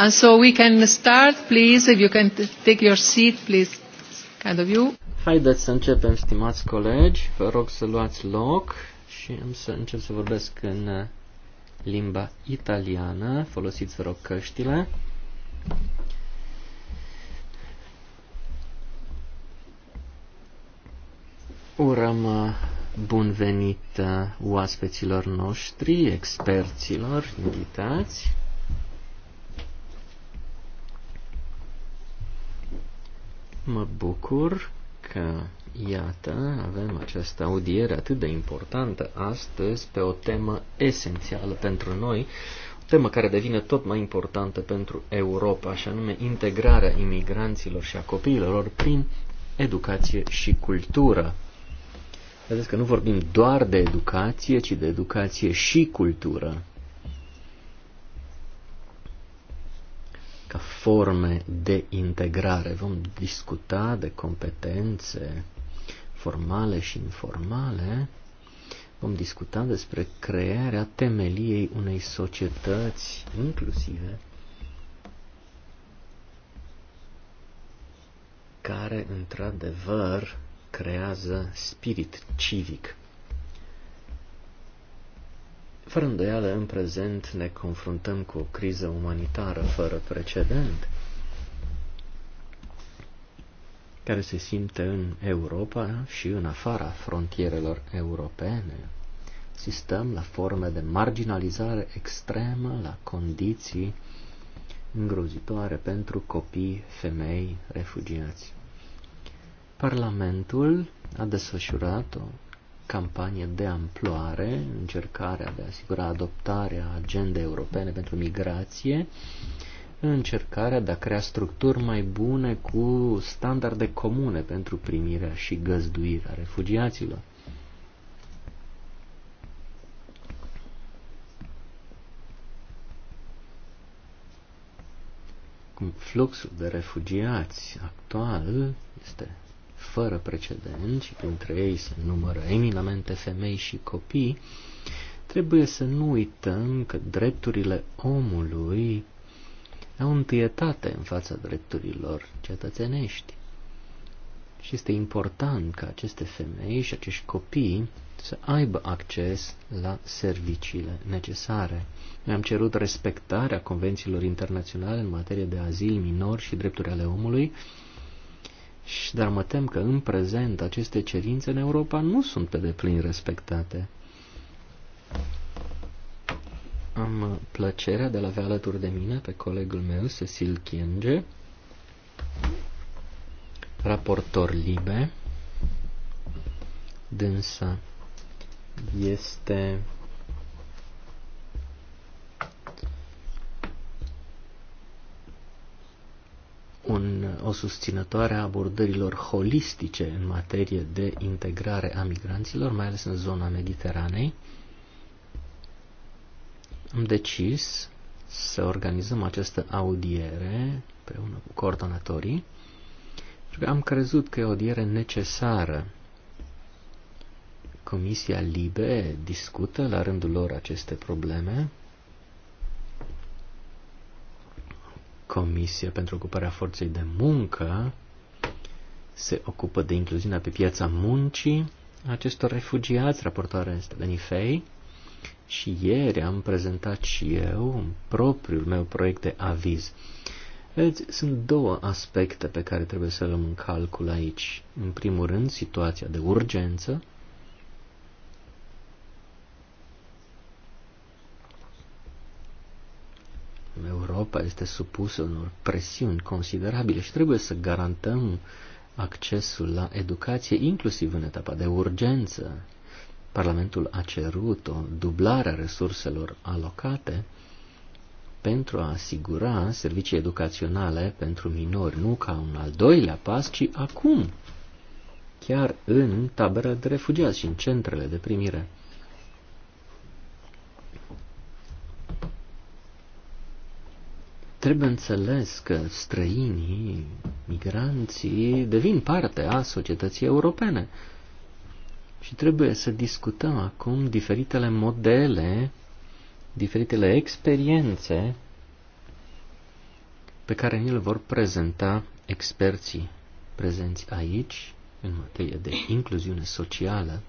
And so we can start, please, if you can take your seat, please, kind of you. Haideți să începem, stimați colegi, vă rog să luați loc și am să încep să vorbesc în uh, limba italiană, folosiți, vă rog, căștile. Urăm uh, bun venit uh, oaspeților noștri, experților invitați. Mă bucur că, iată, avem această audiere atât de importantă astăzi pe o temă esențială pentru noi, o temă care devine tot mai importantă pentru Europa, și anume integrarea imigranților și a copiilor prin educație și cultură. Vedeți că nu vorbim doar de educație, ci de educație și cultură. ca forme de integrare. Vom discuta de competențe formale și informale. Vom discuta despre crearea temeliei unei societăți inclusive care într-adevăr creează spirit civic. Fără îndoială, în prezent ne confruntăm cu o criză umanitară fără precedent, care se simte în Europa și în afara frontierelor europene. sistem la forme de marginalizare extremă, la condiții îngrozitoare pentru copii, femei, refugiați. Parlamentul a desfășurat o campanie de amploare, încercarea de a asigura adoptarea agendei europene pentru migrație, încercarea de a crea structuri mai bune cu standarde comune pentru primirea și găzduirea refugiaților. Cum fluxul de refugiați actual este fără precedent și printre ei se numără eminamente femei și copii, trebuie să nu uităm că drepturile omului au întâietate în fața drepturilor cetățenești. Și este important ca aceste femei și acești copii să aibă acces la serviciile necesare. Noi am cerut respectarea convențiilor internaționale în materie de azil, minor și drepturi ale omului și dar mă tem că în prezent aceste cerințe în Europa nu sunt pe deplin respectate. Am uh, plăcerea de a avea alături de mine pe colegul meu, Cecil Kienge, raportor libe. Dânsa este un, o susținătoare a abordărilor holistice în materie de integrare a migranților, mai ales în zona Mediteranei, am decis să organizăm această audiere împreună cu coordonatorii, pentru că am crezut că e o audiere necesară. Comisia LIBE discută la rândul lor aceste probleme, Comisia pentru Ocuparea Forței de Muncă se ocupă de incluziunea pe piața muncii acestor refugiați, raportoare este Benifei, și ieri am prezentat și eu propriul meu proiect de aviz. Vedeți, sunt două aspecte pe care trebuie să le luăm în calcul aici. În primul rând, situația de urgență, Europa este supusă unor presiuni considerabile și trebuie să garantăm accesul la educație, inclusiv în etapa de urgență. Parlamentul a cerut o dublare a resurselor alocate pentru a asigura servicii educaționale pentru minori, nu ca un al doilea pas, ci acum, chiar în tabără de refugiați și în centrele de primire. Trebuie înțeles că străinii, migranții, devin parte a societății europene. Și trebuie să discutăm acum diferitele modele, diferitele experiențe pe care ni le vor prezenta experții prezenți aici în materie de incluziune socială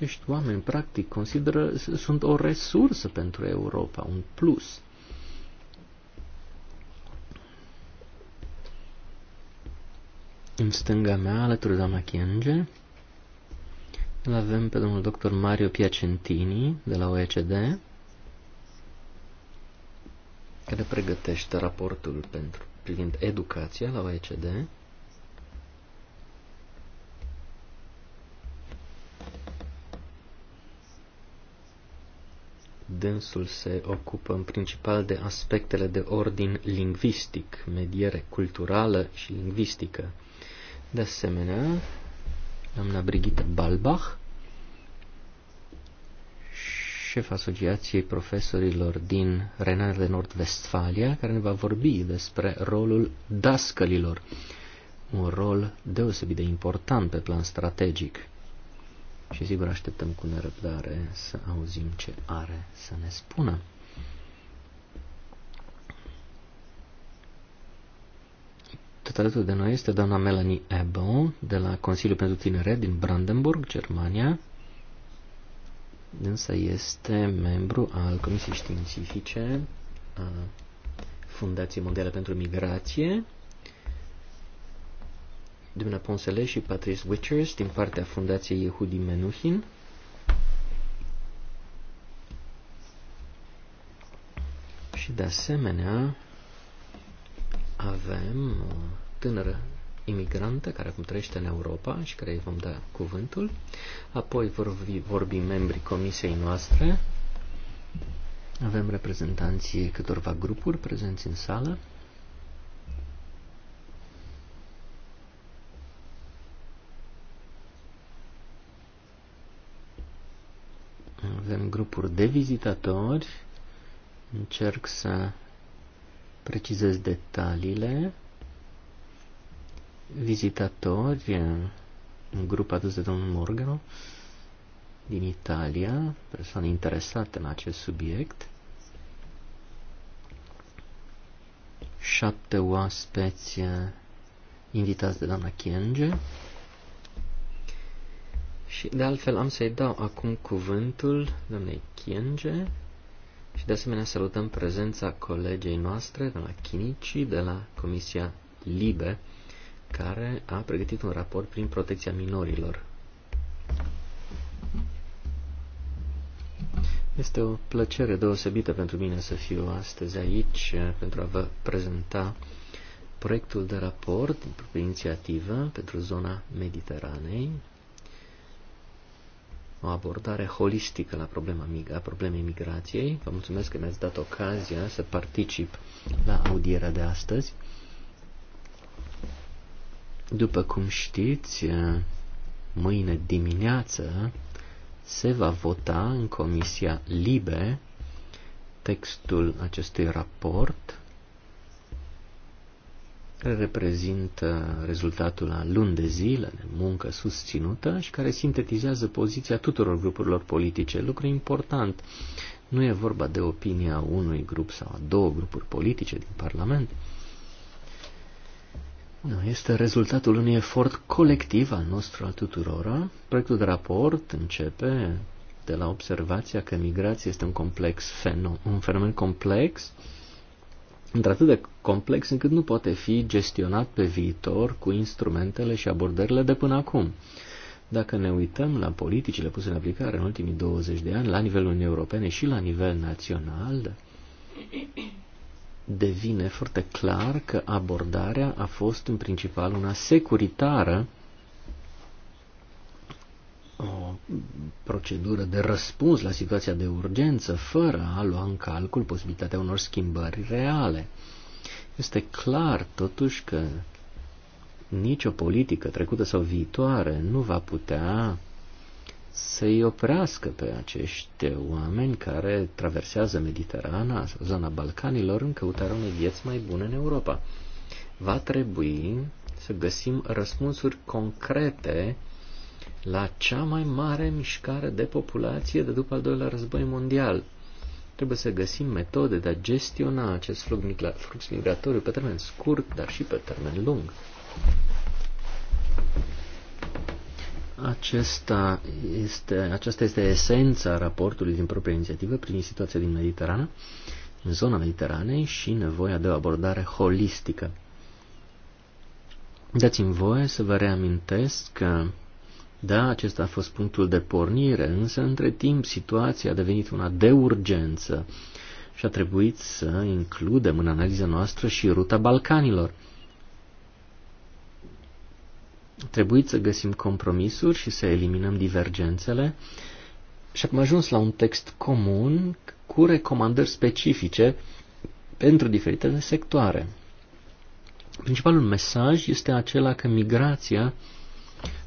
acești oameni, practic, consideră, sunt o resursă pentru Europa, un plus. În stânga mea, alături de doamna Chienge, îl avem pe domnul dr. Mario Piacentini de la OECD, care pregătește raportul pentru privind educația la OECD. dânsul se ocupă în principal de aspectele de ordin lingvistic, mediere culturală și lingvistică. De asemenea, doamna Brigitte Balbach, șef Asociației Profesorilor din Renania de Nord-Vestfalia, care ne va vorbi despre rolul dascălilor, un rol deosebit de important pe plan strategic și sigur așteptăm cu nerăbdare să auzim ce are să ne spună. Tot alături de noi este doamna Melanie Ebel de la Consiliul pentru Tineret din Brandenburg, Germania. Însă este membru al Comisiei Științifice a Fundației Mondiale pentru Migrație Dumna Ponsele și Patrice Witchers din partea Fundației Yehudi Menuhin. Și de asemenea avem o tânără imigrantă care acum trăiește în Europa și care îi vom da cuvântul. Apoi vor vorbi membrii comisiei noastre. Avem reprezentanții câtorva grupuri prezenți în sală. grupuri de vizitatori. Încerc să precizez detaliile. Vizitatori, eh, un grup adus de domnul Morgano din Italia, persoane interesate în acest subiect. Șapte oaspeți eh, invitați de doamna Chienge. Și de altfel am să-i dau acum cuvântul doamnei Chienge și de asemenea salutăm prezența colegei noastre, doamna Chinici, de la Comisia Libe, care a pregătit un raport prin protecția minorilor. Este o plăcere deosebită pentru mine să fiu astăzi aici eh, pentru a vă prezenta proiectul de raport, inițiativă pentru zona Mediteranei, o abordare holistică la problema a problemei migrației. Vă mulțumesc că mi-ați dat ocazia să particip la audierea de astăzi. După cum știți, mâine dimineață se va vota în Comisia Libe textul acestui raport care reprezintă rezultatul a luni de zile de muncă susținută și care sintetizează poziția tuturor grupurilor politice. Lucru important. Nu e vorba de opinia unui grup sau a două grupuri politice din Parlament. Nu, este rezultatul unui efort colectiv al nostru, al tuturora. Proiectul de raport începe de la observația că migrația este un complex, un fenomen complex, într-atât de complex încât nu poate fi gestionat pe viitor cu instrumentele și abordările de până acum. Dacă ne uităm la politicile puse în aplicare în ultimii 20 de ani, la nivelul Uniunii Europene și la nivel național, devine foarte clar că abordarea a fost în principal una securitară procedură de răspuns la situația de urgență fără a lua în calcul posibilitatea unor schimbări reale. Este clar, totuși, că nicio politică trecută sau viitoare nu va putea să-i oprească pe acești oameni care traversează Mediterana sau zona Balcanilor în căutarea unei vieți mai bune în Europa. Va trebui să găsim răspunsuri concrete la cea mai mare mișcare de populație de după al doilea război mondial. Trebuie să găsim metode de a gestiona acest flux migratoriu pe termen scurt, dar și pe termen lung. Acesta este, aceasta este esența raportului din propria inițiativă prin situația din Mediterană, în zona Mediteranei și nevoia de o abordare holistică. Dați-mi voie să vă reamintesc că da, acesta a fost punctul de pornire, însă între timp situația a devenit una de urgență și a trebuit să includem în analiza noastră și ruta Balcanilor. A trebuit să găsim compromisuri și să eliminăm divergențele și am ajuns la un text comun cu recomandări specifice pentru diferitele sectoare. Principalul mesaj este acela că migrația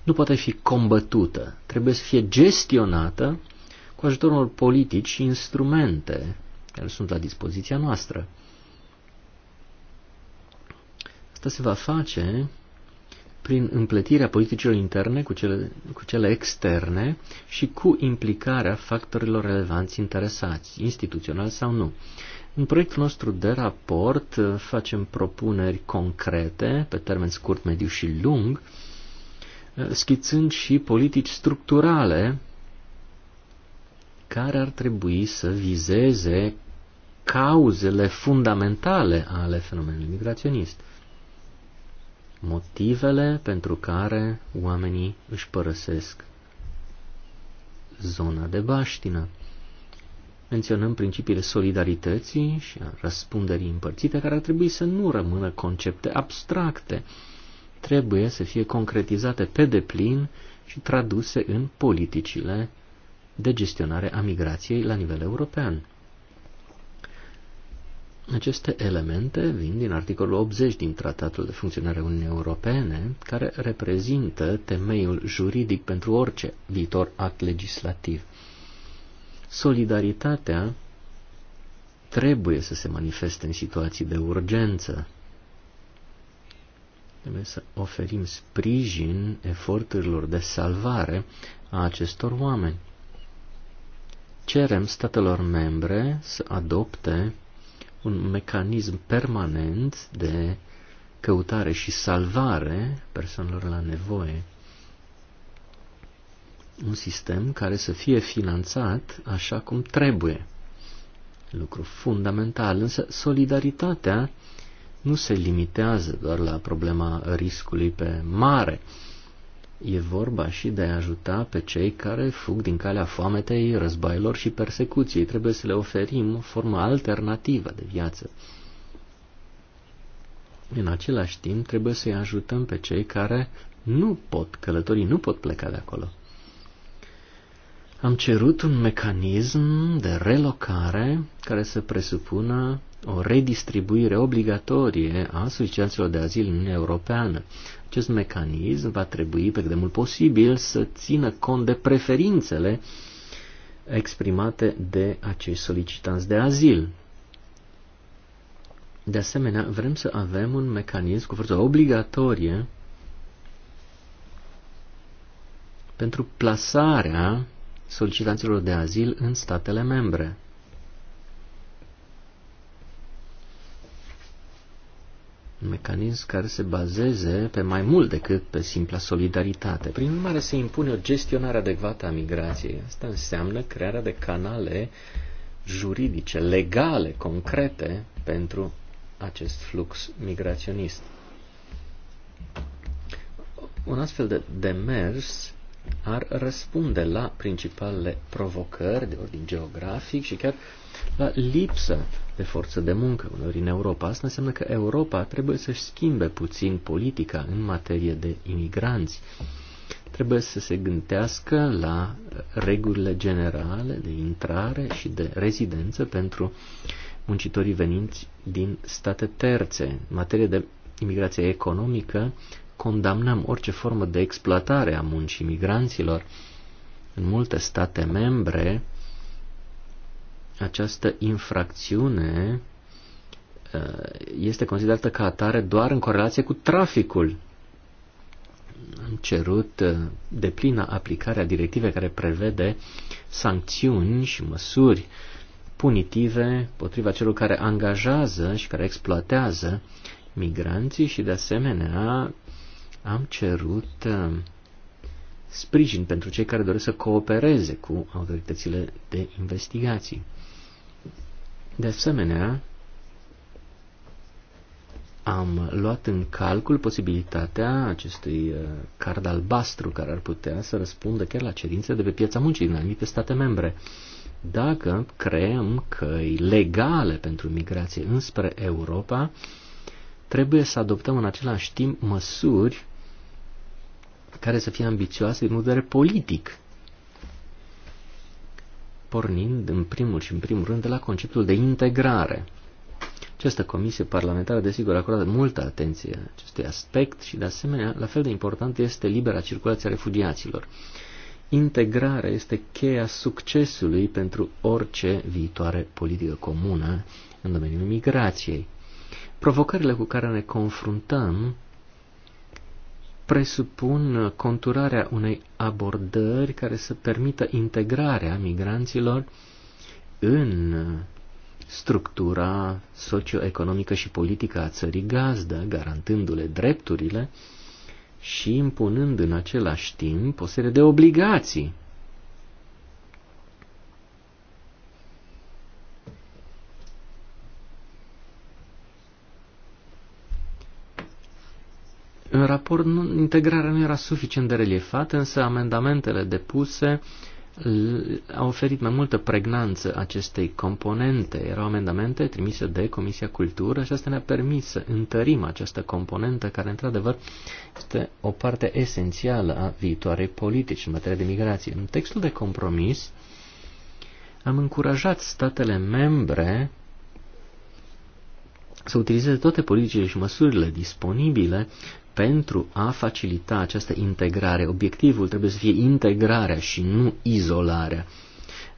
nu poate fi combătută, trebuie să fie gestionată cu ajutorul politici și instrumente care sunt la dispoziția noastră. Asta se va face prin împletirea politicilor interne cu cele, cu cele externe și cu implicarea factorilor relevanți interesați, instituțional sau nu. În proiectul nostru de raport uh, facem propuneri concrete pe termen scurt, mediu și lung schițând și politici structurale care ar trebui să vizeze cauzele fundamentale ale fenomenului migraționist. Motivele pentru care oamenii își părăsesc zona de baștină. Menționăm principiile solidarității și a răspunderii împărțite, care ar trebui să nu rămână concepte abstracte, trebuie să fie concretizate pe deplin și traduse în politicile de gestionare a migrației la nivel european. Aceste elemente vin din articolul 80 din Tratatul de Funcționare Uniunii Europene, care reprezintă temeiul juridic pentru orice viitor act legislativ. Solidaritatea trebuie să se manifeste în situații de urgență. Trebuie să oferim sprijin eforturilor de salvare a acestor oameni. Cerem statelor membre să adopte un mecanism permanent de căutare și salvare persoanelor la nevoie. Un sistem care să fie finanțat așa cum trebuie. Lucru fundamental, însă solidaritatea nu se limitează doar la problema riscului pe mare. E vorba și de a ajuta pe cei care fug din calea foametei, războailor și persecuției. Trebuie să le oferim o formă alternativă de viață. În același timp, trebuie să-i ajutăm pe cei care nu pot, călătorii nu pot pleca de acolo. Am cerut un mecanism de relocare care să presupună o redistribuire obligatorie a asociațiilor de azil în Uniunea Europeană. Acest mecanism va trebui, pe cât de mult posibil, să țină cont de preferințele exprimate de acești solicitanți de azil. De asemenea, vrem să avem un mecanism cu forță obligatorie pentru plasarea solicitanților de azil în statele membre. un mecanism care se bazeze pe mai mult decât pe simpla solidaritate. Prin urmare, se impune o gestionare adecvată a migrației. Asta înseamnă crearea de canale juridice, legale, concrete pentru acest flux migraționist. Un astfel de demers ar răspunde la principalele provocări de ordin geografic și chiar la lipsă de forță de muncă uneori în Europa. Asta înseamnă că Europa trebuie să-și schimbe puțin politica în materie de imigranți. Trebuie să se gândească la regulile generale de intrare și de rezidență pentru muncitorii veniți din state terțe. În materie de imigrație economică, condamnăm orice formă de exploatare a muncii migranților. În multe state membre, această infracțiune uh, este considerată ca atare doar în corelație cu traficul. Am cerut uh, de plină aplicarea directivei care prevede sancțiuni și măsuri punitive potriva celor care angajează și care exploatează migranții și de asemenea am cerut uh, sprijin pentru cei care doresc să coopereze cu autoritățile de investigații. De asemenea, am luat în calcul posibilitatea acestui uh, card albastru care ar putea să răspundă chiar la cerințe de pe piața muncii din anumite state membre. Dacă creăm căi legale pentru migrație înspre Europa, trebuie să adoptăm în același timp măsuri care să fie ambițioase din de vedere politic, pornind în primul și în primul rând de la conceptul de integrare. Această comisie parlamentară, desigur, a acordat multă atenție acestui aspect și, de asemenea, la fel de important este libera circulație a refugiaților. Integrarea este cheia succesului pentru orice viitoare politică comună în domeniul migrației. Provocările cu care ne confruntăm presupun uh, conturarea unei abordări care să permită integrarea migranților în uh, structura socioeconomică și politică a țării gazdă, garantându-le drepturile și impunând în același timp o serie de obligații În raport nu, integrarea nu era suficient de reliefată, însă amendamentele depuse au oferit mai multă pregnanță acestei componente. Erau amendamente trimise de Comisia Cultură și asta ne-a permis să întărim această componentă care, într-adevăr, este o parte esențială a viitoarei politici în materie de migrație. În textul de compromis am încurajat statele membre să utilizeze toate politicile și măsurile disponibile pentru a facilita această integrare. Obiectivul trebuie să fie integrarea și nu izolarea.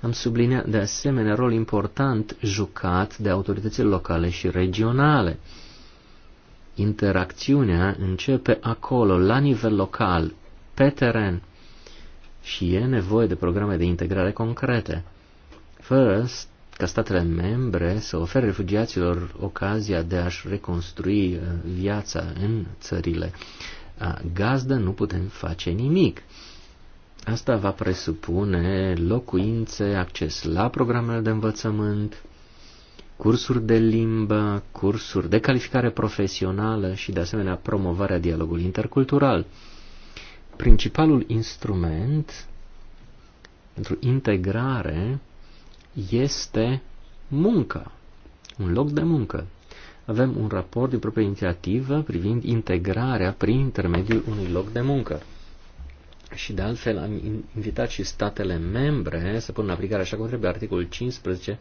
Am subliniat de asemenea rol important jucat de autoritățile locale și regionale. Interacțiunea începe acolo, la nivel local, pe teren, și e nevoie de programe de integrare concrete. Fără ca statele membre să ofere refugiaților ocazia de a-și reconstrui uh, viața în țările uh, gazdă, nu putem face nimic. Asta va presupune locuințe, acces la programele de învățământ, cursuri de limbă, cursuri de calificare profesională și, de asemenea, promovarea dialogului intercultural. Principalul instrument pentru integrare este munca, un loc de muncă. Avem un raport din proprie inițiativă privind integrarea prin intermediul unui loc de muncă. Și de altfel am invitat și statele membre să pună în aplicare așa cum trebuie articolul 15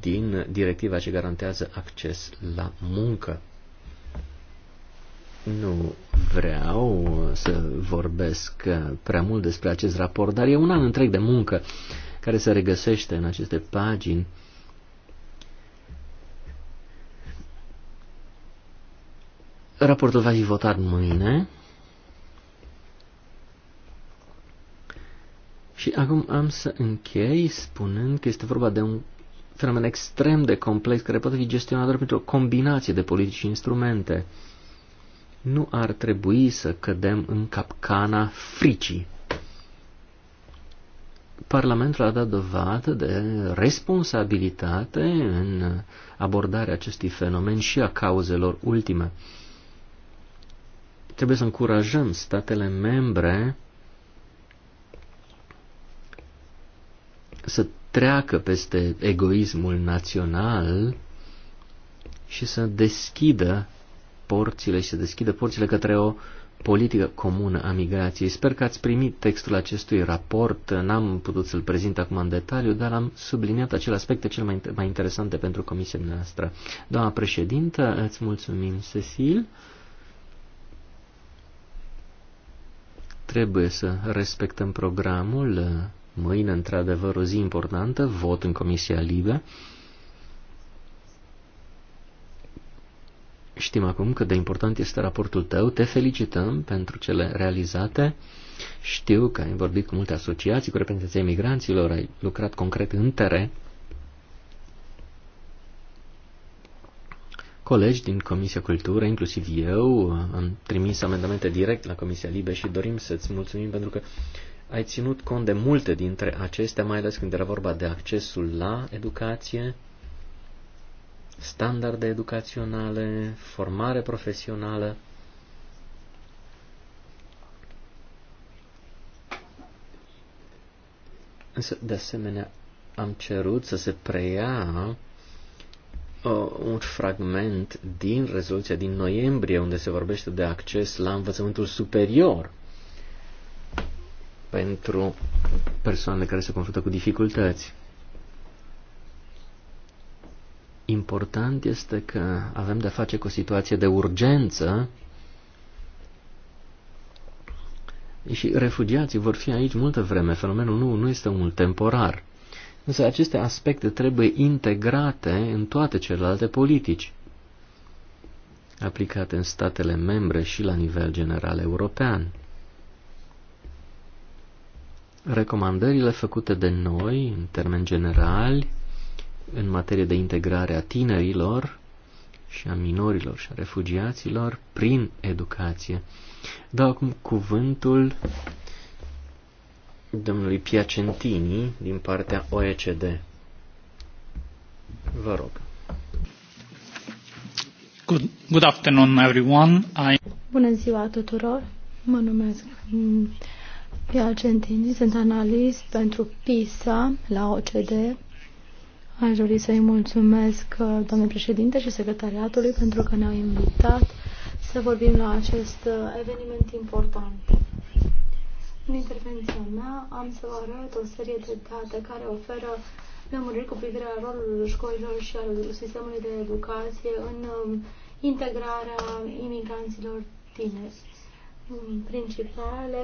din directiva ce garantează acces la muncă. Nu vreau să vorbesc prea mult despre acest raport, dar e un an întreg de muncă care se regăsește în aceste pagini. Raportul va fi votat mâine. Și acum am să închei spunând că este vorba de un fenomen extrem de complex care poate fi gestionat doar pentru o combinație de politici și instrumente. Nu ar trebui să cădem în capcana fricii. Parlamentul a dat dovadă de responsabilitate în abordarea acestui fenomen și a cauzelor ultime. Trebuie să încurajăm statele membre să treacă peste egoismul național și să deschidă porțile și să deschidă porțile către o politică comună a migrației. Sper că ați primit textul acestui raport, n-am putut să-l prezint acum în detaliu, dar am subliniat acele aspecte cel mai, interesante pentru comisia noastră. Doamna președintă, îți mulțumim, Cecil. Trebuie să respectăm programul. Mâine, într-adevăr, o zi importantă, vot în Comisia Libe. Știm acum cât de important este raportul tău. Te felicităm pentru cele realizate. Știu că ai vorbit cu multe asociații, cu reprezentanții emigranților, ai lucrat concret în tere. Colegi din Comisia Cultură, inclusiv eu, am trimis amendamente direct la Comisia Libe și dorim să-ți mulțumim pentru că ai ținut cont de multe dintre acestea, mai ales când era vorba de accesul la educație, standarde educaționale, formare profesională. Însă, de asemenea, am cerut să se preia uh, un fragment din rezoluția din noiembrie, unde se vorbește de acces la învățământul superior pentru persoanele care se confruntă cu dificultăți important este că avem de face cu o situație de urgență și refugiații vor fi aici multă vreme. Fenomenul nu, nu este unul temporar. Însă aceste aspecte trebuie integrate în toate celelalte politici aplicate în statele membre și la nivel general european. Recomandările făcute de noi, în termeni generali, în materie de integrare a tinerilor și a minorilor și a refugiaților prin educație. Dau acum cuvântul domnului Piacentini din partea OECD. Vă rog. Good, good afternoon, everyone. I... Bună ziua tuturor. Mă numesc mm, Piacentini, sunt analist pentru PISA la OCD Aș dori să-i mulțumesc, uh, domnule președinte și secretariatului, pentru că ne-au invitat să vorbim la acest uh, eveniment important. În intervenția mea am să vă arăt o serie de date care oferă lămuriri cu privire la rolul școlilor și al sistemului de educație în um, integrarea imigranților tineri. principale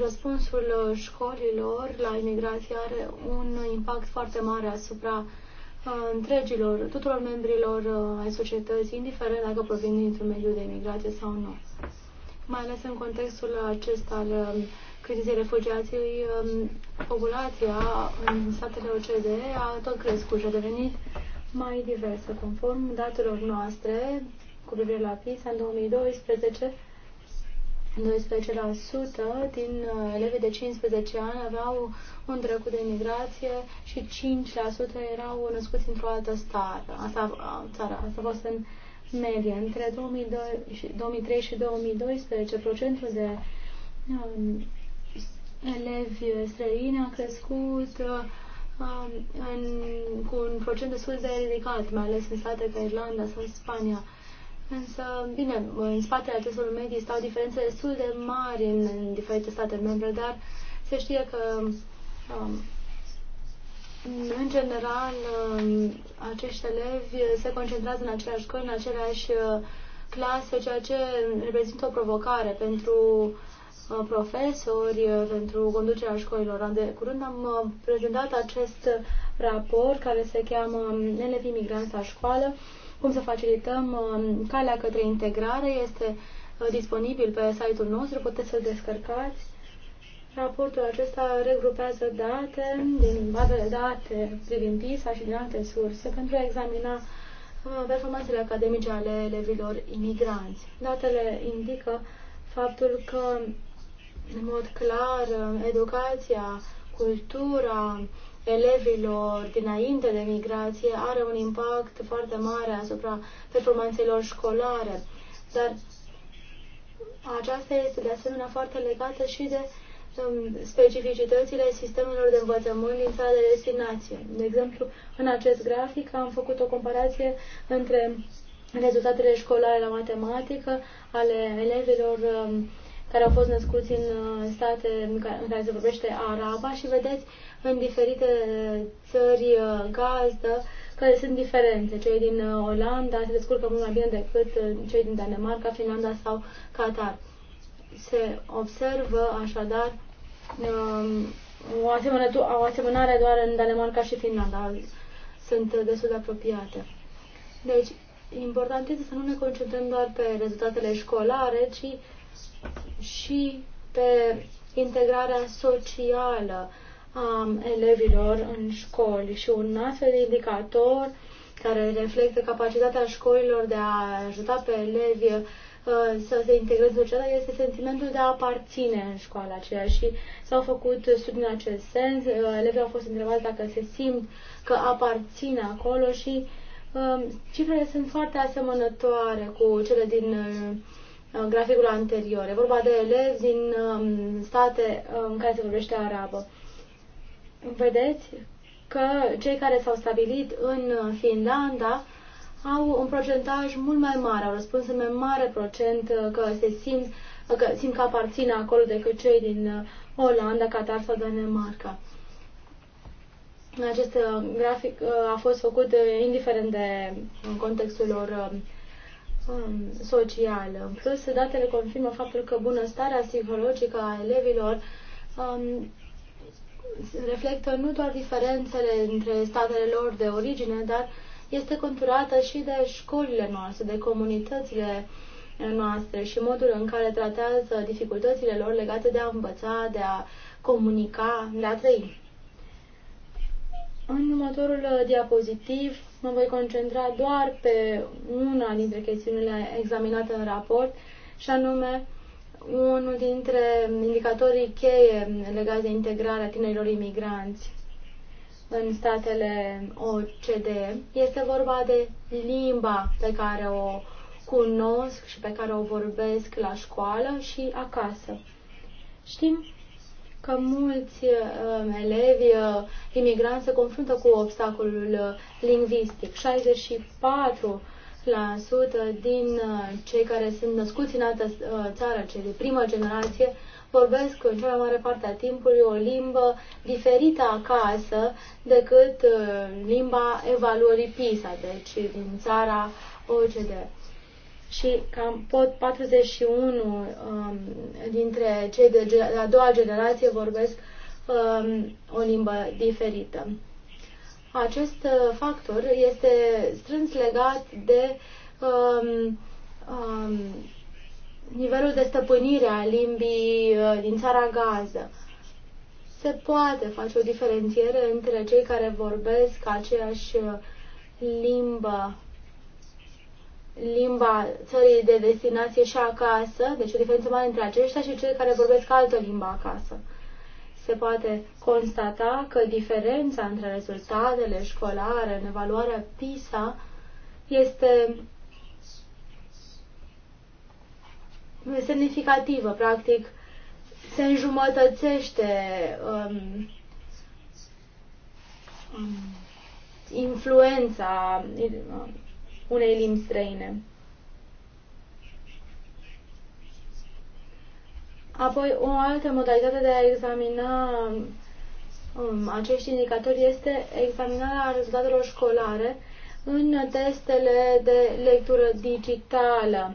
răspunsul uh, școlilor la imigrație are un impact foarte mare asupra uh, întregilor, tuturor membrilor uh, ai societății, indiferent dacă provin dintr-un mediu de imigrație sau nu. Mai ales în contextul acesta al um, crizei refugiației um, populația în statele OCDE a tot crescut și a devenit mai diversă. Conform datelor noastre cu privire la PISA în 2012, 12% din uh, elevii de 15 ani aveau un trecut de migrație și 5% erau născuți într-o altă stară. Asta, țara, Asta a fost în medie. Între 2002, 2003 și 2012, procentul de um, elevi străini a crescut um, în, cu un procent destul de ridicat, mai ales în state ca Irlanda sau Spania. Însă, bine, în spatele acestor medii stau diferențe destul de mari în, în diferite state membre, dar se știe că, um, în general, um, acești elevi se concentrează în aceleași școli, în aceleași uh, clase, ceea ce reprezintă o provocare pentru uh, profesori, uh, pentru conducerea școlilor. De curând am prezentat acest raport care se cheamă um, Elevii migranți la școală cum să facilităm um, calea către integrare. Este uh, disponibil pe site-ul nostru, puteți să-l descărcați. Raportul acesta regrupează date din bazele date privind PISA și din alte surse pentru a examina uh, performanțele academice ale elevilor imigranți. Datele indică faptul că, în mod clar, uh, educația, cultura, elevilor dinainte de migrație are un impact foarte mare asupra performanțelor școlare, dar aceasta este de asemenea foarte legată și de um, specificitățile sistemelor de învățământ din țara de destinație. De exemplu, în acest grafic am făcut o comparație între rezultatele școlare la matematică ale elevilor um, care au fost născuți în uh, state în care se vorbește araba și vedeți în diferite țări gazdă, uh, care sunt diferențe. Cei din uh, Olanda se descurcă mult mai bine decât uh, cei din Danemarca, Finlanda sau Qatar. Se observă așadar um, o, asemănă, o asemănare doar în Danemarca și Finlanda. Sunt destul de apropiate. Deci, important este să nu ne concentrăm doar pe rezultatele școlare, ci și pe integrarea socială, a elevilor în școli și un astfel de indicator care reflectă capacitatea școlilor de a ajuta pe elevi uh, să se integreze în societate este sentimentul de a aparține în școala aceea și s-au făcut studii în acest sens. Uh, elevii au fost întrebați dacă se simt că aparțin acolo și um, cifrele sunt foarte asemănătoare cu cele din uh, graficul anterior. E vorba de elevi din um, state în care se vorbește arabă vedeți că cei care s-au stabilit în Finlanda au un procentaj mult mai mare, au răspuns în mai mare procent că se simt că simt că aparțin acolo decât cei din Olanda, Qatar sau Danemarca. Acest grafic uh, a fost făcut uh, indiferent de contextul lor um, um, social. În plus, datele confirmă faptul că bunăstarea psihologică a elevilor um, reflectă nu doar diferențele între statele lor de origine, dar este conturată și de școlile noastre, de comunitățile noastre și modul în care tratează dificultățile lor legate de a învăța, de a comunica, de a trăi. În următorul diapozitiv mă voi concentra doar pe una dintre chestiunile examinate în raport, și anume unul dintre indicatorii cheie legați de integrarea tinerilor imigranți în statele OCDE. Este vorba de limba pe care o cunosc și pe care o vorbesc la școală și acasă. Știm că mulți uh, elevi uh, imigranți se confruntă cu obstacolul uh, lingvistic. 64 din uh, cei care sunt născuți în altă uh, țară, cei de primă generație, vorbesc în cea mai mare parte a timpului o limbă diferită acasă decât uh, limba evaluării PISA, deci din țara OCD. Și cam pot 41 um, dintre cei de, de a doua generație vorbesc um, o limbă diferită. Acest uh, factor este strâns legat de um, um, nivelul de stăpânire a limbii uh, din țara gază. Se poate face o diferențiere între cei care vorbesc aceeași uh, limbă, limba țării de destinație și acasă, deci o diferență mare între aceștia și cei care vorbesc altă limbă acasă se poate constata că diferența între rezultatele școlare în evaluarea PISA este semnificativă, practic se înjumătățește um, um influența um, unei limbi străine. Apoi, o altă modalitate de a examina um, acești indicatori este examinarea rezultatelor școlare în testele de lectură digitală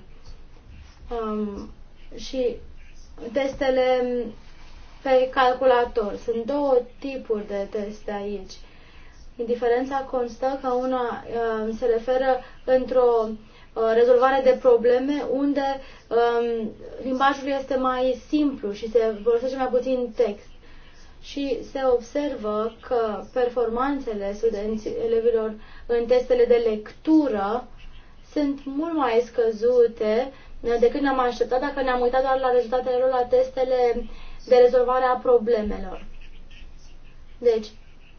um, și testele um, pe calculator. Sunt două tipuri de teste aici. Indiferența constă că una uh, se referă într-o Uh, rezolvare de probleme unde um, limbajul este mai simplu și se folosește mai puțin text. Și se observă că performanțele studenții, elevilor în testele de lectură sunt mult mai scăzute decât ne-am așteptat dacă ne-am uitat doar la rezultatele lor la testele de rezolvare a problemelor. Deci,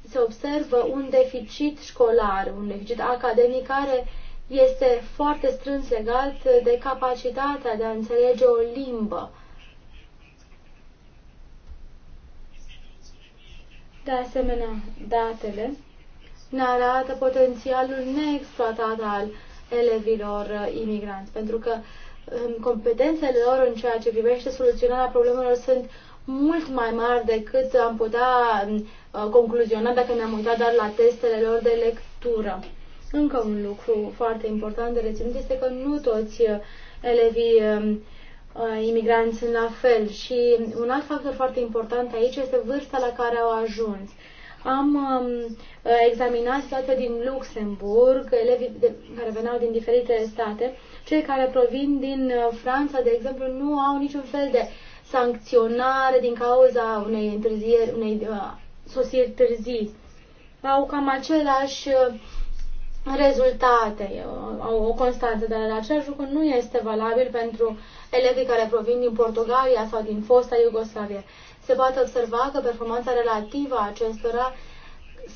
se observă un deficit școlar, un deficit academic care este foarte strâns legat de capacitatea de a înțelege o limbă. De asemenea, datele ne arată potențialul neexploatat al elevilor uh, imigranți, pentru că um, competențele lor în ceea ce privește soluționarea problemelor sunt mult mai mari decât am putea um, uh, concluziona dacă ne-am uitat doar la testele lor de lectură. Încă un lucru foarte important de reținut este că nu toți uh, elevii um, uh, imigranți sunt la fel și un alt factor foarte important aici este vârsta la care au ajuns. Am um, uh, examinat situația din Luxemburg, elevii de, care veneau din diferite state, cei care provin din Franța, de exemplu, nu au niciun fel de sancționare din cauza unei întârzieri, unei uh, sosiri târzii. Au cam același rezultate, o, o constanță, dar același lucru nu este valabil pentru elevii care provin din Portugalia sau din fosta Iugoslavie. Se poate observa că performanța relativă a acestora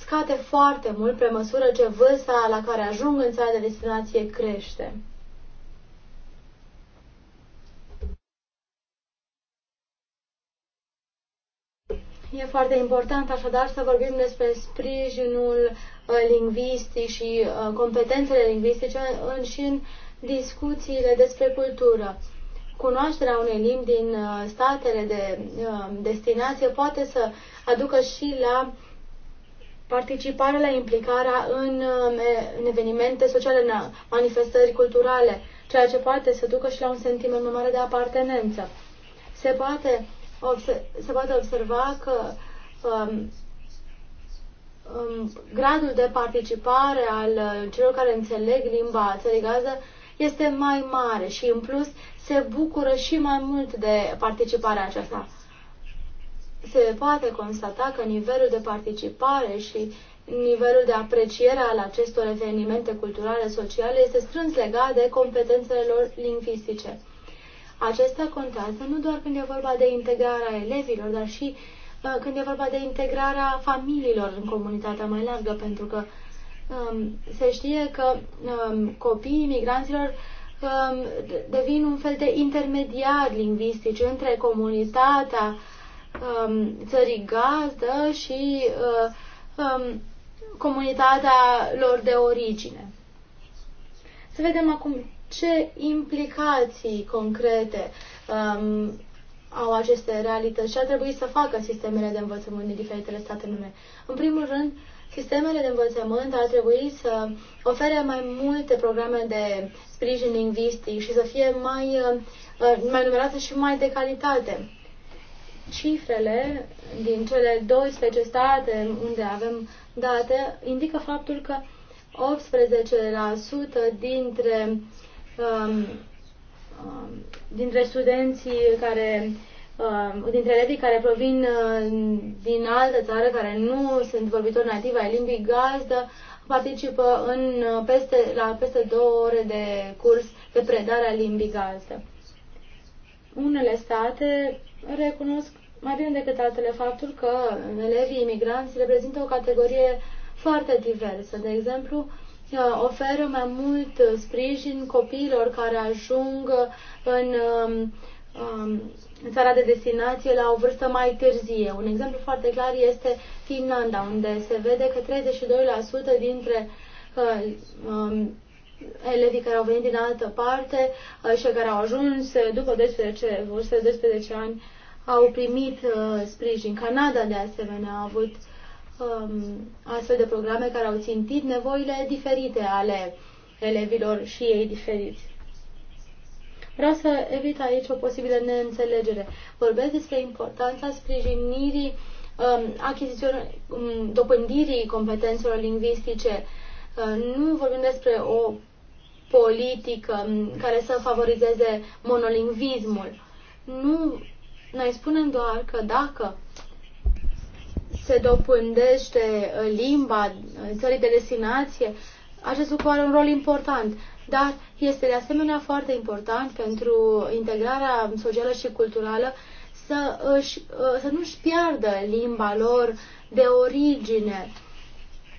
scade foarte mult pe măsură ce vârsta la care ajung în țara de destinație crește. E foarte important așadar să vorbim despre sprijinul Uh, lingvistici și uh, competențele lingvistice în, și în discuțiile despre cultură. Cunoașterea unei limbi din uh, statele de destinație poate să aducă și la participarea, la implicarea în, în evenimente sociale, în manifestări culturale, ceea ce poate să ducă și la un sentiment mai mare de apartenență. Se poate, se poate observa că um, gradul de participare al uh, celor care înțeleg limba țării gazdă este mai mare și în plus se bucură și mai mult de participarea aceasta. Se poate constata că nivelul de participare și nivelul de apreciere al acestor evenimente culturale sociale este strâns legat de competențele lor lingvistice. Acesta contează nu doar când e vorba de integrarea elevilor, dar și Uh, când e vorba de integrarea familiilor în comunitatea mai largă, pentru că um, se știe că um, copiii migranților um, devin un fel de intermediari lingvistici între comunitatea um, țării gazdă și uh, um, comunitatea lor de origine. Să vedem acum ce implicații concrete um, au aceste realități. și ar trebui să facă sistemele de învățământ din diferitele state lume. În primul rând, sistemele de învățământ ar trebui să ofere mai multe programe de sprijin lingvistic și să fie mai, uh, mai numeroase și mai de calitate. Cifrele din cele 12 state unde avem date indică faptul că 18% dintre um, Um, dintre studenții care um, dintre elevii care provin uh, din altă țară, care nu sunt vorbitori nativi ai limbii gazdă, participă în uh, peste, la peste două ore de curs de predare a limbii gazdă. Unele state recunosc mai bine decât altele faptul că elevii imigranți reprezintă o categorie foarte diversă. De exemplu, Uh, oferă mai mult uh, sprijin copiilor care ajung uh, în um, um, în țara de destinație la o vârstă mai târzie. Un exemplu foarte clar este Finlanda, unde se vede că 32% dintre um, elevii care au venit din altă parte și care au ajuns după 12, vârste 12 ani au primit sprijin. Canada, de asemenea, a avut uh, um, astfel de programe care au țintit nevoile diferite ale elevilor și ei diferiți. Vreau să evit aici o posibilă neînțelegere. Vorbesc despre importanța sprijinirii um, achiziționării, um, dobândirii competențelor lingvistice. Uh, nu vorbim despre o politică um, care să favorizeze monolingvismul. Nu, noi spunem doar că dacă se dopândește uh, limba uh, țării de destinație, acest lucru are un rol important, dar este de asemenea foarte important pentru integrarea socială și culturală să, își, uh, să nu-și piardă limba lor de origine,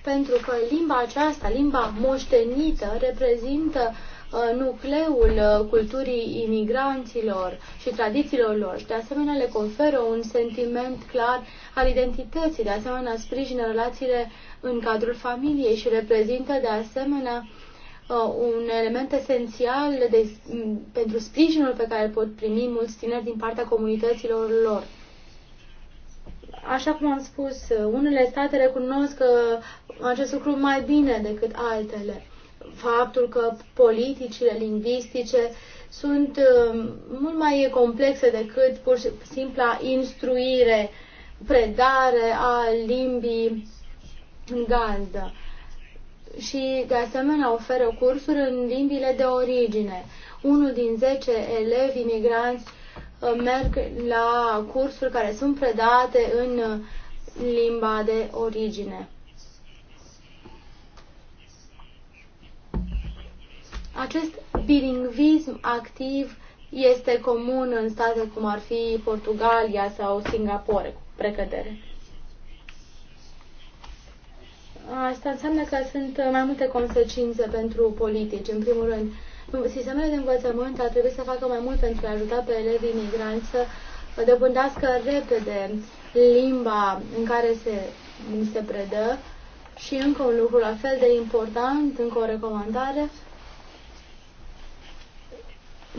pentru că limba aceasta, limba moștenită, reprezintă Uh, nucleul uh, culturii imigranților și tradițiilor lor. De asemenea, le conferă un sentiment clar al identității, de asemenea, sprijină relațiile în cadrul familiei și reprezintă, de asemenea, uh, un element esențial de, pentru sprijinul pe care îl pot primi mulți tineri din partea comunităților lor așa cum am spus, unele state recunosc acest lucru mai bine decât altele faptul că politicile lingvistice sunt um, mult mai complexe decât pur și simpla instruire, predare a limbii galdă. Și, de asemenea, oferă cursuri în limbile de origine. Unul din zece elevi imigranți uh, merg la cursuri care sunt predate în uh, limba de origine. Acest bilingvism activ este comun în state cum ar fi Portugalia sau Singapore, cu precădere. Asta înseamnă că sunt mai multe consecințe pentru politici. În primul rând, sistemele de învățământ ar trebui să facă mai mult pentru a ajuta pe elevii migranți să dobândească repede limba în care se, se predă și încă un lucru la fel de important, încă o recomandare,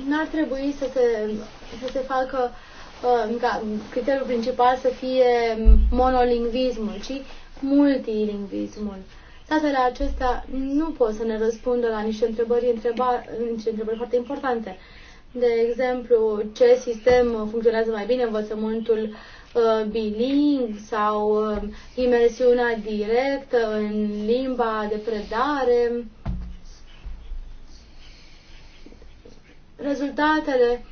n-ar trebui să se, să se facă uh, criteriul principal să fie monolingvismul, ci multilingvismul. Statele acestea nu pot să ne răspundă la niște întrebări, întreba, niște întrebări foarte importante. De exemplu, ce sistem funcționează mai bine, învățământul uh, biling sau uh, imersiunea directă în limba de predare. Uh, rezultatele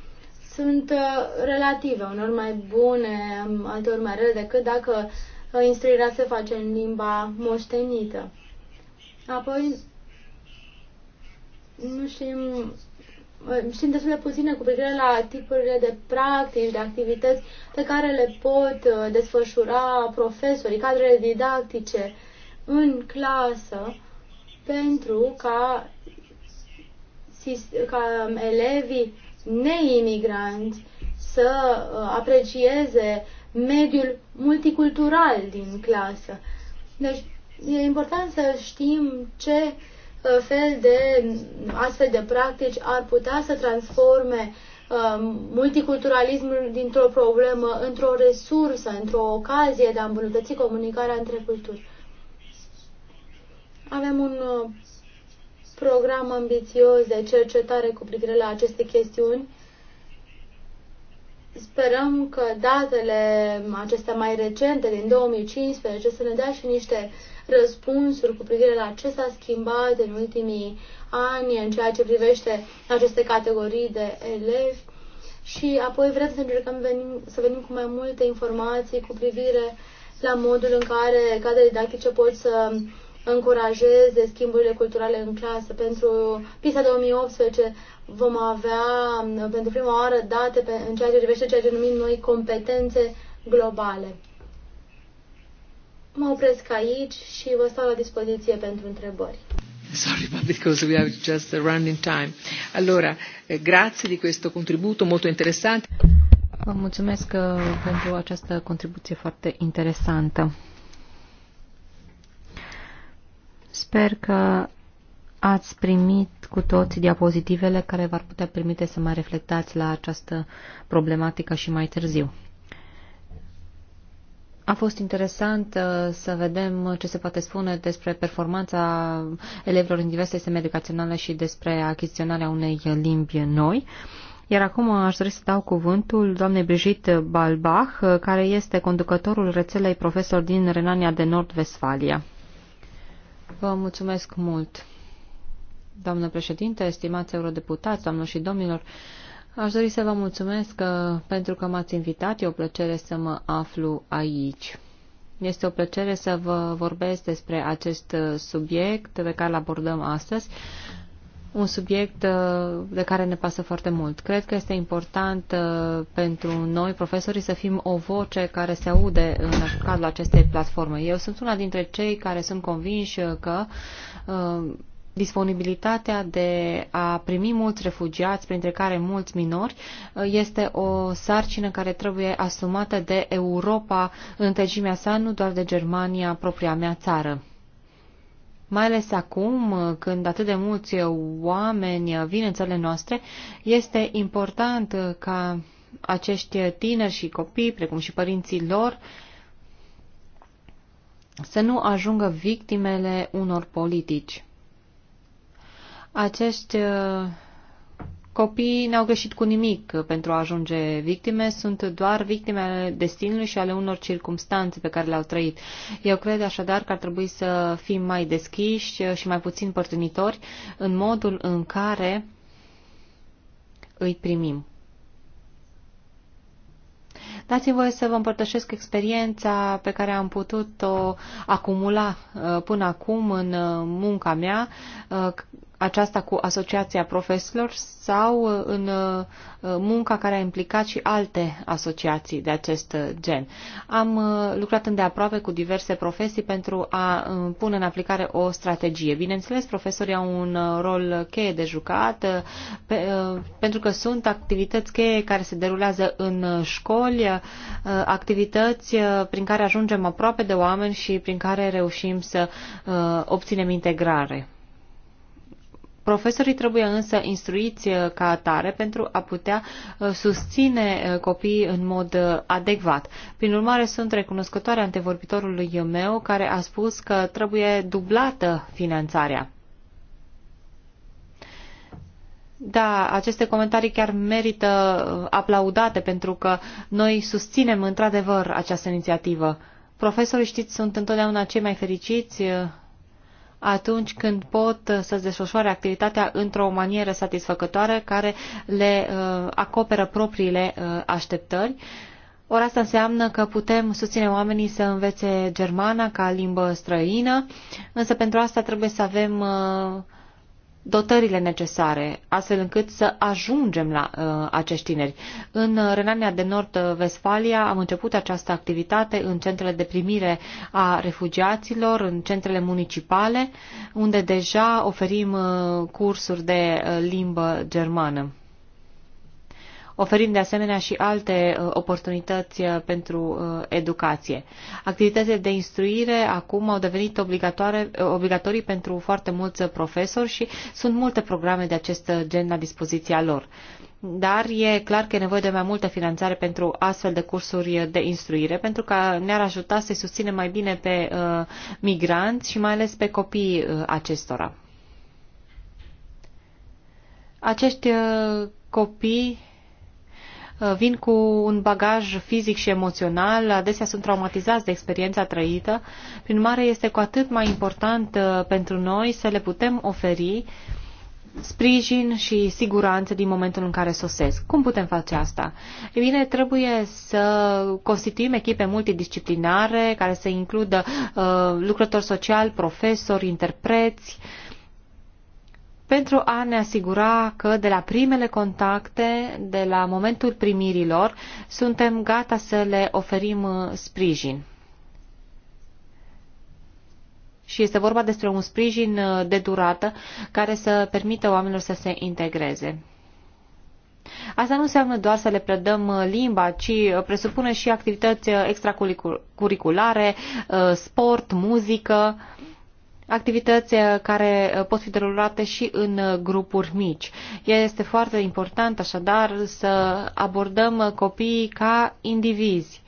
sunt uh, relative, unor mai bune, altor mai rele decât dacă uh, instruirea se face în limba moștenită. Apoi, nu știm, uh, știm destul de puține cu privire la tipurile de practici, de activități pe care le pot desfășura profesorii, cadrele didactice în clasă pentru ca ca um, elevii neimigranți să uh, aprecieze mediul multicultural din clasă. Deci e important să știm ce uh, fel de mm, astfel de practici ar putea să transforme um, multiculturalismul dintr-o problemă într-o resursă, într-o ocazie de a îmbunătăți comunicarea între culturi. Avem un uh, program ambițios de cercetare cu privire la aceste chestiuni. Sperăm că datele acestea mai recente, din 2015, să ne dea și niște răspunsuri cu privire la ce s-a schimbat în ultimii ani în ceea ce privește aceste categorii de elevi și apoi vrem să încercăm venim, să venim cu mai multe informații cu privire la modul în care cadrele didactice pot să încurajeze schimburile culturale în clasă. Pentru PISA 2018 vom avea mm, pentru prima oară date pe, în ceea ce privește ceea ce numim noi competențe globale. Mă opresc aici și vă stau la dispoziție pentru întrebări. Sorry, but because we have just a running time. Allora, eh, grazie di questo contributo molto interessante. Vă mulțumesc eh, pentru această contribuție foarte interesantă. Sper că ați primit cu toți diapozitivele care v-ar putea permite să mai reflectați la această problematică și mai târziu. A fost interesant uh, să vedem ce se poate spune despre performanța elevilor în diverse sisteme educaționale și despre achiziționarea unei limbi noi. Iar acum aș dori să dau cuvântul doamnei Brigitte Balbach, uh, care este conducătorul rețelei profesor din Renania de Nord-Vestfalia. Vă mulțumesc mult. Doamnă președinte, estimați eurodeputați, doamnă și domnilor, aș dori să vă mulțumesc că, uh, pentru că m-ați invitat. E o plăcere să mă aflu aici. Este o plăcere să vă vorbesc despre acest uh, subiect pe care îl abordăm astăzi un subiect uh, de care ne pasă foarte mult. Cred că este important uh, pentru noi, profesorii, să fim o voce care se aude în cadrul acestei platforme. Eu sunt una dintre cei care sunt convinși că uh, disponibilitatea de a primi mulți refugiați, printre care mulți minori, este o sarcină care trebuie asumată de Europa întregimea sa, nu doar de Germania, propria mea țară mai ales acum când atât de mulți oameni vin în țările noastre, este important ca acești tineri și copii, precum și părinții lor, să nu ajungă victimele unor politici. Acești Copiii n-au greșit cu nimic pentru a ajunge victime, sunt doar victime ale destinului și ale unor circumstanțe pe care le-au trăit. Eu cred așadar că ar trebui să fim mai deschiși și mai puțin părtinitori în modul în care îi primim. Dați-mi voie să vă împărtășesc experiența pe care am putut-o acumula uh, până acum în uh, munca mea uh, aceasta cu Asociația Profesorilor sau uh, în uh, munca care a implicat și alte asociații de acest uh, gen. Am lucrat îndeaproape cu diverse profesii pentru a pune în aplicare o strategie. Bineînțeles, profesorii au un rol cheie de jucat pe, pentru că sunt activități cheie care se derulează în școli, activități prin care ajungem aproape de oameni și prin care reușim să obținem integrare. Profesorii trebuie însă instruiți uh, ca atare pentru a putea uh, susține uh, copiii în mod adecvat. Prin urmare, sunt recunoscătoare antevorbitorului meu care a spus că trebuie dublată finanțarea. Da, aceste comentarii chiar merită aplaudate pentru că noi susținem într-adevăr această inițiativă. Profesorii, știți, sunt întotdeauna cei mai fericiți atunci când pot să-și desfășoare activitatea într-o manieră satisfăcătoare care le uh, acoperă propriile uh, așteptări. Ori asta înseamnă că putem susține oamenii să învețe germana ca limbă străină, însă pentru asta trebuie să avem uh, dotările necesare, astfel încât să ajungem la uh, acești tineri. În Renania de Nord-Vestfalia am început această activitate în centrele de primire a refugiaților, în centrele municipale, unde deja oferim uh, cursuri de uh, limbă germană oferind de asemenea și alte uh, oportunități uh, pentru uh, educație. Activitățile de instruire acum au devenit obligatorii pentru foarte mulți profesori și sunt multe programe de acest gen la dispoziția lor dar e clar că e nevoie de mai multă finanțare pentru astfel de cursuri de instruire, pentru că ne-ar ajuta să-i susținem mai bine pe uh, migranți și mai ales pe copiii uh, acestora. Acești uh, copii Uh, vin cu un bagaj fizic și emoțional, adesea sunt traumatizați de experiența trăită. Prin mare este cu atât mai important uh, pentru noi să le putem oferi sprijin și siguranță din momentul în care sosesc. Cum putem face asta? E bine, trebuie să constituim echipe multidisciplinare care să includă uh, lucrători sociali, profesori, interpreți, uh, pentru a ne asigura că de la primele contacte, de la momentul primirilor, suntem gata să le oferim uh, sprijin. Și este vorba despre un sprijin uh, de durată care să permită oamenilor să se integreze. Asta nu înseamnă doar să le predăm uh, limba, ci presupune și activități extracurriculare, sport, muzică activități uh, care uh, pot fi derulate și în uh, grupuri mici. Este foarte important așadar să abordăm copiii ca indivizi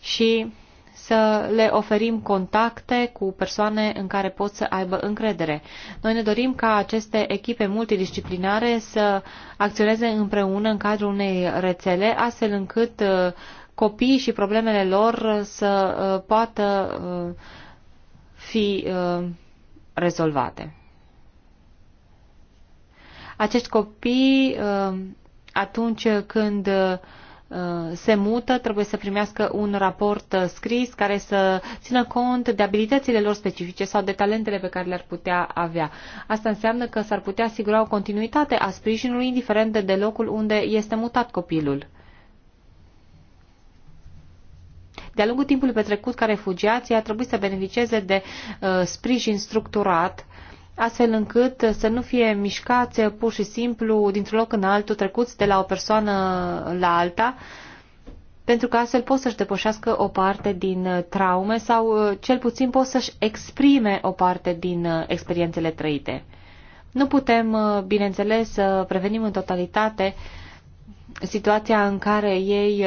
și să le oferim contacte cu persoane în care pot să aibă încredere. Noi ne dorim ca aceste echipe multidisciplinare să acționeze împreună în cadrul unei rețele, astfel încât copiii și problemele lor să poată fi uh, rezolvate. Acești copii, uh, atunci când uh, se mută, trebuie să primească un raport uh, scris care să țină cont de abilitățile lor specifice sau de talentele pe care le-ar putea avea. Asta înseamnă că s-ar putea asigura o continuitate a sprijinului indiferent de locul unde este mutat copilul. de-a lungul timpului petrecut ca refugiații ar trebui să beneficieze de uh, sprijin structurat astfel încât să nu fie mișcați pur și simplu dintr-un loc în altul, trecuți de la o persoană la alta, pentru că astfel pot să-și depășească o parte din uh, traume sau uh, cel puțin pot să-și exprime o parte din uh, experiențele trăite. Nu putem, bineînțeles, să prevenim în totalitate situația în care ei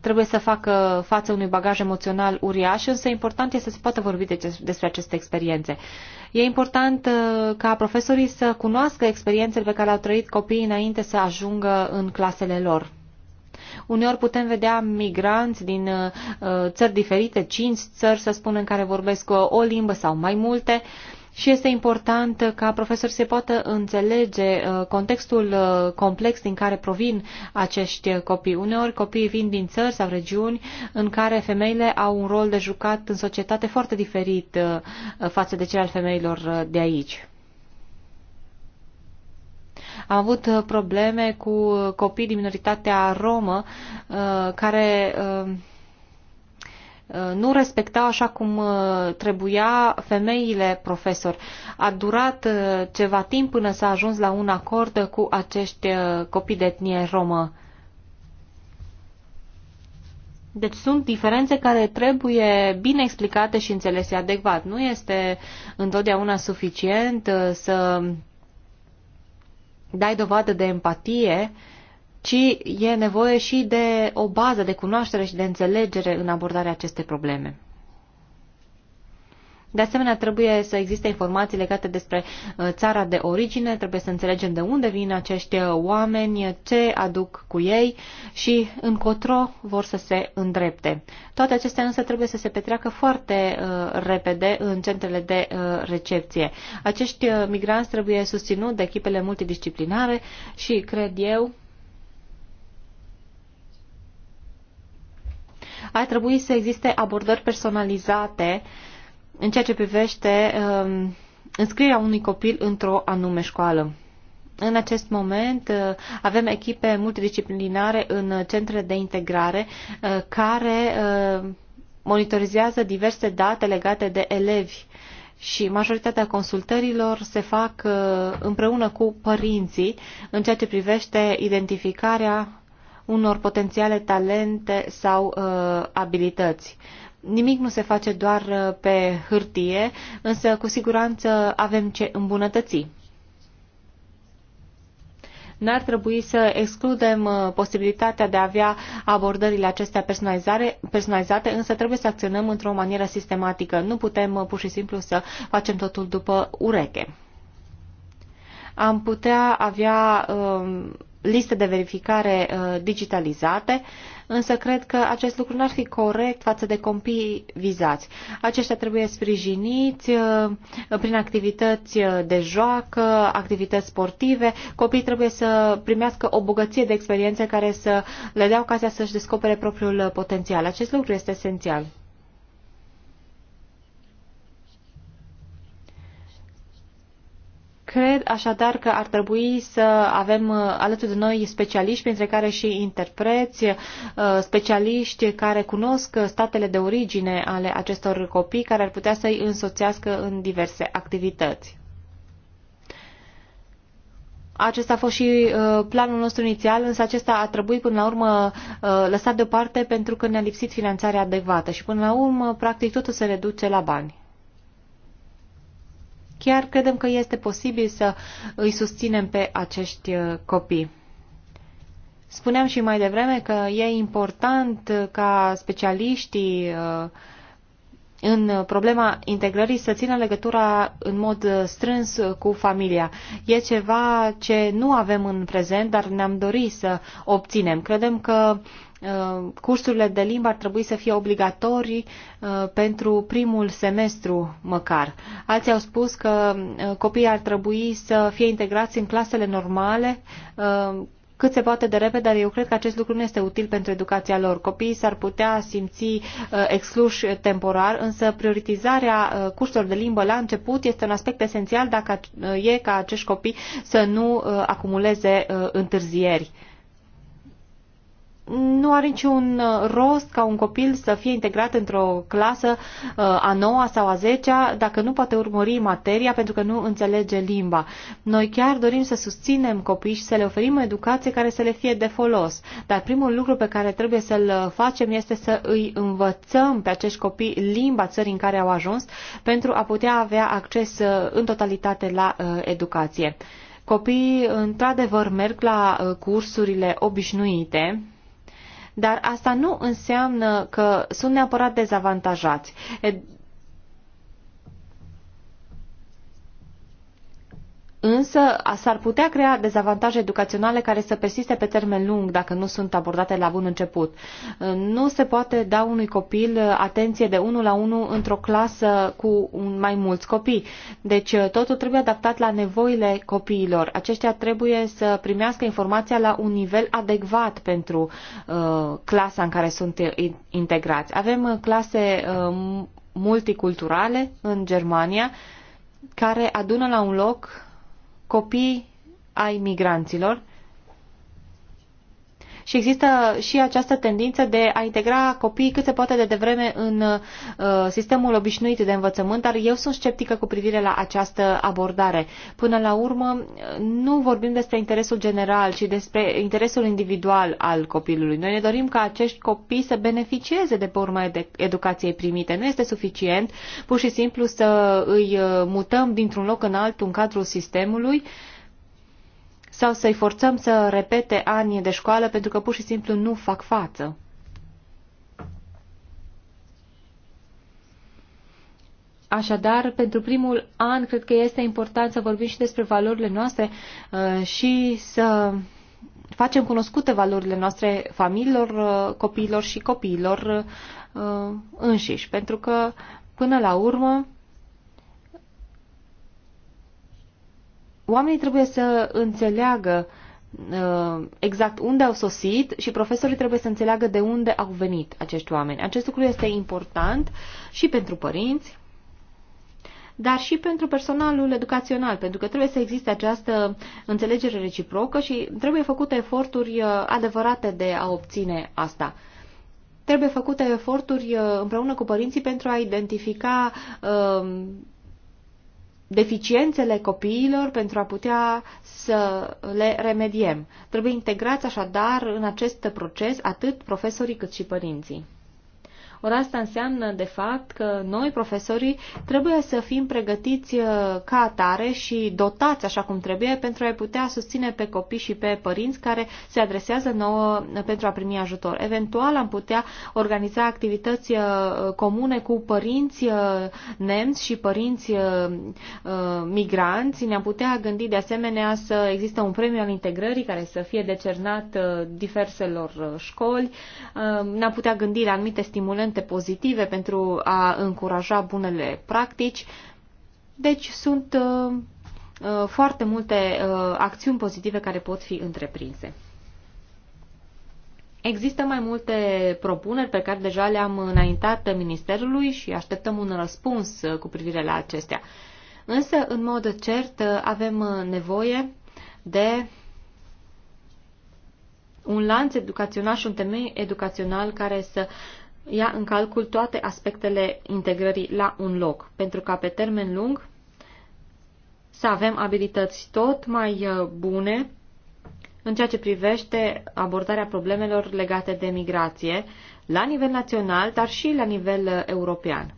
trebuie să facă față unui bagaj emoțional uriaș, însă important este să se poată vorbi despre aceste experiențe. E important uh, ca profesorii să cunoască experiențele pe care le-au trăit copiii înainte să ajungă în clasele lor. Uneori putem vedea migranți din uh, uh, țări diferite, cinci țări, să spunem, care vorbesc o limbă sau mai multe, uh, și este important ca profesori să poată înțelege uh, contextul uh, complex din care provin acești uh, copii. Uneori copiii vin din țări sau regiuni în care femeile au un rol de jucat în societate foarte diferit față de cel al femeilor de aici. Am avut probleme cu copii din minoritatea romă care Uh, nu respecta așa cum uh, trebuia femeile profesori. A durat uh, ceva timp până s-a ajuns la un acord cu acești copii de etnie romă. Deci sunt diferențe care trebuie bine explicate și înțelese adecvat. Nu este întotdeauna suficient să dai dovadă de empatie uh, ci e nevoie și de o bază de cunoaștere și de înțelegere în abordarea acestei probleme. De asemenea, trebuie să existe informații legate despre uh, țara de origine, trebuie să înțelegem de unde vin acești oameni, ce aduc cu ei și încotro vor să se îndrepte. Toate acestea însă trebuie să se petreacă foarte uh, repede în centrele de uh, recepție. Acești uh, migranți trebuie susținut de echipele multidisciplinare și, cred eu, ar trebui să existe abordări personalizate în ceea ce privește um, înscrierea unui copil într-o anume școală. În acest moment uh, avem echipe multidisciplinare în centre de integrare uh, care uh, monitorizează diverse date legate de elevi și majoritatea consultărilor se fac împreună cu părinții în ceea ce privește identificarea unor potențiale talente sau uh, abilități. Nimic nu se face doar uh, pe hârtie, însă cu siguranță avem ce îmbunătăți. N-ar trebui să excludem uh, posibilitatea de a avea abordările acestea personalizate, însă trebuie să acționăm într-o manieră sistematică. Nu putem uh, pur și simplu să facem totul după ureche am putea avea um, liste de verificare uh, digitalizate, însă cred că acest lucru n-ar fi corect față de copii vizați. Aceștia trebuie sprijiniți uh, prin activități de joacă, activități sportive. Copiii trebuie să primească o bogăție de experiențe care să le dea ocazia să-și descopere propriul uh, potențial. Acest lucru este esențial. Cred așadar că ar trebui să avem uh, alături de noi specialiști, printre care și interpreți, uh, specialiști care cunosc statele de origine ale acestor copii, care ar putea să-i însoțească în diverse activități. Acesta a fost și uh, planul nostru inițial, însă acesta a trebuit până la urmă lăsat deoparte pentru că ne-a lipsit finanțarea adecvată și până la urmă practic totul se reduce la bani. Chiar credem că este posibil să îi susținem pe acești uh, copii. Spuneam și mai devreme că e important ca specialiștii uh, în problema integrării să țină legătura în mod uh, strâns cu familia. E ceva ce nu avem în prezent, dar ne-am dorit să obținem. Credem că Uh, cursurile de limbă ar trebui să fie obligatorii uh, pentru primul semestru măcar. Alții au spus că uh, copiii ar trebui să fie integrați în clasele normale cât se poate de repede, dar eu cred că acest lucru nu este util pentru educația lor. Copiii s-ar putea simți uh, excluși temporar, însă prioritizarea uh, cursurilor de limbă la început este un aspect esențial dacă uh, e ca acești copii să nu uh, acumuleze uh, întârzieri nu are niciun uh, rost ca un copil să fie integrat într-o clasă uh, a noua sau a zecea dacă nu poate urmări materia pentru că nu înțelege limba. Noi chiar dorim să susținem copiii și să le oferim o educație care să le fie de folos. Dar primul lucru pe care trebuie să-l uh, facem este să îi învățăm pe acești copii limba țării în care au ajuns pentru a putea avea acces în totalitate la educație copiii într-adevăr merg la cursurile obișnuite dar asta nu înseamnă că sunt neapărat dezavantajați. însă s-ar putea crea dezavantaje educaționale care să persiste pe termen lung dacă nu sunt abordate la bun început. Uh, nu se poate da unui copil uh, atenție de 1 la 1 într-o clasă cu mai mulți copii. Deci uh, totul trebuie adaptat la nevoile copiilor. Aceștia trebuie să primească informația la un nivel adecvat pentru uh, clasa în care sunt integrați. Avem clase uh, multiculturale în Germania care adună la un loc copii ai migranților și există și această tendință de a integra copiii cât se poate de devreme în uh, sistemul obișnuit de învățământ, dar eu sunt sceptică cu privire la această abordare. Până la urmă, nu vorbim despre interesul general, ci despre interesul individual al copilului. Noi ne dorim ca acești copii să beneficieze de pe urma educației primite. Nu este suficient pur și simplu să îi uh, mutăm dintr-un loc în altul în cadrul sistemului, sau să-i forțăm să repete ani de școală pentru că pur și simplu nu fac față. Așadar, pentru primul an, cred că este important să vorbim și despre valorile noastre uh, și să facem cunoscute valorile noastre familiilor, uh, copiilor și copiilor uh, înșiși. Pentru că, până la urmă, Oamenii trebuie să înțeleagă uh, exact unde au sosit și profesorii trebuie să înțeleagă de unde au venit acești oameni. Acest lucru este important și pentru părinți, dar și pentru personalul educațional, pentru că trebuie să existe această înțelegere reciprocă și trebuie făcute eforturi uh, adevărate de a obține asta. Trebuie făcute eforturi uh, împreună cu părinții pentru a identifica deficiențele copiilor pentru a putea să le remediem. Trebuie integrați așadar în acest proces atât profesorii cât și părinții. Ori asta înseamnă, de fapt, că noi, profesorii, trebuie să fim pregătiți uh, ca atare și dotați așa cum trebuie pentru a-i putea susține pe copii și pe părinți care se adresează nouă uh, pentru a primi ajutor. Eventual am putea organiza activități uh, comune cu părinți nemți și părinți migranți. Ne-am putea gândi de asemenea să există un premiu al integrării care să fie decernat diverselor școli. Ne-am putea gândi la anumite stimulente elemente pozitive pentru a încuraja bunele practici. Deci sunt uh, uh, foarte multe uh, acțiuni pozitive care pot fi întreprinse. Există mai multe propuneri pe care deja le-am înaintat Ministerului și așteptăm un răspuns cu privire la acestea. Însă, în mod cert, avem nevoie de un lanț educațional și un temei educațional care să ia în calcul toate aspectele integrării la un loc, pentru ca pe termen lung să avem abilități tot mai uh, bune în ceea ce privește abordarea problemelor legate de migrație la nivel național, dar și la nivel uh, european.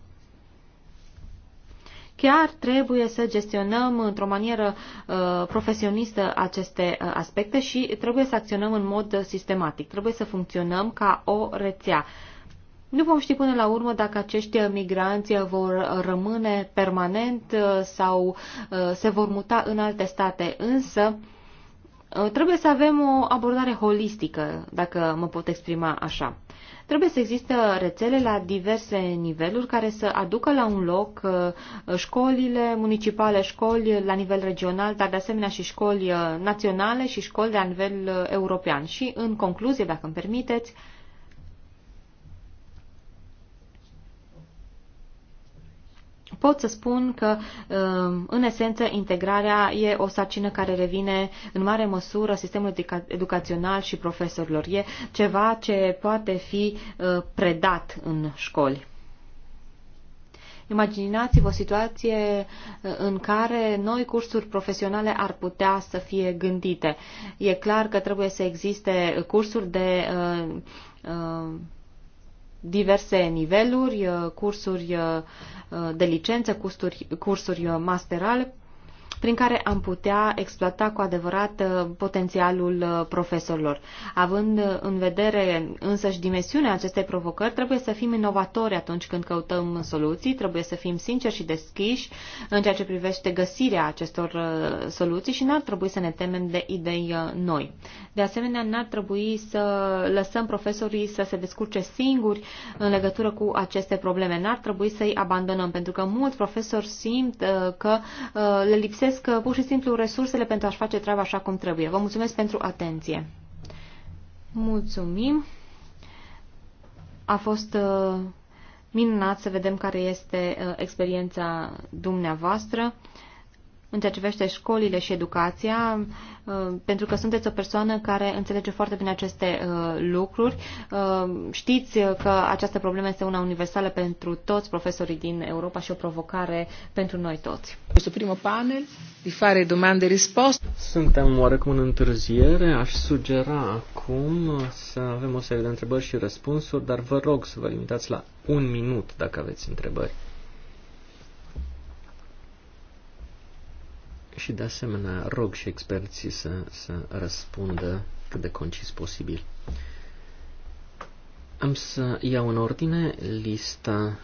Chiar trebuie să gestionăm într-o manieră uh, profesionistă aceste uh, aspecte și trebuie să acționăm în mod uh, sistematic. Trebuie să funcționăm ca o rețea. Uh, nu vom ști până la urmă dacă acești migranți vor rămâne permanent uh, sau uh, se vor muta în alte state, însă uh, trebuie să avem o abordare holistică, dacă mă pot exprima așa. Trebuie să există rețele la diverse niveluri care să aducă la un loc școlile municipale, școli la nivel regional, dar de asemenea și școli naționale și școli de la nivel european. Și în concluzie, dacă îmi permiteți, pot să spun că, um, în esență, integrarea e o sarcină care revine în mare măsură sistemului educațional și profesorilor. E ceva ce poate fi uh, predat în școli. Imaginați-vă o situație uh, în care noi cursuri profesionale ar putea să fie gândite. E clar că trebuie să existe cursuri de uh, uh, diverse niveluri, uh, cursuri uh, de licență, cursuri, cursuri uh, masterale prin care am putea exploata cu adevărat uh, potențialul uh, profesorilor. Având uh, în vedere însăși dimensiunea acestei provocări, trebuie să fim inovatori atunci când căutăm soluții, trebuie să fim sinceri și deschiși în ceea ce privește găsirea acestor soluții și n-ar trebui să ne temem de idei noi. De asemenea, n-ar trebui să lăsăm profesorii să se descurce singuri în legătură cu aceste probleme. N-ar trebui să-i abandonăm, pentru că mulți profesori simt că le lipsesc lipsesc pur și simplu resursele pentru a-și face treaba așa cum trebuie. Vă mulțumesc pentru atenție. Mulțumim. A fost uh, minunat să vedem care este uh, experiența dumneavoastră în ceea ce privește școlile și educația, uh, pentru că sunteți o persoană care înțelege foarte bine aceste uh, lucruri. Uh, știți că această problemă este una universală pentru toți profesorii din Europa și o provocare pentru noi toți. Este primul panel de fare domande e Suntem oarecum în întârziere. Aș sugera acum să avem o serie de întrebări și răspunsuri, dar vă rog să vă limitați la un minut dacă aveți întrebări. Și de asemenea rog și experții să, să răspundă cât de concis posibil. Am să iau în ordine lista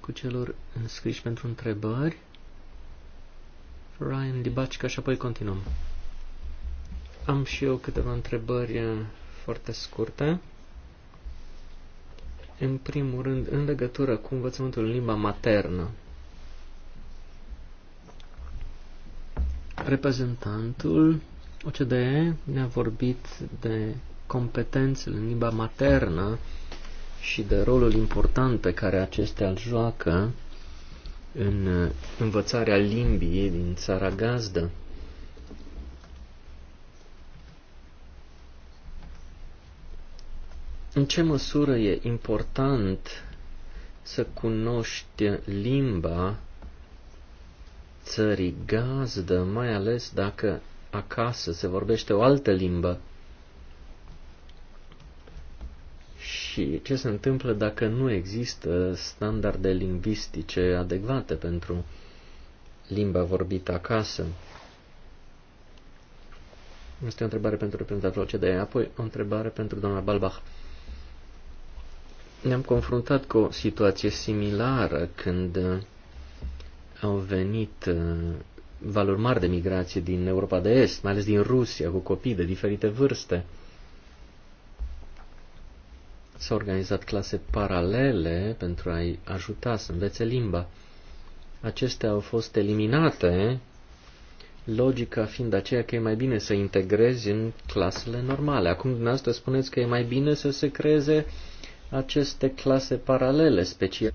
cu celor înscriși pentru întrebări. Ryan Libacica și apoi continuăm. Am și eu câteva întrebări eh, foarte scurte. În primul rând, în legătură cu învățământul în limba maternă, Reprezentantul OCDE ne-a vorbit de competențele în limba maternă și de rolul important pe care acestea îl joacă în învățarea limbii din țara gazdă. În ce măsură e important să cunoști limba țării gazdă, mai ales dacă acasă se vorbește o altă limbă. Și ce se întâmplă dacă nu există standarde lingvistice adecvate pentru limba vorbită acasă? Este o întrebare pentru reprezentantul OCDE, apoi o întrebare pentru doamna Balbach. Ne-am confruntat cu o situație similară când au venit uh, valori mari de migrație din Europa de Est, mai ales din Rusia, cu copii de diferite vârste. S-au organizat clase paralele pentru a-i ajuta să învețe limba. Acestea au fost eliminate, logica fiind aceea că e mai bine să integrezi în clasele normale. Acum dumneavoastră spuneți că e mai bine să se creeze aceste clase paralele speciale.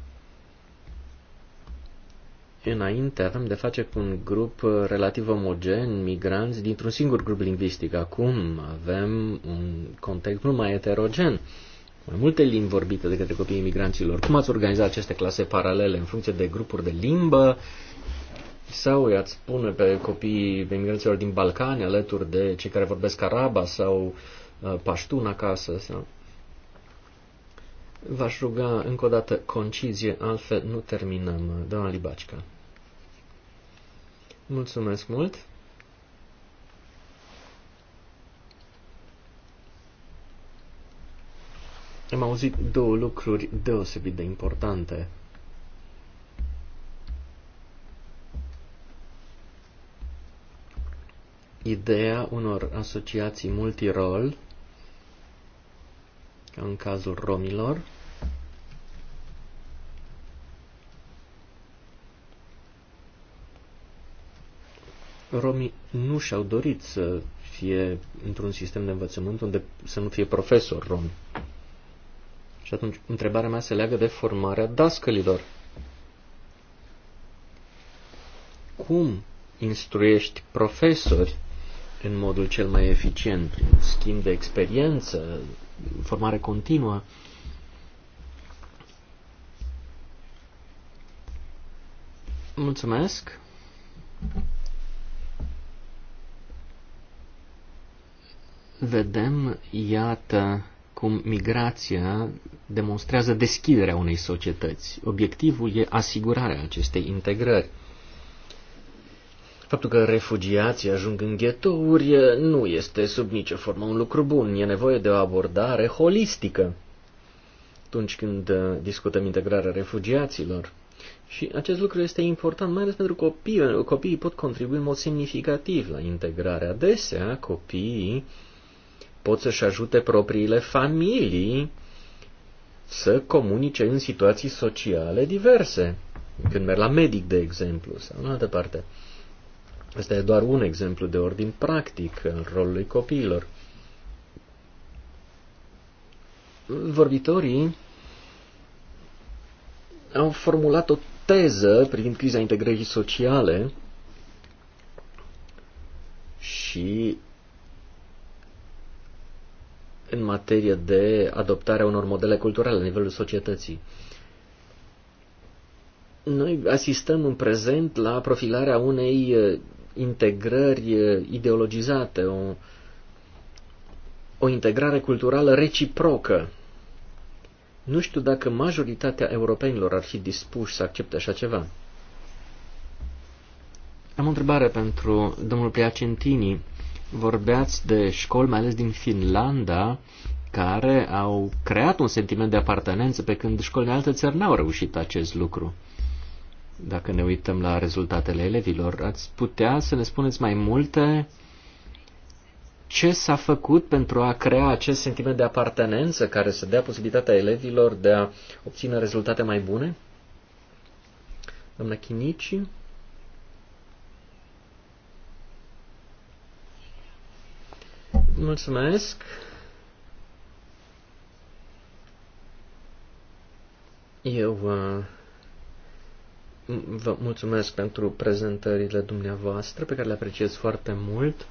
Înainte avem de face cu un grup uh, relativ omogen, migranți, dintr-un singur grup lingvistic. Acum avem un context mult mai heterogen, mai multe limbi vorbite de către copiii migranților. Cum ați organizat aceste clase paralele în funcție de grupuri de limbă? Sau i-ați pune pe copiii migranților din Balcani alături de cei care vorbesc araba sau uh, paștun acasă? Sau... V-aș ruga încă o dată concizie, altfel nu terminăm. Doamna Libacica. Mulțumesc mult. Am auzit două lucruri deosebit de importante. Ideea unor asociații multirol ca în cazul romilor. Romii nu și-au dorit să fie într-un sistem de învățământ unde să nu fie profesor rom. Și atunci, întrebarea mea se leagă de formarea dascălilor. Cum instruiești profesori în modul cel mai eficient, prin schimb de experiență, formare continuă. Mulțumesc. Vedem, iată, cum migrația demonstrează deschiderea unei societăți. Obiectivul e asigurarea acestei integrări. Faptul că refugiații ajung în ghetouri nu este sub nicio formă un lucru bun. E nevoie de o abordare holistică atunci când discutăm integrarea refugiaților. Și acest lucru este important, mai ales pentru copii. Copiii pot contribui în mod semnificativ la integrare. Adesea, copiii pot să-și ajute propriile familii să comunice în situații sociale diverse. Când merg la medic, de exemplu, sau în altă parte. Asta e doar un exemplu de ordin practic în rolul copiilor. Vorbitorii au formulat o teză privind criza integrării sociale și în materie de adoptarea unor modele culturale la nivelul societății. Noi asistăm în prezent la profilarea unei integrări ideologizate, o, o integrare culturală reciprocă. Nu știu dacă majoritatea europenilor ar fi dispuși să accepte așa ceva. Am o întrebare pentru domnul Piacentini. Vorbeați de școli, mai ales din Finlanda, care au creat un sentiment de apartenență, pe când școlile alte țări n-au reușit acest lucru dacă ne uităm la rezultatele elevilor. Ați putea să ne spuneți mai multe ce s-a făcut pentru a crea acest sentiment de apartenență care să dea posibilitatea elevilor de a obține rezultate mai bune? Doamna Chinici? Mulțumesc! Eu uh, Vă mulțumesc pentru prezentările dumneavoastră, pe care le apreciez foarte mult.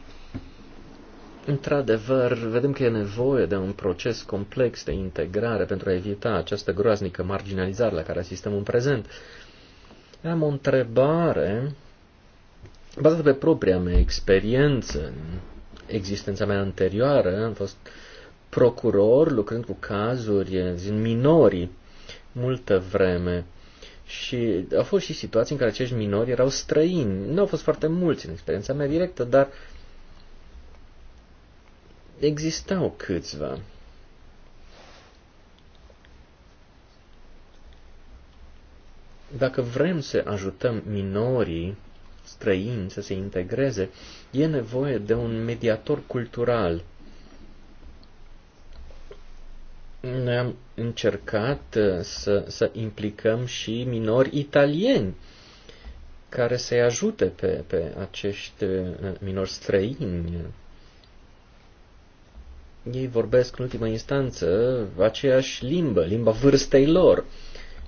Într-adevăr, vedem că e nevoie de un proces complex de integrare pentru a evita această groaznică marginalizare la care asistăm în prezent. Am o întrebare bazată pe propria mea experiență în existența mea anterioară. Am fost procuror lucrând cu cazuri eh, din minorii multă vreme. Și au fost și situații în care acești minori erau străini. Nu au fost foarte mulți în experiența mea directă, dar existau câțiva. Dacă vrem să ajutăm minorii străini să se integreze, e nevoie de un mediator cultural noi am încercat uh, să, să implicăm și minori italieni care să-i ajute pe, pe acești uh, minori străini. Ei vorbesc în ultimă instanță aceeași limbă, limba vârstei lor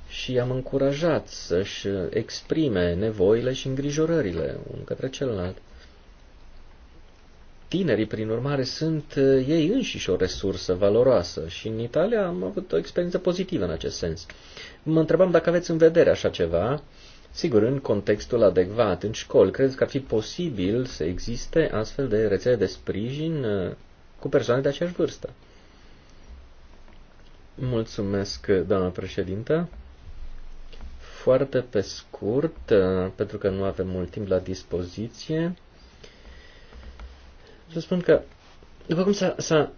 și am încurajat să-și exprime nevoile și îngrijorările unul către celălalt. Tinerii, prin urmare, sunt uh, ei înșiși o resursă valoroasă și în Italia am avut o experiență pozitivă în acest sens. Mă întrebam dacă aveți în vedere așa ceva, sigur, în contextul adecvat, în școli. Credeți că ar fi posibil să existe astfel de rețele de sprijin uh, cu persoane de aceeași vârstă? Mulțumesc, uh, doamna președintă. Foarte pe scurt, pentru că nu avem mult timp la dispoziție să spun că, după cum s-a,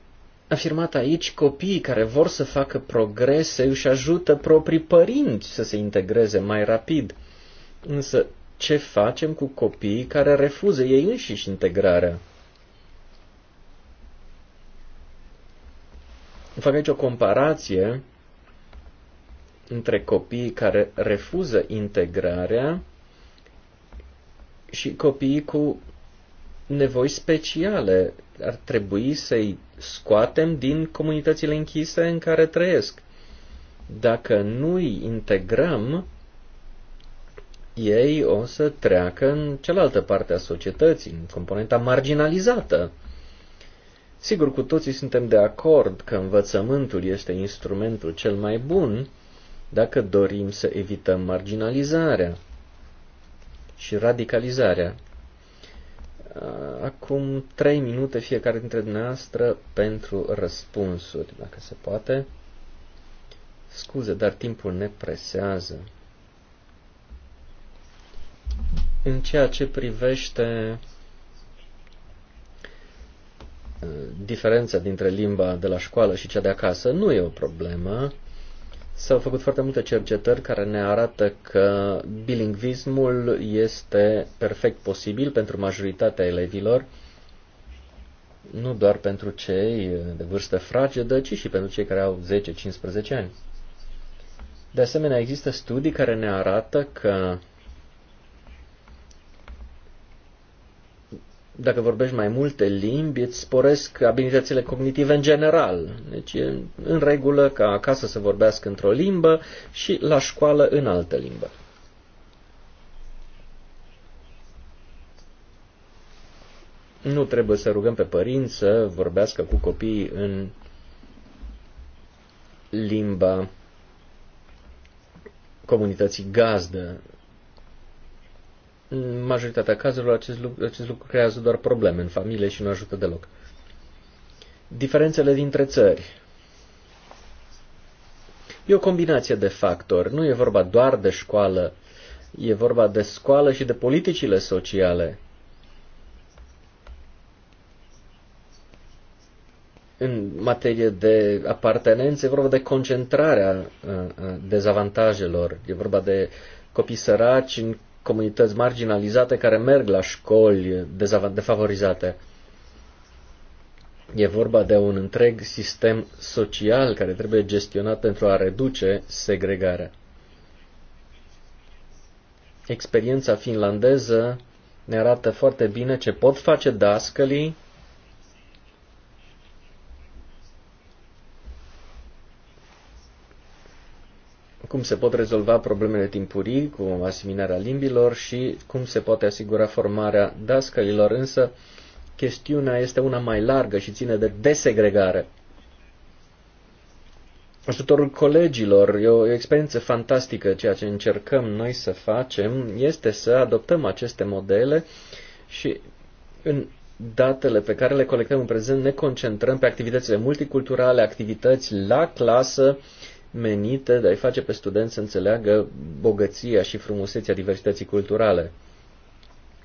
afirmat aici, copiii care vor să facă progrese își ajută proprii părinți să se integreze mai rapid. Însă, ce facem cu copiii care refuză ei înșiși integrarea? Fac aici o comparație între copiii care refuză integrarea și copiii cu nevoi speciale. Ar trebui să-i scoatem din comunitățile închise în care trăiesc. Dacă nu îi integrăm, ei o să treacă în cealaltă parte a societății, în componenta marginalizată. Sigur, cu toții suntem de acord că învățământul este instrumentul cel mai bun dacă dorim să evităm marginalizarea și radicalizarea Uh, acum 3 minute fiecare dintre dumneavoastră pentru răspunsuri, dacă se poate. Scuze, dar timpul ne presează. În ceea ce privește uh, diferența dintre limba de la școală și cea de acasă, nu e o problemă. S-au făcut foarte multe cercetări care ne arată că bilingvismul este perfect posibil pentru majoritatea elevilor, nu doar pentru cei de vârstă fragedă, ci și pentru cei care au 10-15 ani. De asemenea, există studii care ne arată că dacă vorbești mai multe limbi, îți sporesc abilitățile cognitive în general. Deci e în regulă ca acasă să vorbească într-o limbă și la școală în altă limbă. Nu trebuie să rugăm pe părinți să vorbească cu copiii în limba comunității gazdă în majoritatea cazurilor, acest lucru, acest lucru creează doar probleme în familie și nu ajută deloc. Diferențele dintre țări. E o combinație de factori. Nu e vorba doar de școală, e vorba de școală și de politicile sociale. În materie de apartenență, e vorba de concentrarea dezavantajelor, e vorba de copii săraci în comunități marginalizate care merg la școli defavorizate. E vorba de un întreg sistem social care trebuie gestionat pentru a reduce segregarea. Experiența finlandeză ne arată foarte bine ce pot face dascălii cum se pot rezolva problemele timpurii cu asimilarea limbilor și cum se poate asigura formarea dascălilor, însă chestiunea este una mai largă și ține de desegregare. Ajutorul colegilor e o experiență fantastică, ceea ce încercăm noi să facem este să adoptăm aceste modele și în datele pe care le colectăm în prezent ne concentrăm pe activitățile multiculturale, activități la clasă, menite de a-i face pe studenți să înțeleagă bogăția și frumusețea diversității culturale.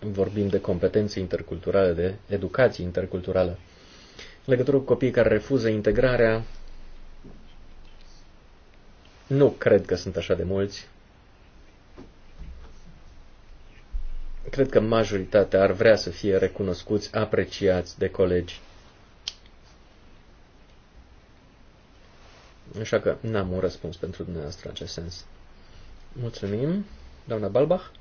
Vorbim de competențe interculturale, de educație interculturală. În legătură cu copiii care refuză integrarea, nu cred că sunt așa de mulți. Cred că majoritatea ar vrea să fie recunoscuți, apreciați de colegi. Așa că n-am un răspuns pentru dumneavoastră în acest sens. Mulțumim, doamna Balbach.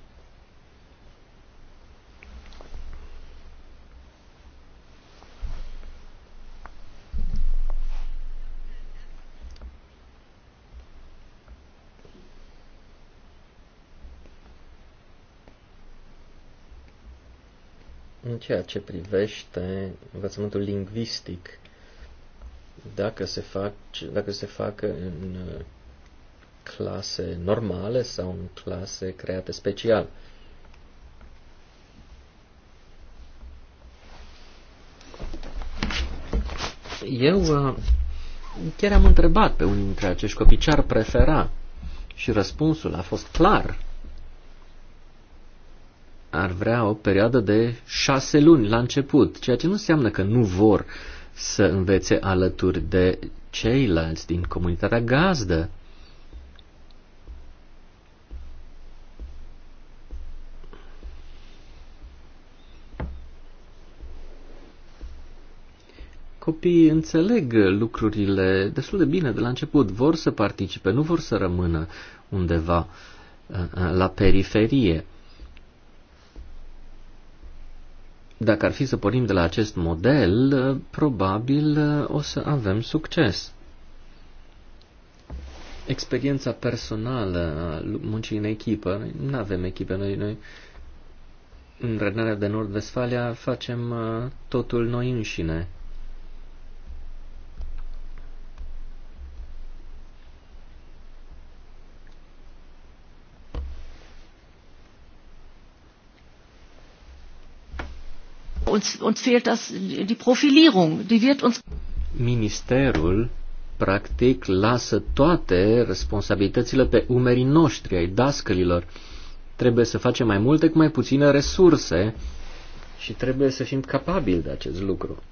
În ceea ce privește învățământul lingvistic, dacă se fac, dacă se facă în uh, clase normale sau în clase create special. Eu uh, chiar am întrebat pe unii dintre acești copii ce ar prefera și răspunsul a fost clar. Ar vrea o perioadă de șase luni la început, ceea ce nu înseamnă că nu vor uh, să învețe alături de ceilalți din comunitatea gazdă. Copiii înțeleg lucrurile destul de bine de la început, vor să participe, nu vor să rămână undeva uh, uh, la periferie. Dacă ar fi să pornim de la acest model, probabil uh, o să avem succes. Experiența personală a muncii în echipă, noi nu avem echipe, noi, noi în Renarea de Nord-Vestfalia facem uh, totul noi înșine. uns, uns fehlt das, die Profilierung, die wird uns... Ministerul practic lasă toate responsabilitățile pe umerii noștri, ai dascălilor. Trebuie să facem mai multe cu mai puține resurse și trebuie să fim capabili de acest lucru.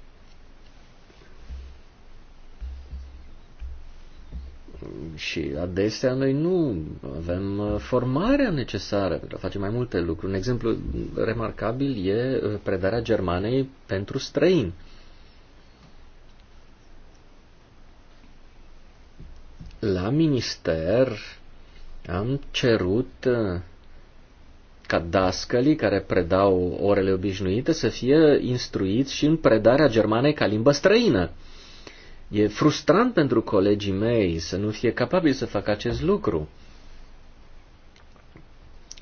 și adesea noi nu avem uh, formarea necesară pentru a face mai multe lucruri. Un exemplu remarcabil e uh, predarea germanei pentru străini. La minister am cerut uh, ca dascălii care predau orele obișnuite să fie instruiți și în predarea germanei ca limbă străină. E frustrant pentru colegii mei să nu fie capabil să facă acest lucru.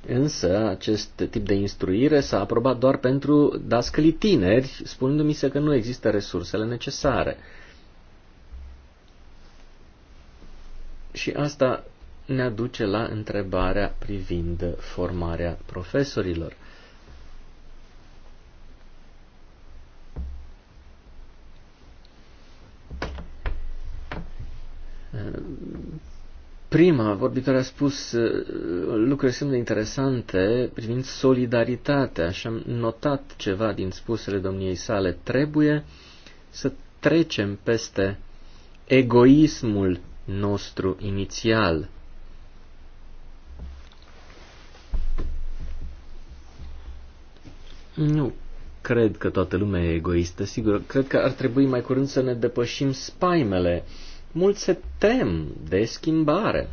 Însă, acest tip de instruire s-a aprobat doar pentru dascălii tineri, spunându-mi se că nu există resursele necesare. Și asta ne aduce la întrebarea privind formarea profesorilor. Prima vorbitoare a spus uh, lucruri semne interesante privind solidaritatea și am notat ceva din spusele domniei sale. Trebuie să trecem peste egoismul nostru inițial. Nu cred că toată lumea e egoistă, sigur. Cred că ar trebui mai curând să ne depășim spaimele Mulți se tem de schimbare.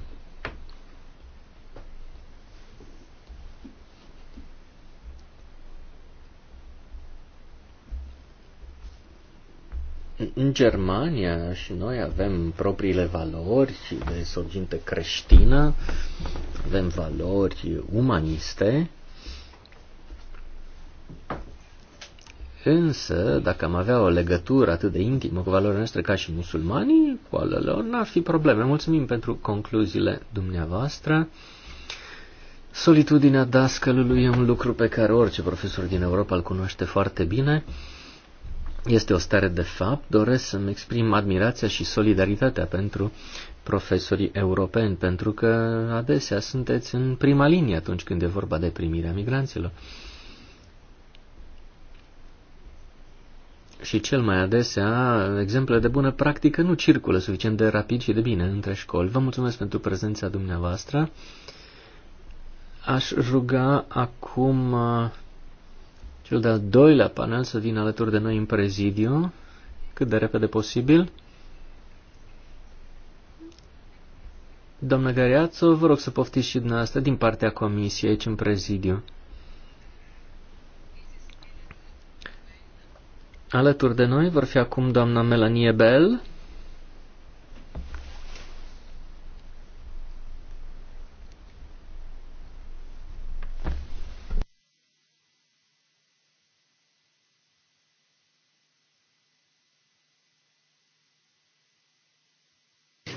În Germania și noi avem propriile valori de sorginte creștină, avem valori umaniste, Însă, dacă am avea o legătură atât de intimă cu valorile noastre ca și musulmanii, cu ale lor, n-ar fi probleme. Mulțumim pentru concluziile dumneavoastră. Solitudinea dascălului e un lucru pe care orice profesor din Europa îl cunoaște foarte bine. Este o stare de fapt. Doresc să-mi exprim admirația și solidaritatea pentru profesorii europeni, pentru că adesea sunteți în prima linie atunci când e vorba de primirea migranților. Și cel mai adesea, exemple de bună practică nu circulă suficient de rapid și de bine între școli. Vă mulțumesc pentru prezența dumneavoastră. Aș ruga acum uh, cel de-al doilea panel să vină alături de noi în prezidiu, cât de repede posibil. Doamnă Gariață, vă rog să poftiți și dumneavoastră din partea comisiei aici în prezidiu. Alături de noi vor fi acum doamna Melanie Bell.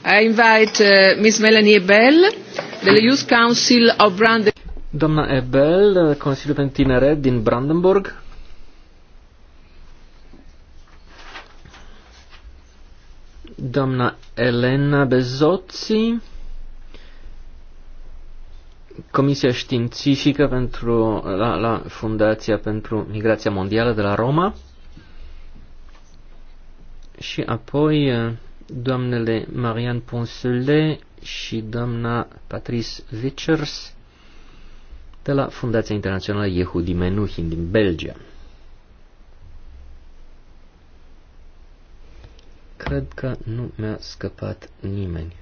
I invite uh, Ms. Melanie Bell, the Youth Council of Brandenburg. Doamna Ebel, uh, Consiliul pentru Tineret din Brandenburg. doamna Elena Bezozzi, Comisia Științifică pentru, la, la Fundația pentru Migrația Mondială de la Roma și apoi eh, doamnele Marianne Ponsule și doamna Patrice Vichers de la Fundația Internațională Yehudi Menuhin din Belgia. Cred că nu mi-a scăpat nimeni.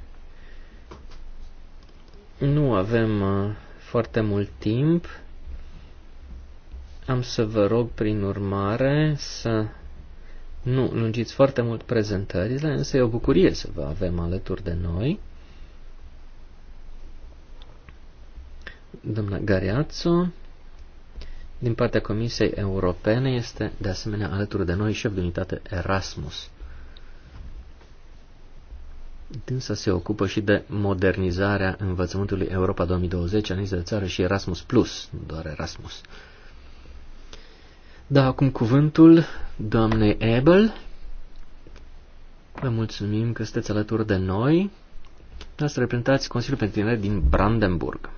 Nu avem uh, foarte mult timp. Am să vă rog, prin urmare, să nu lungiți foarte mult prezentările, însă e o bucurie să vă avem alături de noi. Doamna Gariazzo, din partea Comisiei Europene, este de asemenea alături de noi șef de unitate Erasmus. Dânsa se ocupă și de modernizarea învățământului Europa 2020, analiză de țară și Erasmus+, Plus, nu doar Erasmus. Da, acum cuvântul doamnei Ebel. Vă mulțumim că sunteți alături de noi. Dați reprezentați Consiliul pentru Tineri din Brandenburg.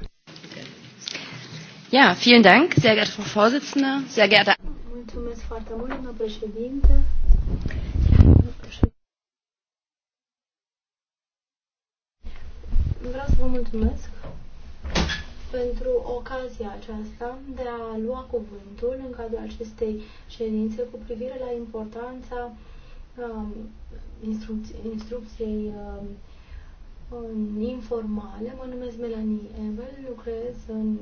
Ja, vielen Dank, sehr geehrte Frau Vorsitzende, sehr geehrte... Mulțumesc foarte mult, domnul președinte, Vreau să vă mulțumesc pentru ocazia aceasta de a lua cuvântul în cadrul acestei ședințe cu privire la importanța um, instrucției, instrucției um, um informale. Mă numesc Melanie Evel, lucrez în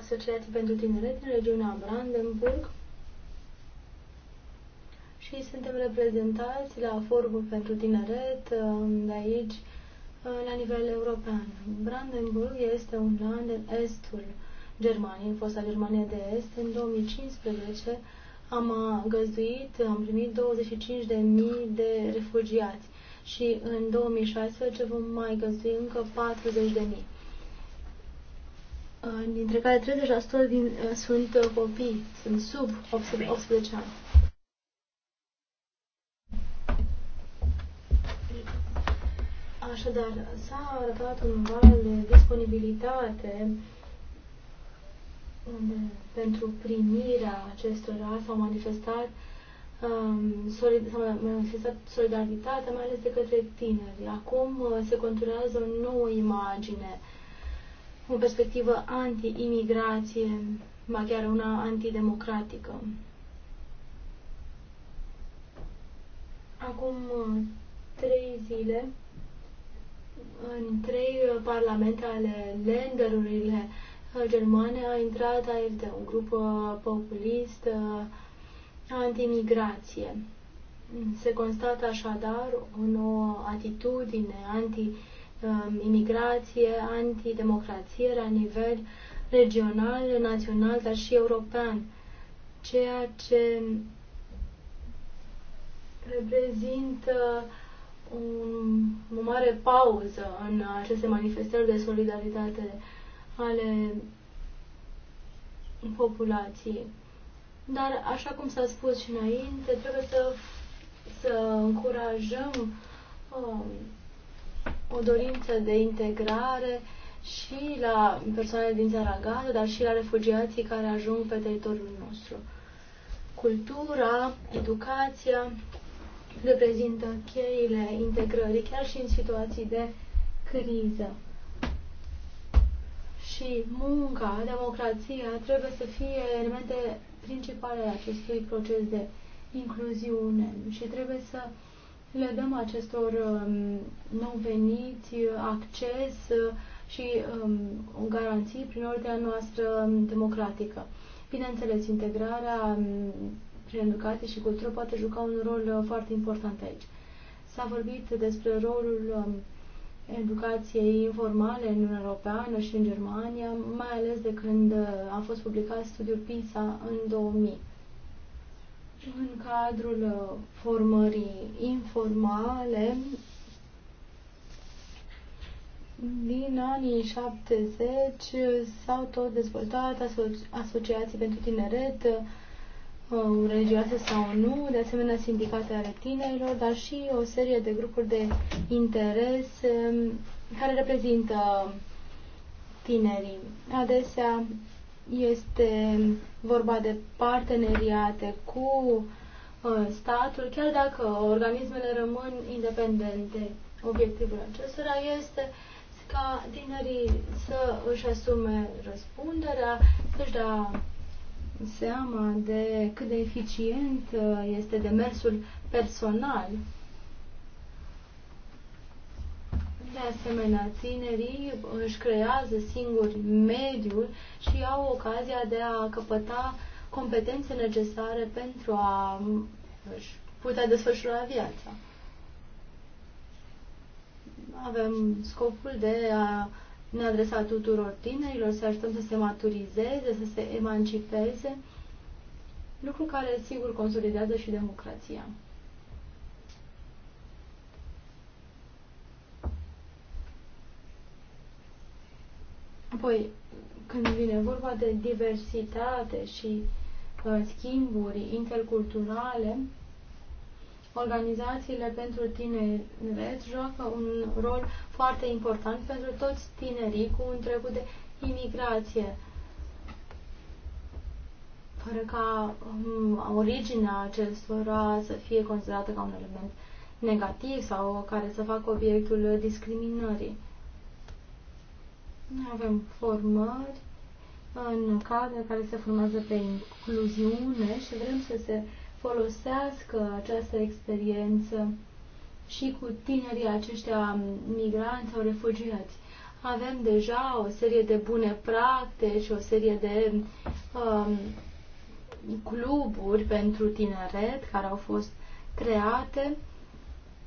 Asociații pentru Tineret în regiunea Brandenburg și suntem reprezentați la Forumul pentru Tineret um, de aici Uh, la nivel european. Brandenburg este un land în estul Germaniei, fosta Germania de Est. În 2015 am uh, găzduit, am primit 25.000 de refugiați și în 2016 vom mai găzdui încă 40.000 uh, dintre care 30% din, sunt copii, sunt sub 18 ani. Așadar, s-a arătat un val de disponibilitate pentru primirea acestor s-au manifestat um, solid, s-a manifestat solidaritatea, mai ales de către tineri. Acum uh, se conturează o nouă imagine, o perspectivă anti-imigrație, mai chiar una antidemocratică. Acum uh, trei zile în trei uh, parlamente ale länderurile uh, germane a intrat AFD, un grup uh, populist antimigrație. Se constată așadar o nouă atitudine anti-imigrație, antidemocrație la nivel regional, național, dar și european, ceea ce reprezintă uh, o mare pauză în aceste manifestări de solidaritate ale populației. Dar, așa cum s-a spus și înainte, trebuie să, să încurajăm um, o dorință de integrare și la persoanele din țara Gaza, dar și la refugiații care ajung pe teritoriul nostru. Cultura, educația reprezintă cheile integrării, chiar și în situații de criză. Și munca, democrația trebuie să fie elemente principale ale acestui proces de incluziune și trebuie să le dăm acestor um, nou veniți acces uh, și um, garanții prin ordinea noastră democratică. Bineînțeles, integrarea um, prin educație și cultură poate juca un rol uh, foarte important aici. S-a vorbit despre rolul um, educației informale în Uniunea Europeană și în Germania, mai ales de când uh, a fost publicat studiul PISA în 2000. În cadrul uh, formării informale, din anii 70 s-au tot dezvoltat asoci- asociații pentru tineret, religioase sau nu, de asemenea sindicate ale tinerilor, dar și o serie de grupuri de interes um, care reprezintă tinerii. Adesea este vorba de parteneriate cu uh, statul, chiar dacă organismele rămân independente. Obiectivul acestora este ca tinerii să își asume răspunderea, să-și dea seama de cât de eficient uh, este demersul personal. De asemenea, tinerii își creează singuri mediul și au ocazia de a căpăta competențe necesare pentru a își putea desfășura viața. Avem scopul de a ne adresa tuturor tinerilor, să ajutăm să se maturizeze, să se emancipeze, lucru care, sigur, consolidează și democrația. Apoi, când vine vorba de diversitate și uh, schimburi interculturale, Organizațiile pentru tineret joacă un rol foarte important pentru toți tinerii cu un trecut de imigrație. Fără ca um, originea acestora să fie considerată ca un element negativ sau care să facă obiectul discriminării. Noi avem formări în cadre care se formează pe incluziune și vrem să se uh, folosească această experiență și cu tinerii aceștia migranți sau refugiați. Avem deja o serie de bune practici, o serie de um, cluburi pentru tineret care au fost create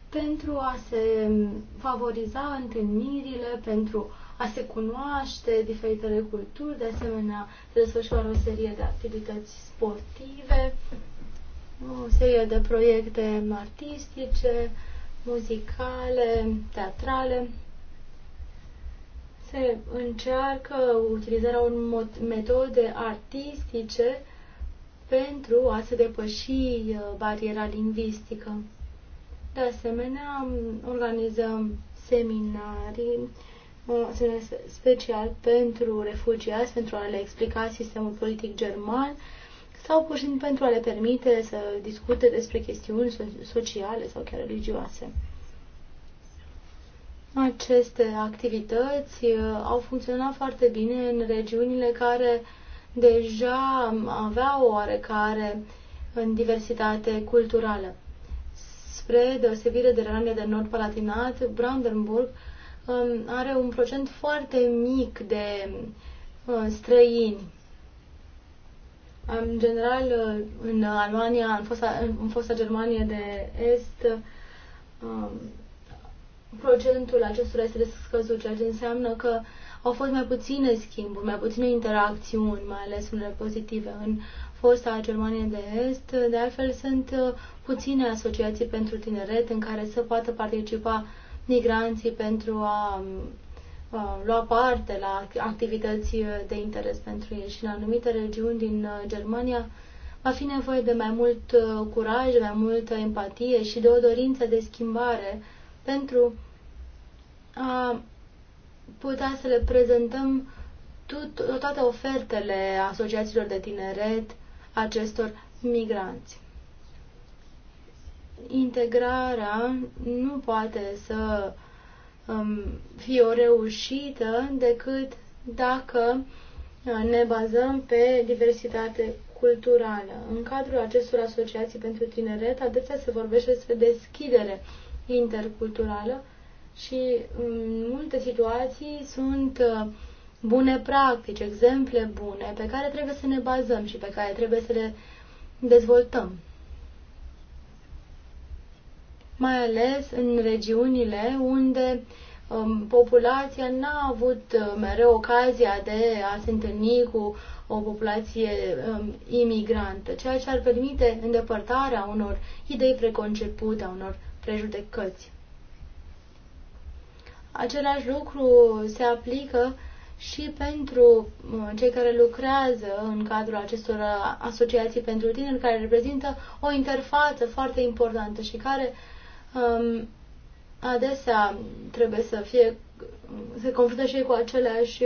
pentru a se favoriza întâlnirile, pentru a se cunoaște diferitele culturi, de asemenea se desfășoară o serie de activități sportive o serie de proiecte artistice, muzicale, teatrale. Se încearcă utilizarea unor metode artistice pentru a se depăși uh, bariera lingvistică. De asemenea, organizăm seminarii uh, special pentru refugiați, pentru a le explica sistemul politic german sau pur și simplu pentru a le permite să discute despre chestiuni sociale sau chiar religioase. Aceste activități uh, au funcționat foarte bine în regiunile care deja aveau o oarecare în diversitate culturală. Spre deosebire de Renania de Nord-Palatinat, Brandenburg um, are un procent foarte mic de uh, străini în general, în Germania în fosta, în fosta Germanie de Est, um, procentul acestora este scăzut, ceea ce înseamnă că au fost mai puține schimburi, mai puține interacțiuni, mai ales unele pozitive. În fosta Germanie de Est, de altfel, sunt uh, puține asociații pentru tineret în care să poată participa migranții pentru a um, Uh, lua parte la activități uh, de interes pentru ei și în anumite regiuni din uh, Germania va fi nevoie de mai mult curaj, de mai multă empatie și de o dorință de schimbare pentru a putea să le prezentăm tot, toate ofertele asociațiilor de tineret acestor migranți. Integrarea nu poate să uh, um, fie o reușită decât dacă uh, ne bazăm pe diversitate culturală. În cadrul acestor asociații pentru tineret, adesea se vorbește despre deschidere interculturală și în um, multe situații sunt uh, bune practici, exemple bune pe care trebuie să ne bazăm și pe care trebuie să le dezvoltăm mai ales în regiunile unde um, populația n-a avut uh, mereu ocazia de a se întâlni cu o populație um, imigrantă, ceea ce ar permite îndepărtarea unor idei preconcepute, a unor prejudecăți. Același lucru se aplică și pentru uh, cei care lucrează în cadrul acestor asociații pentru tineri, care reprezintă o interfață foarte importantă și care Um, adesea trebuie să fie, se confruntă și ei cu aceleași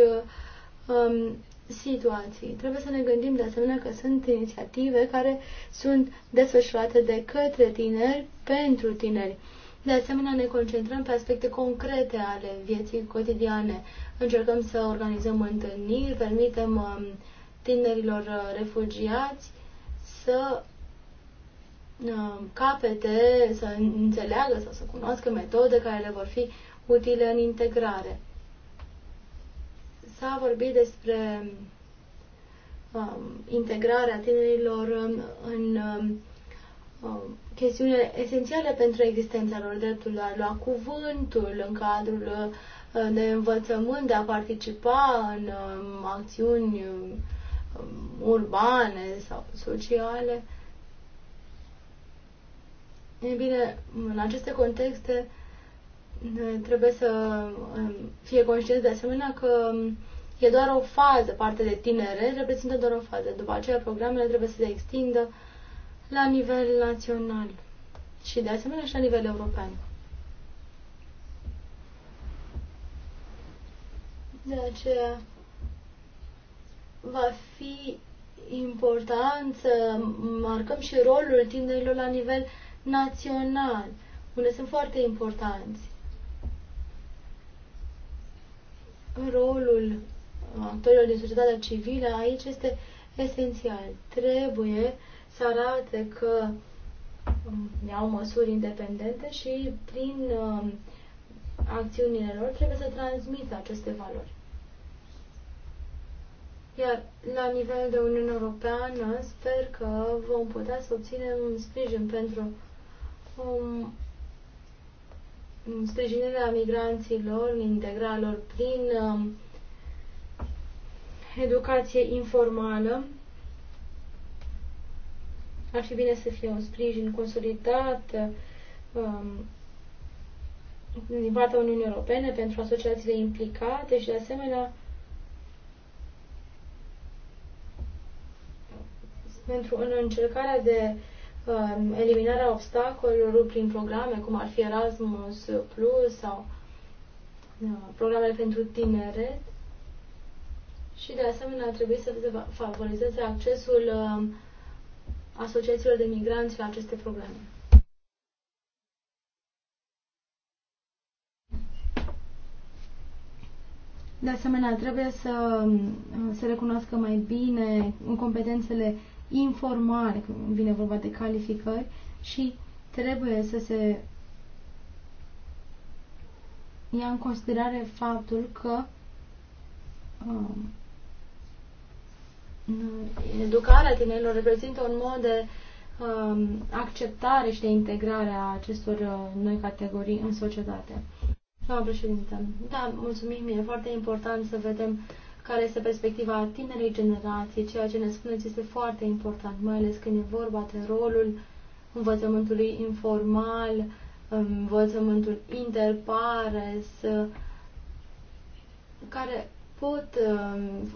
um, situații. Trebuie să ne gândim de asemenea că sunt inițiative care sunt desfășurate de către tineri pentru tineri. De asemenea, ne concentrăm pe aspecte concrete ale vieții cotidiane. Încercăm să organizăm întâlniri, permitem um, tinerilor uh, refugiați să Uh, capete, să înțeleagă sau să cunoască metode care le vor fi utile în integrare. S-a vorbit despre um, integrarea tinerilor în um, um, chestiune esențiale pentru existența lor, dreptul la a lua cuvântul în cadrul uh, de învățământ, de a participa în um, acțiuni um, urbane sau sociale. Uh, ei bine, în aceste contexte trebuie să um, fie conștient de asemenea că um, e doar o fază, parte de tinere reprezintă doar o fază. După aceea, programele trebuie să se extindă la nivel național și de asemenea și la nivel european. De aceea va fi important să marcăm și rolul tinerilor la nivel național, unde sunt foarte importanți. Rolul uh, actorilor din societatea civilă aici este esențial. Trebuie să arate că um, iau măsuri independente și prin uh, acțiunile lor trebuie să transmită aceste valori. Iar la nivel de Uniune Europeană sper că vom putea să obținem un sprijin pentru um, sprijinirea migranților, integrarea lor prin um, educație informală. Ar fi bine să fie un sprijin consolidat um, din partea Uniunii Europene pentru asociațiile implicate și, de asemenea, pentru în încercarea de eliminarea obstacolelor prin programe, cum ar fi Erasmus Plus sau uh, programele pentru tineret. Și de asemenea trebuie să se favorizeze accesul uh, asociațiilor de migranți la aceste programe. De asemenea, trebuie să uh, se recunoască mai bine competențele informale, când vine vorba de calificări și trebuie să se ia în considerare faptul că um, educarea tinerilor reprezintă un mod de um, acceptare și de integrare a acestor uh, noi categorii în societate. Doamna președintă, da, mulțumim, e foarte important să vedem uh, care este perspectiva tinerei generații, ceea ce ne spuneți este foarte important, mai ales când e vorba de rolul învățământului informal, învățământul interpares, care pot,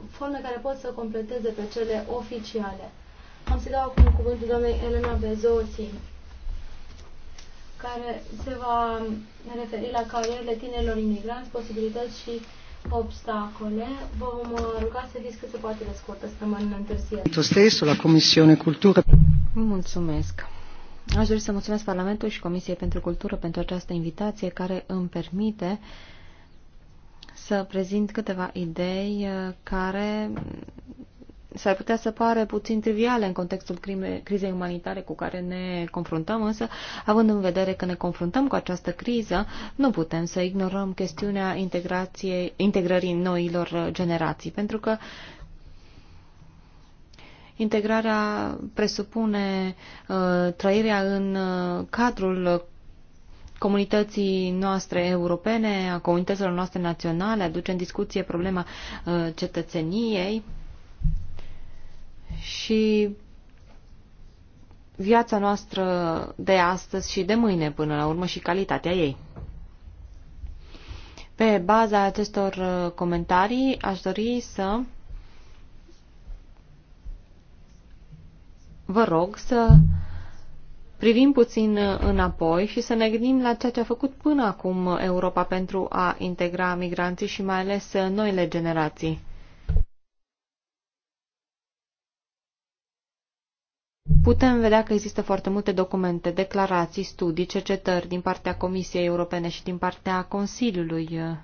forme care pot să completeze pe cele oficiale. Am să dau acum cuvântul doamnei Elena Bezoții, care se va referi la carierele tinerilor imigranți, posibilități și obstacole. Vom uh, ruga să cât se poate de în întârziere. Tu stesso, la Comisiune Cultură. Mulțumesc. Aș dori să mulțumesc Parlamentul și Comisiei pentru Cultură pentru această invitație care îmi permite să prezint câteva idei uh, care s-ar putea să pare puțin triviale în contextul crime, crizei umanitare cu care ne confruntăm, însă, având în vedere că ne confruntăm cu această criză, nu putem să ignorăm chestiunea integrației, integrării noilor generații, pentru că integrarea presupune uh, trăirea în uh, cadrul comunității noastre europene, a comunităților noastre naționale, aduce în discuție problema uh, cetățeniei, și viața noastră de astăzi și de mâine până la urmă și calitatea ei. Pe baza acestor uh, comentarii aș dori să vă rog să privim puțin înapoi și să ne gândim la ceea ce a făcut până acum Europa pentru a integra migranții și mai ales noile generații. putem vedea că există foarte multe documente, declarații, studii, cercetări din partea Comisiei Europene și din partea Consiliului uh,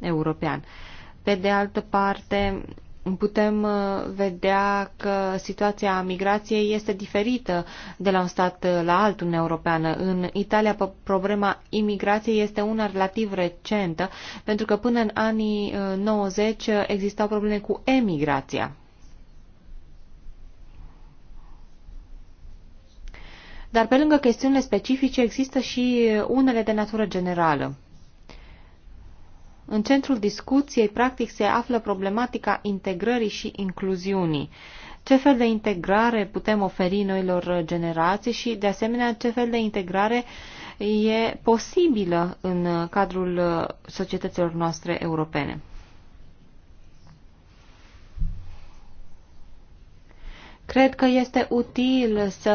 European. Pe de altă parte, putem uh, vedea că situația migrației este diferită de la un stat la altul în europeană. În Italia problema imigrației este una relativ recentă, pentru că până în anii 90 uh, existau probleme cu emigrația. Dar pe lângă chestiunile specifice există și uh, unele de natură generală. În centrul discuției, practic, se află problematica integrării și incluziunii. Ce fel de integrare putem oferi noilor uh, generații și, de asemenea, ce fel de integrare e posibilă în uh, cadrul societăților noastre europene. Cred că este util să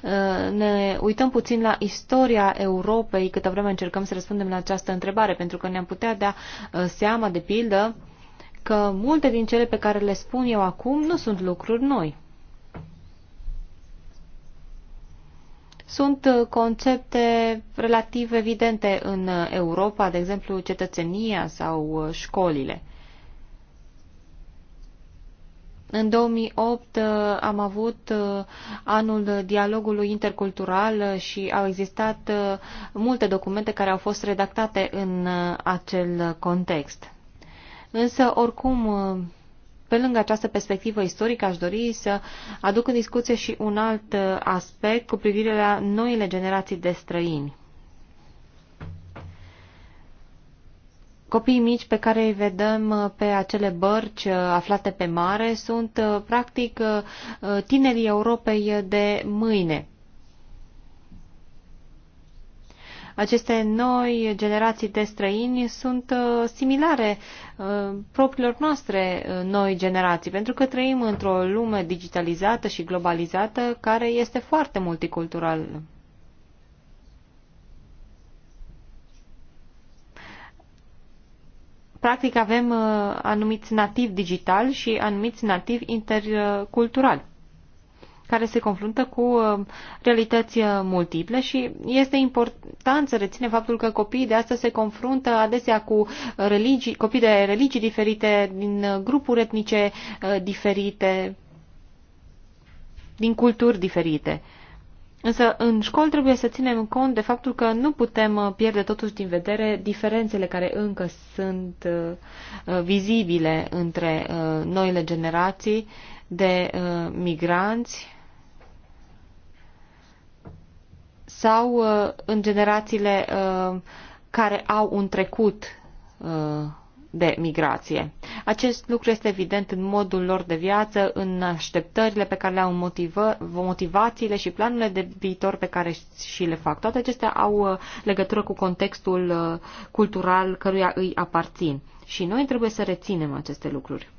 uh, ne uităm puțin la istoria Europei câtă vreme încercăm să răspundem la această întrebare, pentru că ne-am putea da uh, seama, de pildă, că multe din cele pe care le spun eu acum nu sunt lucruri noi. Sunt uh, concepte relativ evidente în Europa, de exemplu cetățenia sau școlile. În 2008 uh, am avut uh, anul dialogului intercultural uh, și au existat multe documente care au fost redactate în acel context. Însă, oricum, pe lângă această perspectivă istorică, aș dori să aduc în discuție și un alt aspect cu privire la noile generații de străini. Copiii mici pe care îi vedem uh, pe acele bărci uh, aflate pe mare sunt uh, practic tinerii Europei de mâine. Aceste noi generații de străini sunt similare propriilor noastre noi generații, pentru că trăim într-o lume digitalizată și globalizată care este foarte multiculturală. Practic avem uh, anumiți nativi digital și anumiți nativi interculturali care se confruntă cu uh, realități uh, multiple și este important să reține faptul că copiii de astăzi se confruntă adesea cu religii, copii de religii diferite, din grupuri etnice diferite, din culturi diferite. Însă în școli trebuie să ținem cont de faptul că nu putem uh, pierde totuși din vedere diferențele care încă sunt uh, uh, vizibile între noile generații de migranți sau în generațiile care au un trecut de migrație. Acest lucru este evident în modul lor de viață, în așteptările pe care le au, motivă, motivațiile și planurile de viitor pe care și le fac. Toate acestea au uh, legătură cu contextul uh, cultural căruia îi aparțin. Și noi trebuie să reținem aceste lucruri.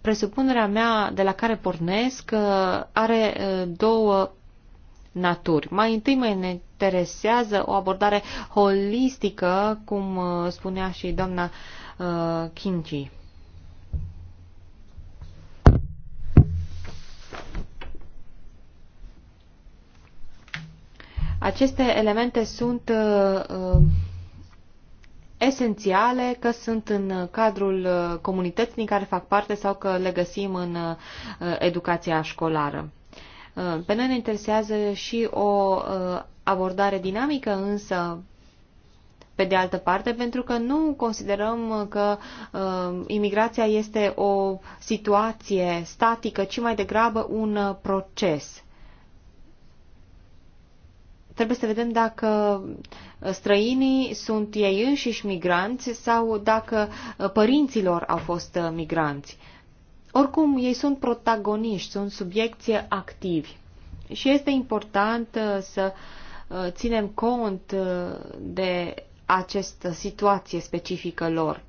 Presupunerea mea de la care pornesc uh, are două naturi. Mai întâi mă interesează o abordare holistică, cum uh, spunea și doamna uh, Kinji. Aceste elemente sunt uh, uh, esențiale, că sunt în cadrul uh, comunității din care fac parte sau că le găsim în educația școlară. Pe noi ne interesează și o uh, abordare dinamică, însă pe de altă parte, pentru că nu considerăm că uh, imigrația este o situație statică, ci mai degrabă un uh, proces. Trebuie să vedem dacă uh, străinii sunt ei înșiși migranți sau dacă uh, părinților au fost migranți. Uh, oricum, ei sunt protagoniști, sunt subiecte activi. Și este important uh, să uh, ținem cont uh, de această situație specifică lor.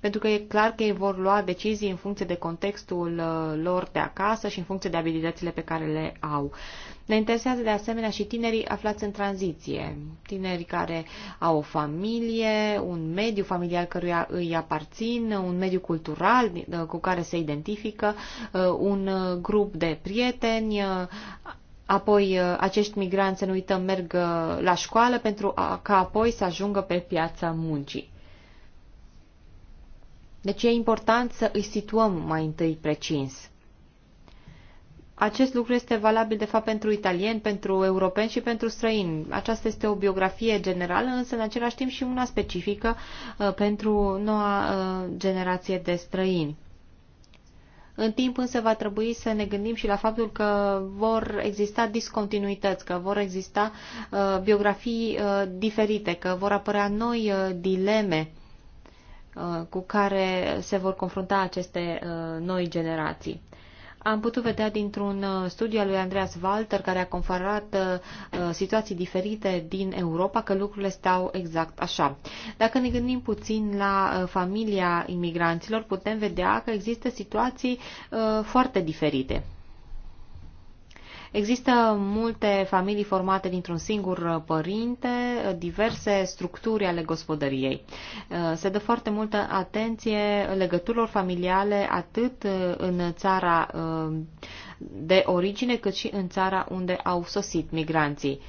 Pentru că e clar că ei vor lua decizii în funcție de contextul lor de acasă și în funcție de abilitățile pe care le au. Ne interesează de asemenea și tinerii aflați în tranziție, tineri care au o familie, un mediu familial căruia îi aparțin, un mediu cultural cu care se identifică, uh, un uh, grup de prieteni, uh, Apoi, acești migranți, să nu uităm, merg la școală pentru a, ca apoi să ajungă pe piața muncii. Deci e important să îi situăm mai întâi precis. Acest lucru este valabil, de fapt, pentru italieni, pentru europeni și pentru străini. Aceasta este o biografie generală, însă, în același timp, și una specifică uh, pentru noua uh, generație de străini. În timp însă va trebui să ne gândim și la faptul că vor exista discontinuități, că vor exista uh, biografii uh, diferite, că vor apărea noi uh, dileme uh, cu care se vor confrunta aceste uh, noi generații. Am putut vedea dintr-un uh, studiu al lui Andreas Walter, care a comparat uh, uh, situații diferite din Europa, că lucrurile stau exact așa. Dacă ne gândim puțin la uh, familia imigranților, putem vedea că există situații uh, foarte diferite. Există multe familii formate dintr-un singur uh, părinte, uh, diverse structuri ale gospodăriei. Uh, se dă foarte multă atenție legăturilor familiale atât în țara de origine cât și în țara unde au sosit migranții.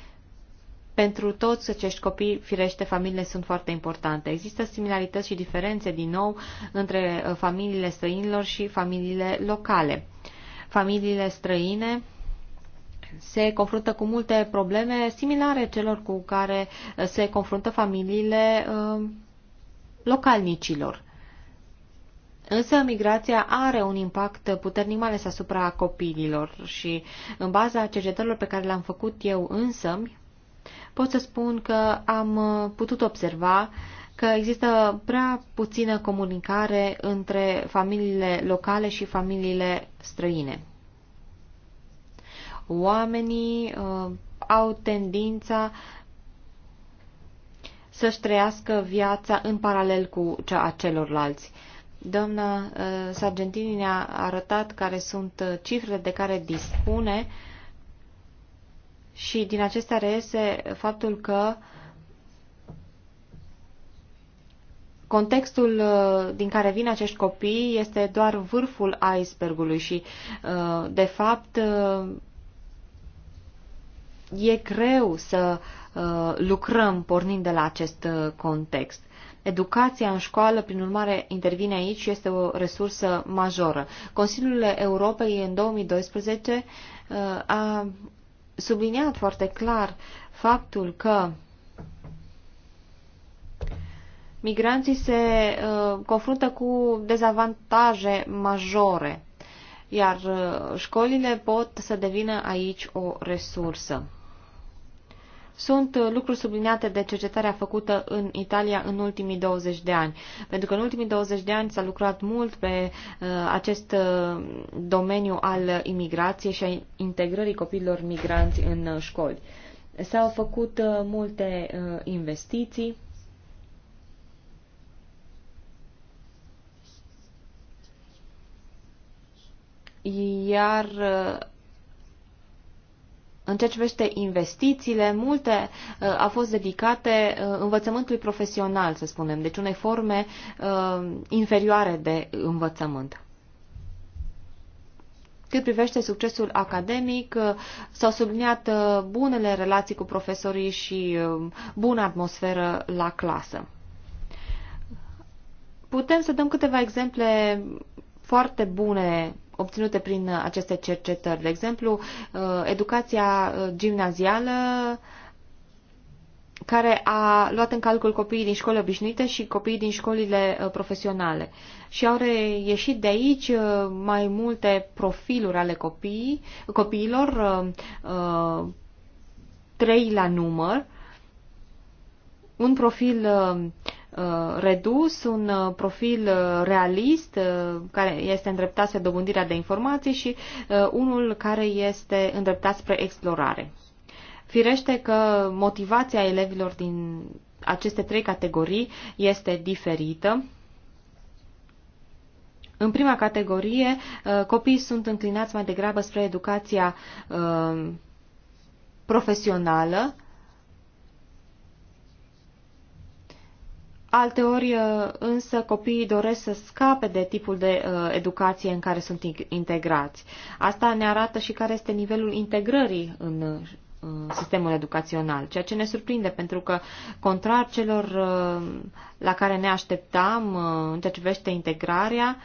Pentru toți acești copii, firește, familiile sunt foarte importante. Există similarități și diferențe, din nou, între familiile străinilor și familiile locale. Familiile străine se confruntă cu multe probleme similare celor cu care uh, se confruntă familiile uh, localnicilor. Însă migrația are un impact puternic, mai ales asupra copiilor și în baza cercetărilor pe care le-am făcut eu însă, pot să spun că am uh, putut observa că există prea puțină comunicare între familiile locale și familiile străine oamenii uh, au tendința să-și trăiască viața în paralel cu cea a celorlalți. Doamna uh, Sargentini ne-a arătat care sunt uh, cifrele de care dispune și din acestea reiese faptul că contextul uh, din care vin acești copii este doar vârful icebergului și, uh, de fapt, e greu să uh, lucrăm pornind de la acest uh, context. Educația în școală, prin urmare, intervine aici și este o resursă majoră. Consiliul Europei în 2012 uh, a subliniat foarte clar faptul că migranții se confruntă cu dezavantaje majore, iar școlile pot să devină aici o resursă sunt uh, lucruri subliniate de cercetarea făcută în Italia în ultimii 20 de ani. Pentru că în ultimii 20 de ani s-a lucrat mult pe uh, acest uh, domeniu al imigrației și a integrării copiilor migranți în uh, școli. S-au făcut uh, multe uh, investiții. Iar uh, în ceea ce privește investițiile, multe uh, au fost dedicate uh, învățământului profesional, să spunem, deci unei forme uh, inferioare de învățământ. Cât privește succesul academic, uh, s-au subliniat uh, bunele relații cu profesorii și uh, bună atmosferă la clasă. Putem să dăm câteva exemple foarte bune obținute prin uh, aceste cercetări. De exemplu, uh, educația uh, gimnazială care a luat în calcul copiii din școli obișnuite și copiii din școlile profesionale. Și au reieșit de aici mai multe profiluri ale copii, copiilor, trei la număr, un profil uh, Uh, redus, un uh, profil uh, realist care este îndreptat spre dobândirea de informații și unul care este îndreptat spre explorare. Firește că motivația elevilor din aceste trei categorii este diferită. În prima categorie, copiii sunt înclinați mai degrabă spre educația profesională, Alteori uh, însă copiii doresc să scape de tipul de uh, educație în care sunt integrați. Asta ne arată și care este nivelul integrării în uh, sistemul educațional, ceea ce ne surprinde pentru că, contrar celor la care ne așteptam în ceea ce privește integrarea,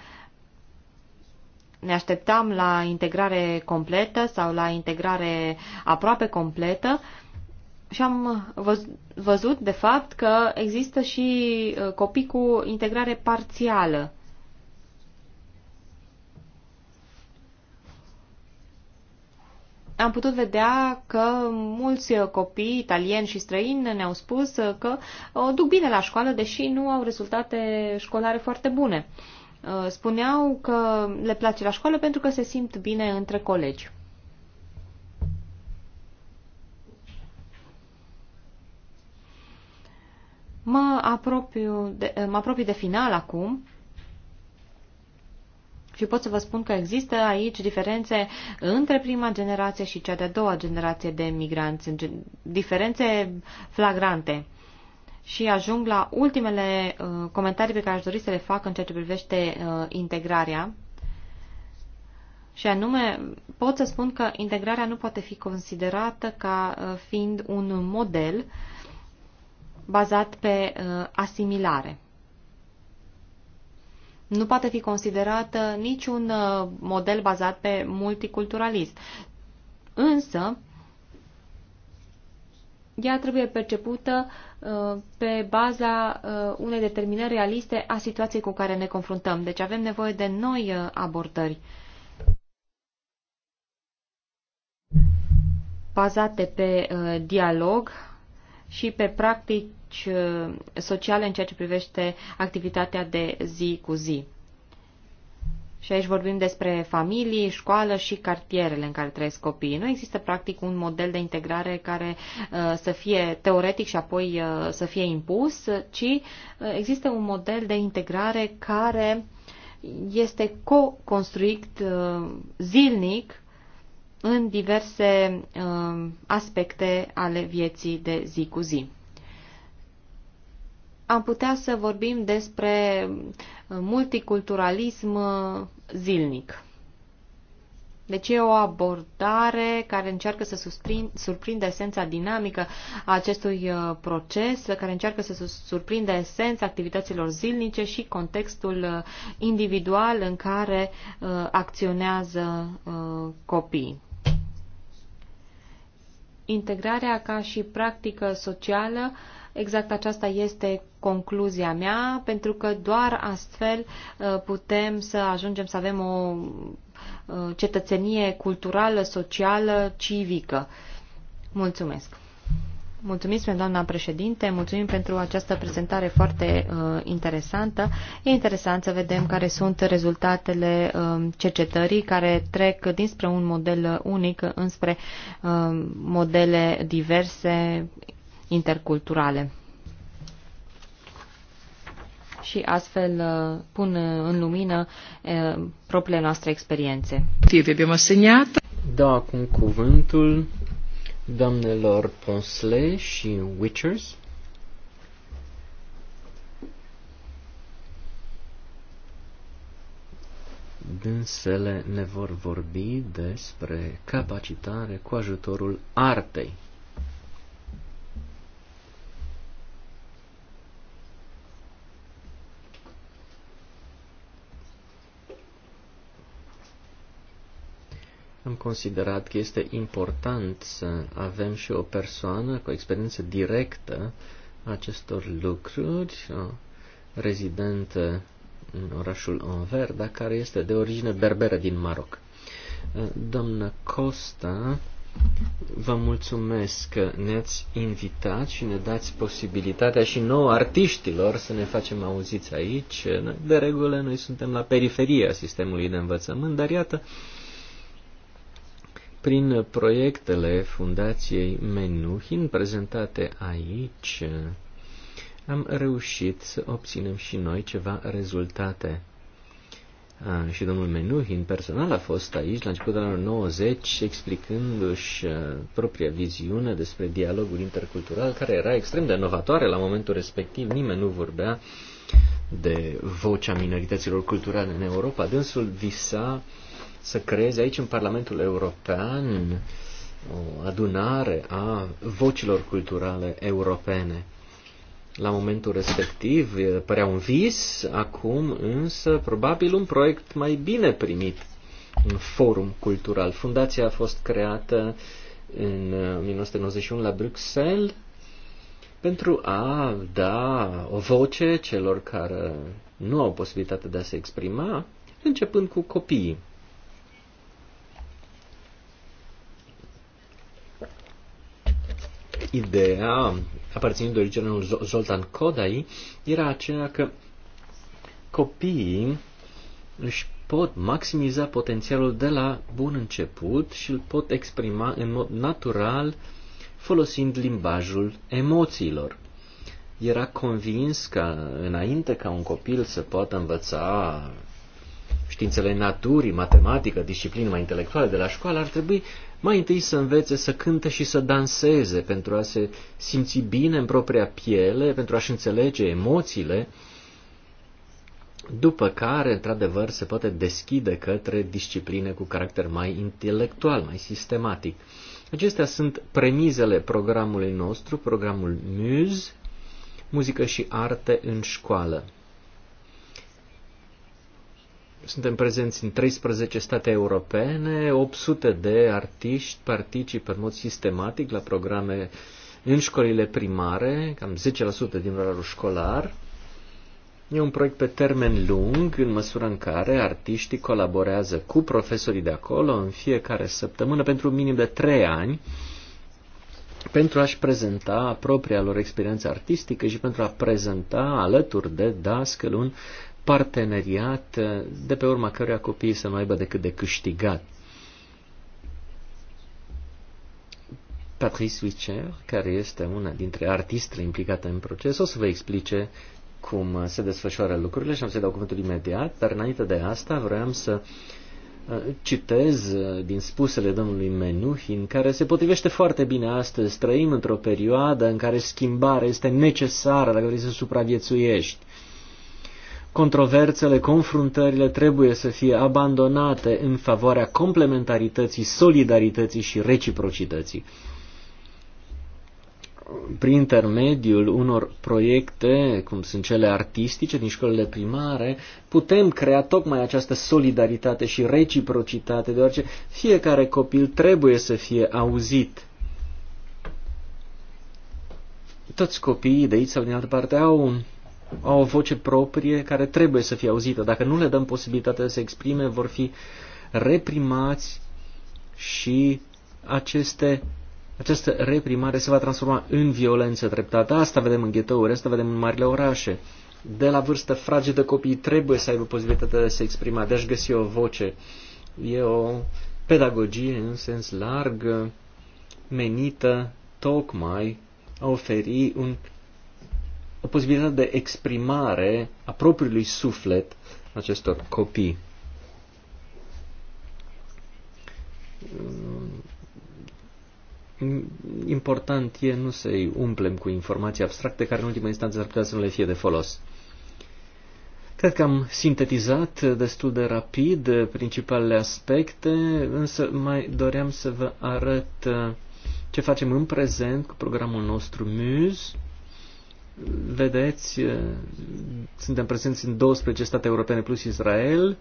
ne așteptam la integrare completă sau la integrare aproape completă, și am văzut, de fapt, că există și uh, copii cu integrare parțială. am putut vedea că mulți copii italieni și străini ne-au spus că o uh, duc bine la școală, deși nu au rezultate școlare foarte bune. Uh, spuneau că le place la școală pentru că se simt bine între colegi. Mă apropiu de, eh, mă apropiu de final acum și pot să vă spun că există aici diferențe între prima generație și cea de-a doua generație de migranți, diferențe flagrante. Și ajung la ultimele uh, comentarii pe care aș dori să le fac în ceea ce privește uh, integrarea. Și anume, pot să spun că integrarea nu poate fi considerată ca uh, fiind un model uh, bazat pe uh, asimilare. Nu poate fi considerat uh, niciun uh, model bazat pe multiculturalism. Însă, ea trebuie percepută pe baza unei determinări realiste a situației cu care ne confruntăm. Deci avem nevoie de noi abordări bazate pe dialog și pe practici politici uh, sociale în ceea ce privește activitatea de zi cu zi. Și aici vorbim despre familii, școală și cartierele în care trăiesc copiii. Nu există practic un model de integrare care uh, să fie teoretic și apoi uh, să fie impus, ci uh, există un model de integrare care este co-construit uh, zilnic în diverse uh, aspecte ale vieții de zi cu zi am putea să vorbim despre uh, multiculturalism uh, zilnic. Deci e o abordare care încearcă să surprindă esența dinamică a acestui uh, proces, care încearcă să surprindă esența activităților zilnice și contextul individual în care acționează copiii. Integrarea ca și practică socială uh, Exact aceasta este concluzia mea, pentru că doar astfel uh, putem să ajungem să avem o uh, cetățenie culturală, socială, civică. Mulțumesc! Mulțumim, doamna președinte, mulțumim pentru această prezentare foarte uh, interesantă. E interesant să vedem care sunt rezultatele uh, cercetării care trec dinspre un model uh, unic înspre uh, modele diverse, interculturale. Și astfel uh, pun uh, în lumină uh, propriile noastre experiențe. Da, acum cuvântul doamnelor Ponsley și Witchers. dânsele ne vor vorbi despre capacitare cu ajutorul artei. am considerat că este important să avem și o persoană cu experiență directă a acestor lucruri, o rezidentă în orașul Anvers, dar care este de origine berberă din Maroc. Doamnă Costa, vă mulțumesc că ne-ați invitat și ne dați posibilitatea și nouă artiștilor să ne facem auziți aici. De regulă, noi suntem la periferia sistemului de învățământ, dar iată, prin proiectele Fundației Menuhin prezentate aici, am reușit să obținem și noi ceva rezultate. A, și domnul Menuhin personal a fost aici la începutul anului 90 explicându-și propria viziune despre dialogul intercultural care era extrem de novatoare la momentul respectiv. Nimeni nu vorbea de vocea minorităților culturale în Europa. Dânsul visa uh, să creeze aici în Parlamentul European o adunare a vocilor culturale europene. La momentul respectiv părea un vis, acum însă probabil un proiect mai bine primit, un forum cultural. Fundația a fost creată în 1991 uh, la Bruxelles pentru a da o voce celor care nu au posibilitatea de a se exprima, începând cu copiii. Ideea, aparținând de origine Zoltan Kodai, era aceea că copiii își pot maximiza potențialul de la bun început și îl pot exprima în mod natural folosind limbajul emoțiilor. Era convins că înainte ca un copil să poată învăța științele naturii, matematică, discipline mai intelectuale de la școală, ar trebui mai întâi să învețe să cânte și să danseze pentru a se simți bine în propria piele, pentru a-și înțelege emoțiile, după care, într-adevăr, se poate deschide către discipline cu caracter mai intelectual, mai sistematic. Acestea sunt premizele programului nostru, programul MUSE, muzică și arte în școală. Suntem prezenți în 13 state europene, 800 de artiști participă în mod sistematic la programe în școlile primare, cam 10% din orarul școlar. E un proiect pe termen lung, în măsură în care artiștii colaborează cu profesorii de acolo în fiecare săptămână pentru un minim de 3 ani pentru a-și prezenta propria lor experiență artistică și pentru a prezenta alături de dascăl un parteneriat uh, de pe urma căruia copiii să nu aibă decât de câștigat. Patrice Wicher, care este una dintre artistele implicate în proces, o să vă explice cum uh, se desfășoară lucrurile și am să-i dau cuvântul imediat, dar înainte de asta vreau să uh, citez din spusele domnului Menuhin, care se potrivește foarte bine astăzi. Trăim într-o perioadă în care schimbarea este necesară dacă vrei să supraviețuiești. Controversele, confruntările trebuie să fie abandonate în favoarea complementarității, solidarității și reciprocității. Prin intermediul unor proiecte, cum sunt cele artistice din școlile primare, putem crea tocmai această solidaritate și reciprocitate, deoarece fiecare copil trebuie să fie auzit toți copiii de aici sau din altă parte au au o voce proprie care trebuie să fie auzită. Dacă nu le dăm posibilitatea să se exprime, vor fi reprimați și aceste, această reprimare se va transforma în violență treptată. Asta vedem în ghetouri, asta vedem în marile orașe. De la vârstă fragedă copiii trebuie să aibă posibilitatea de se exprima, de a-și găsi o voce. E o pedagogie în sens larg menită tocmai a oferi un o posibilitate de exprimare a propriului suflet acestor copii. Important e nu să-i umplem cu informații abstracte care în ultima instanță ar putea să nu le fie de folos. Cred că am sintetizat destul de rapid principalele aspecte, însă mai doream să vă arăt ce facem în prezent cu programul nostru MUSE vedeți, eh, suntem prezenți în 12 state europene plus Israel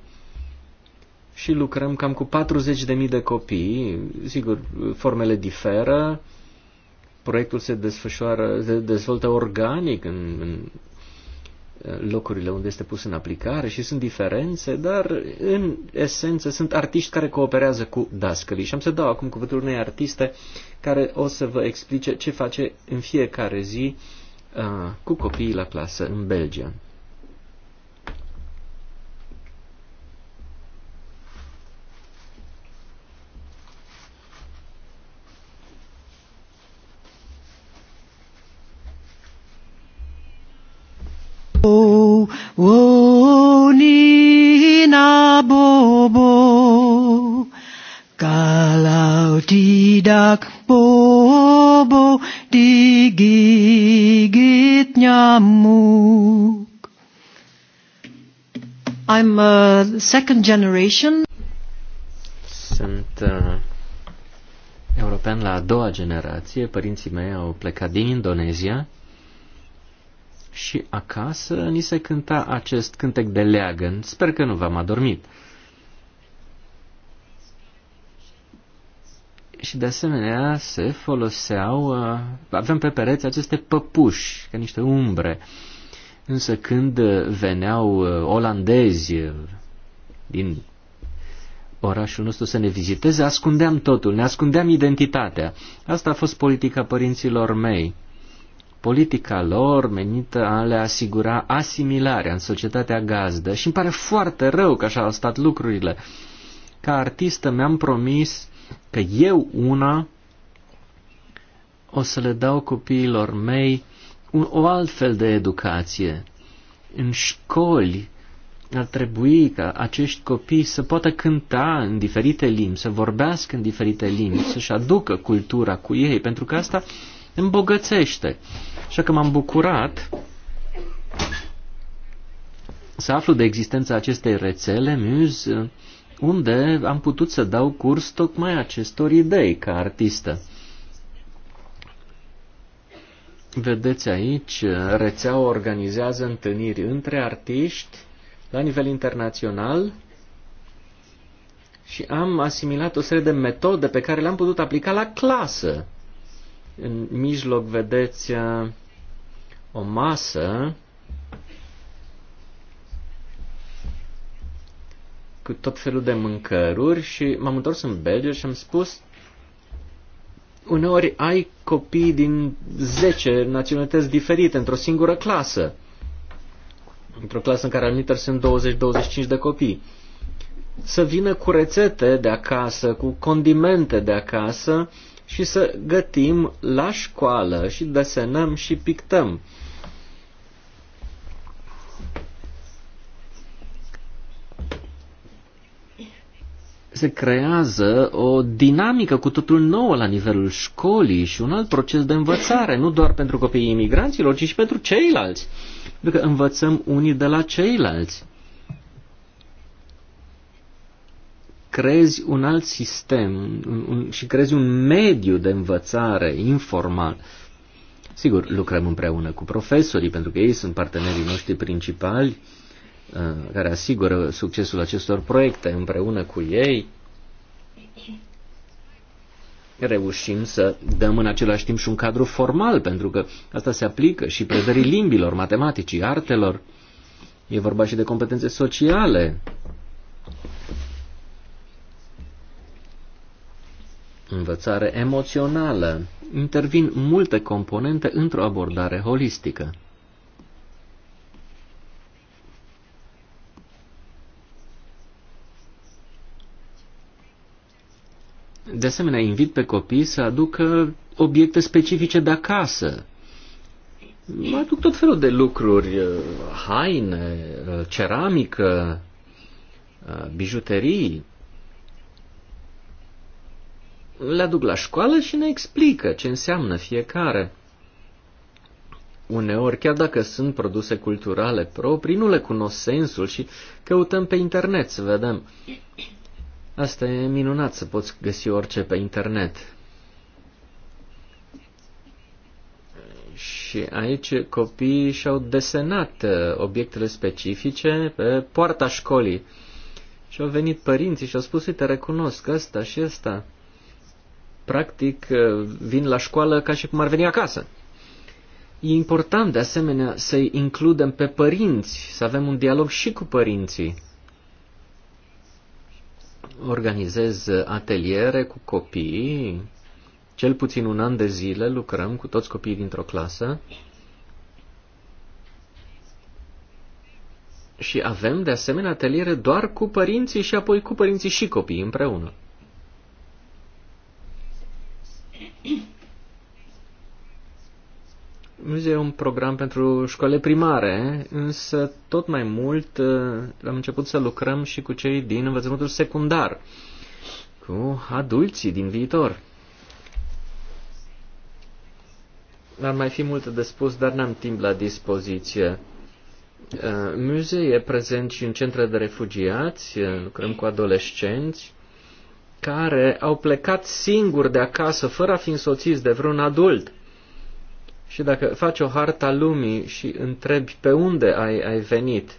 și lucrăm cam cu 40.000 de copii. Sigur, formele diferă. Proiectul se desfășoară, se dezvoltă organic în, în eh, locurile unde este pus în aplicare și sunt diferențe, dar în esență sunt artiști care cooperează cu dascălii. Și am să dau acum cuvântul unei artiste care o să vă explice ce face în fiecare zi uh, cu copiii la clasă în Belgia. tidak bobo di gigit nyamuk. I'm a second generation. Sunt uh, european la a doua generație. Părinții mei au plecat din Indonezia și acasă ni se cânta acest cântec de leagăn. Sper că nu v-am adormit. Uh, Și de asemenea se foloseau, uh, avem pe pereți aceste păpuși, ca niște umbre. Însă când veneau uh, olandezi uh, din orașul nostru să ne viziteze, ascundeam totul, ne ascundeam identitatea. Asta a fost politica părinților mei. Politica lor menită a le asigura asimilarea în societatea gazdă și îmi pare foarte rău că așa au stat lucrurile. Ca artistă mi-am promis că eu una o să le dau copiilor mei un, o altfel de educație. În școli ar trebui ca acești copii să poată cânta în diferite limbi, să vorbească în diferite limbi, să-și aducă cultura cu ei, pentru că asta îmbogățește. Așa că m-am bucurat să aflu de existența acestei rețele, Muse, unde am putut să dau curs tocmai acestor idei ca artistă. Vedeți aici, rețeaua organizează întâlniri între artiști la nivel internațional și am asimilat o serie de metode pe care le-am putut aplica la clasă. În mijloc vedeți uh, o masă cu tot felul de mâncăruri și m-am întors în Belgia și am spus uneori ai copii din 10 naționalități diferite într-o singură clasă. Într-o clasă în care admiter sunt 20-25 de copii. Să vină cu rețete de acasă, cu condimente de acasă și să gătim la școală și desenăm și pictăm. se creează o dinamică cu totul nouă la nivelul școlii și un alt proces de învățare, nu doar pentru copiii imigranților, ci și pentru ceilalți. Pentru că învățăm unii de la ceilalți. Crezi un alt sistem un, un, și crezi un mediu de învățare informal. Sigur, lucrăm împreună cu profesorii, pentru că ei sunt partenerii noștri principali, uh, Uh, care asigură succesul acestor proiecte împreună cu ei, reușim să dăm în același timp și un cadru formal, pentru că asta se aplică și predării limbilor, matematicii, artelor. E vorba și de competențe sociale. Învățare emoțională. Intervin multe componente într-o abordare holistică. De asemenea, invit pe copii să aducă obiecte specifice de acasă. Mă aduc tot felul de lucruri, uh, haine, uh, ceramică, uh, bijuterii. Le aduc la școală și ne explică ce înseamnă fiecare. Uneori, chiar dacă sunt produse culturale proprii, nu le cunosc sensul și căutăm pe internet să vedem Asta e minunat să poți găsi orice pe internet. Și aici copiii și-au desenat uh, obiectele specifice pe poarta școlii. Și au venit părinții și au spus, uite, recunosc asta și asta. Practic, uh, vin la școală ca și cum ar veni acasă. E important, de asemenea, să-i includem pe părinți, să avem un dialog și cu părinții organizez ateliere cu copii, cel puțin un an de zile lucrăm cu toți copiii dintr-o clasă și avem de asemenea ateliere doar cu părinții și apoi cu părinții și copiii împreună. Muse e un program pentru școle primare, însă tot mai mult uh, am început să lucrăm și cu cei din învățământul secundar, cu adulții din viitor. Ar mai fi multe de spus, dar n-am timp la dispoziție. Uh, Muse e prezent și în centre de refugiați, uh, lucrăm cu adolescenți care au plecat singuri de acasă, fără a fi însoțiți de vreun adult și dacă faci o harta lumii și întrebi pe unde ai, ai venit,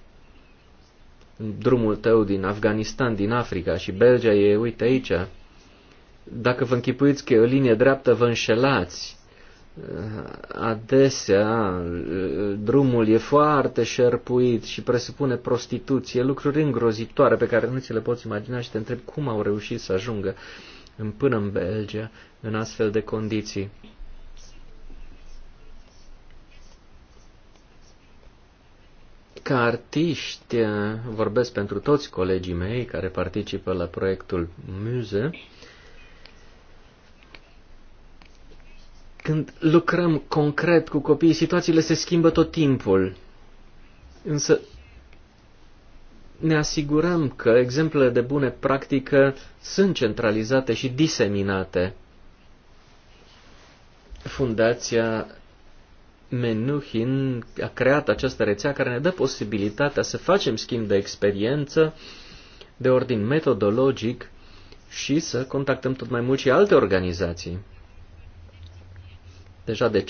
în drumul tău din Afganistan, din Africa și Belgia e, uite aici, dacă vă închipuiți că e o linie dreaptă, vă înșelați. Eh, adesea eh, drumul e foarte șerpuit și presupune prostituție, lucruri îngrozitoare pe care nu ți le poți imagina și te întrebi cum au reușit să ajungă în, până în Belgia în astfel de condiții. Ca artiști, eh, vorbesc pentru toți colegii mei care participă la proiectul Muze, când lucrăm concret cu copiii, situațiile se schimbă tot timpul. Însă ne asigurăm că exemplele de bune practică sunt centralizate și diseminate. Fundația Menuhin a creat această rețea care ne dă posibilitatea să facem schimb de experiență de ordin metodologic și să contactăm tot mai mult și alte organizații. Deja de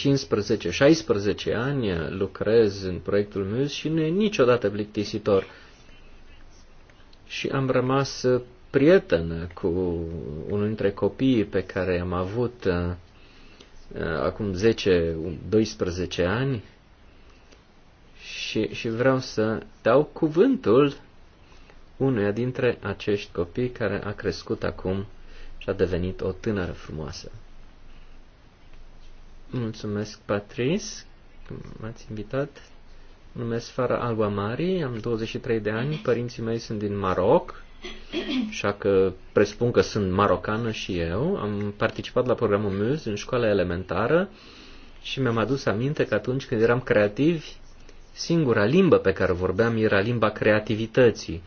15-16 ani lucrez în proiectul meu și nu e niciodată plictisitor. Și am rămas prietenă cu unul dintre copiii pe care am avut uh, Eh, acum 10-12 ani și, și vreau să dau cuvântul unuia dintre acești copii care a crescut acum și a devenit o tânără frumoasă. Mulțumesc, Patris, că m-ați invitat. Numesc Fara Mari, am 23 de ani, părinții mei sunt din Maroc așa că presupun că sunt marocană și eu. Am participat la programul MUSE în școala elementară și mi-am adus aminte că atunci când eram creativi, singura limbă pe care vorbeam era limba creativității.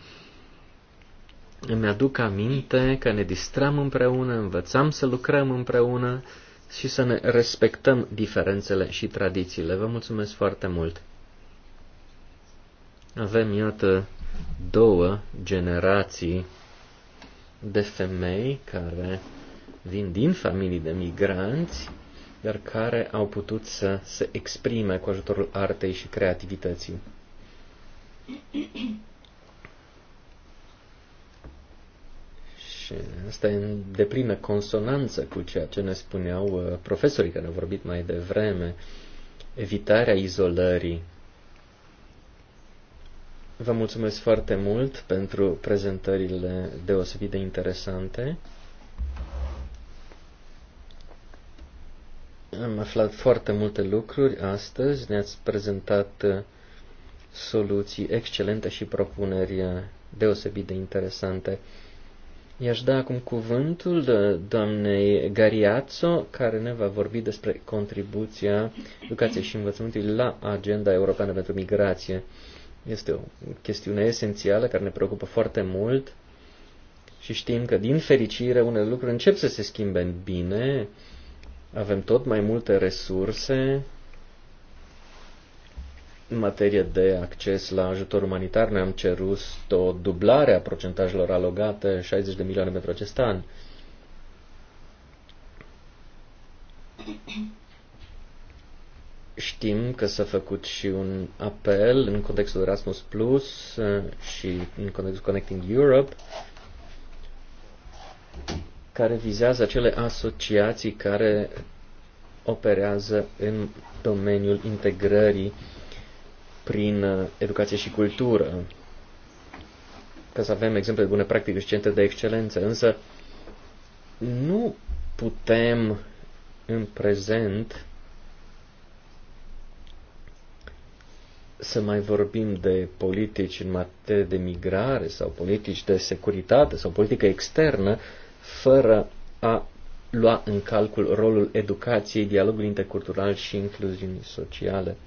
Îmi aduc aminte că ne distram împreună, învățam să lucrăm împreună și să ne respectăm diferențele și tradițiile. Vă mulțumesc foarte mult! Avem, iată, două generații de femei care vin din familii de migranți, dar care au putut să se exprime cu ajutorul artei și creativității. Și asta e în deplină consonanță cu ceea ce ne spuneau uh, profesorii care au vorbit mai devreme, evitarea izolării Vă mulțumesc foarte mult pentru prezentările deosebit de interesante. Am aflat foarte multe lucruri astăzi. Ne-ați prezentat uh, soluții excelente și propuneri uh, deosebit de interesante. I-aș da acum cuvântul uh, doamnei Gariazzo, care ne va vorbi despre contribuția educației și învățământului la Agenda Europeană pentru Migrație. Este o chestiune esențială care ne preocupă foarte mult și știm că, din fericire, unele lucruri încep să se schimbe în bine, avem tot mai multe resurse în materie de acces la ajutor umanitar. Ne-am cerut o dublare a procentajelor alocate, 60 de milioane pentru acest an. Știm că s-a făcut și un apel în contextul Erasmus Plus uh, și în contextul Connecting Europe care vizează acele asociații care operează în domeniul integrării prin uh, educație și cultură. Ca să avem exemple de bune practici și centre de excelență, însă nu putem în prezent să mai vorbim de politici în materie de migrare sau politici de securitate sau politică externă fără a lua în calcul rolul educației, dialogului intercultural și incluziunii sociale.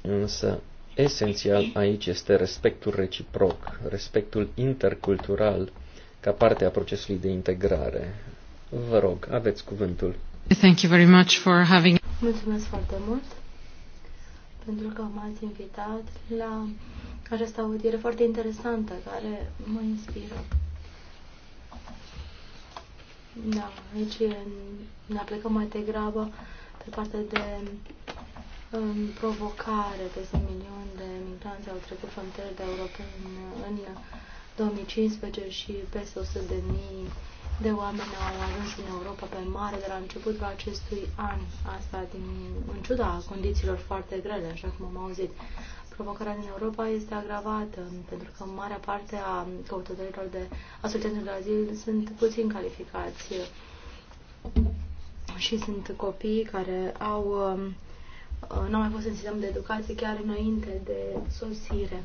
Însă, esențial aici este respectul reciproc, respectul intercultural ca parte a procesului de integrare. Vă rog, aveți cuvântul. Thank you very much for having... Mulțumesc foarte mult pentru că m-ați invitat la această audiere foarte interesantă care mă inspiră. Da, aici ne aplicăm mai degrabă pe partea de um, provocare. Peste milion de migranți au trecut frontierele europene în, în 2015 și peste 100 de mii de oameni au ajuns din Europa pe mare de la începutul acestui an, asta din, în ciuda condițiilor foarte grele, așa cum am auzit. Provocarea din Europa este agravată, pentru că marea parte a căutătorilor de asociații de azil sunt puțin calificați și sunt copii care au um, nu au mai fost în sistem de educație chiar înainte de sosire.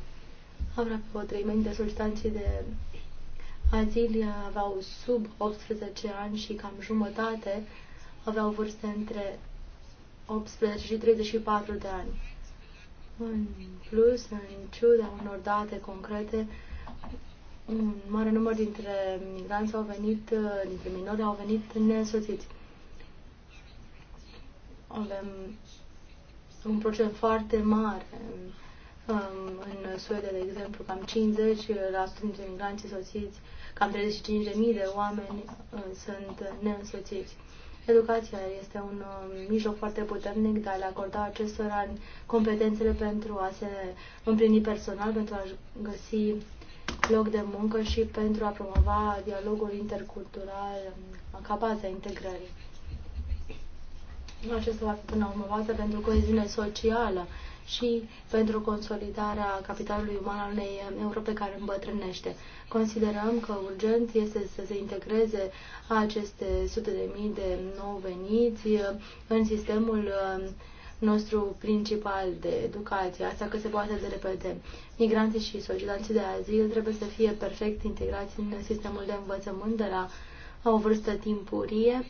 Aproape o treime de substanții de Azilia aveau sub 18 ani și cam jumătate aveau vârste între 18 și 34 de ani. În plus, în ciuda unor date concrete, un mare număr dintre migranți au venit, dintre minori au venit nesoțiți. Avem un procent foarte mare. Um, în Suedia, de exemplu, cam 50% dintre migranții soțiți Cam 35.000 de oameni uh, sunt neînsoțiți. Educația este un uh, mijloc foarte puternic de a le acorda acestora competențele pentru a se împlini personal, pentru a găsi loc de muncă și pentru a promova dialogul intercultural uh, ca baza integrării. Acesta va fi până la urmă bază pentru coeziune socială și pentru consolidarea capitalului uman al unei um, Europe care îmbătrânește. Considerăm că urgent este să se integreze aceste sute de mii de nou veniți uh, în sistemul um, nostru principal de educație, asta că se poate de repede. Migranții și solicitanții de azil trebuie să fie perfect integrați în sistemul de învățământ de la o vârstă timpurie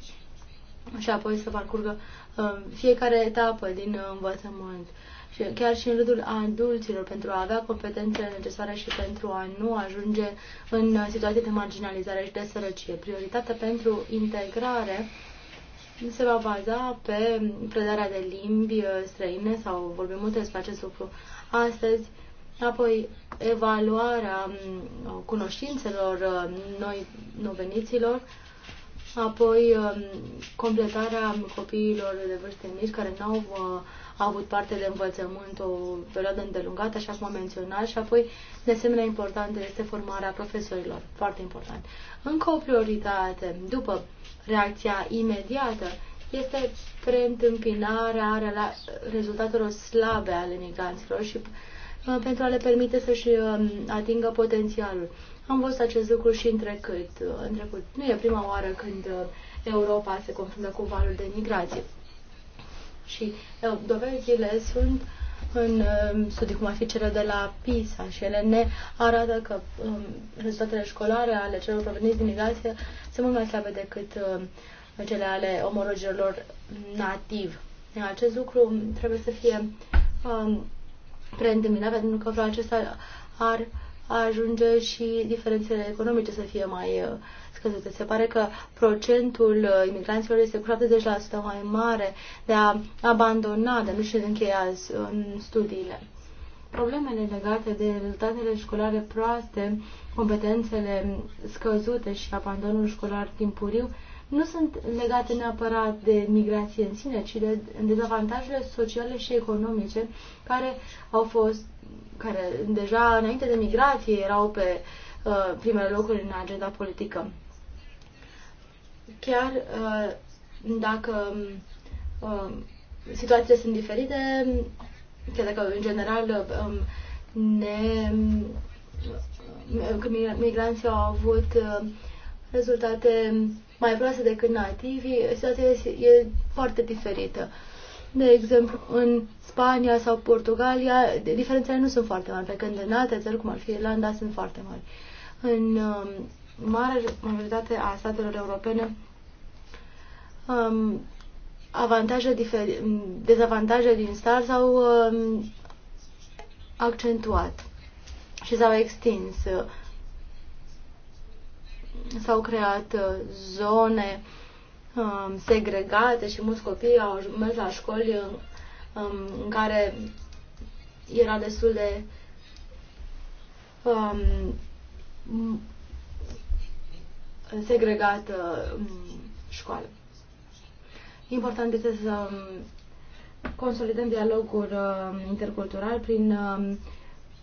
și apoi să parcurgă um, fiecare etapă din învățământ chiar și în rândul adulților, pentru a avea competențele necesare și pentru a nu ajunge în situații de marginalizare și de sărăcie. Prioritatea pentru integrare se va baza pe predarea de limbi uh, străine sau vorbim multe despre acest lucru astăzi, apoi evaluarea mm, uh, cunoștințelor uh, noi noveniților, apoi um, completarea copiilor de vârste mici care nu au a avut parte de învățământ o perioadă îndelungată, așa cum am menționat, și apoi, de asemenea, importantă este formarea profesorilor, foarte important. Încă o prioritate, după reacția imediată, este preîntâmpinarea rezultatelor slabe ale migranților și uh, pentru a le permite să-și um, atingă potențialul. Am văzut acest lucru și în trecut. Uh, în trecut. Nu e prima oară când uh, Europa se confruntă cu valul de migrație și uh, dovezile sunt în um, studii cum ar fi cele de la PISA și ele ne arată că um, rezultatele școlare ale celor proveniți din migrație sunt mult mai slabe decât um, cele ale omologilor nativ. Acest lucru trebuie să fie um, preîntâmpinat pentru că vreau acesta ar ajunge și diferențele economice să fie mai uh, scăzute. Se pare că procentul uh, imigranților este cu 70% mai mare de a abandona, de nu-și încheia studiile. Problemele legate de rezultatele școlare proaste, competențele scăzute și abandonul școlar timpuriu nu sunt legate neapărat de migrație în sine, ci de dezavantajele sociale și economice care au fost, care deja înainte de migrație erau pe uh, primele locuri în agenda politică chiar uh, dacă um, situațiile sunt diferite, chiar dacă în general um, ne uh, că migranții au avut uh, rezultate mai proaste decât nativii, situația e foarte diferită. De exemplu, în Spania sau Portugalia, diferențele nu sunt foarte mari, pe când în alte țări, cum ar fi Irlanda, sunt foarte mari. În um, mare majoritate a statelor europene um, avantaje dezavantaje din star s-au um, accentuat și s-au extins. S-au creat uh, zone um, segregate și mulți copii au mers la școli um, în care era destul de um, segregată școală. Important este să um, consolidăm dialogul um, intercultural prin um,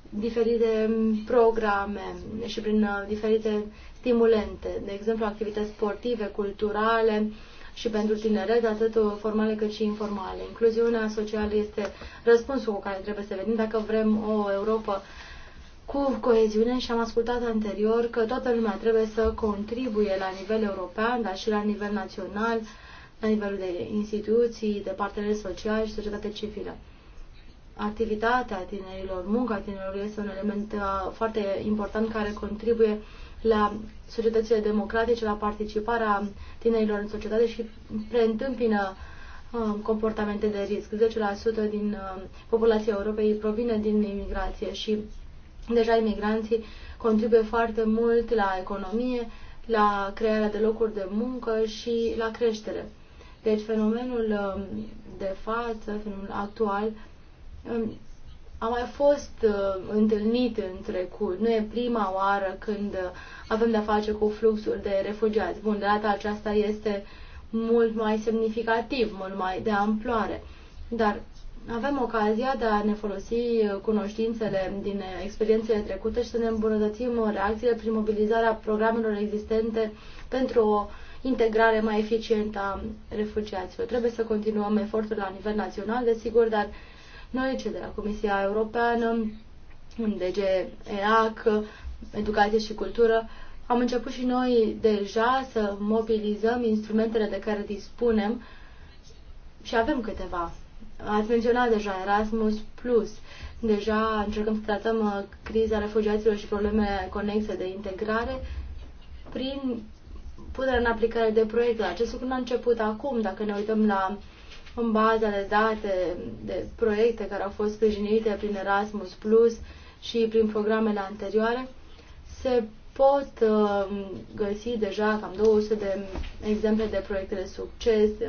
diferite programe și prin uh, diferite stimulente, de exemplu activități sportive, culturale și pentru tineret, atât formale cât și informale. Incluziunea socială este răspunsul cu care trebuie să venim dacă vrem o Europa cu coeziune și am ascultat anterior că toată lumea trebuie să contribuie la nivel european, dar și la nivel național, la nivelul de instituții, de parteneri sociali și societate civilă. Activitatea tinerilor, munca tinerilor este un element uh, foarte important care contribuie la societățile democratice, la participarea tinerilor în societate și preîntâmpină um, comportamente de risc. 10% din uh, populația Europei provine din imigrație și Deja imigranții contribuie foarte mult la economie, la crearea de locuri de muncă și la creștere. Deci fenomenul um, de față, fenomenul actual, um, a mai fost uh, întâlnit în trecut. Nu e prima oară când uh, avem de-a face cu fluxul de refugiați. Bun, de data aceasta este mult mai semnificativ, mult mai de amploare. Dar avem ocazia de a ne folosi uh, cunoștințele din uh, experiențele trecute și să ne îmbunătățim uh, reacțiile prin mobilizarea programelor existente pentru o integrare mai eficientă a refugiaților. Trebuie să continuăm efortul la nivel național, desigur, dar noi, cei de la Comisia Europeană, DG EAC, Educație și Cultură, am început și noi deja să mobilizăm instrumentele de care dispunem și avem câteva Ați menționat deja Erasmus Plus. Deja încercăm să tratăm uh, criza refugiaților și problemele conexe de integrare prin punerea în aplicare de proiecte. Acest lucru nu a început acum, dacă ne uităm la în baza de date de proiecte care au fost sprijinite prin Erasmus Plus și prin programele anterioare, se pot uh, găsi deja cam 200 de exemple de proiecte de succes, uh,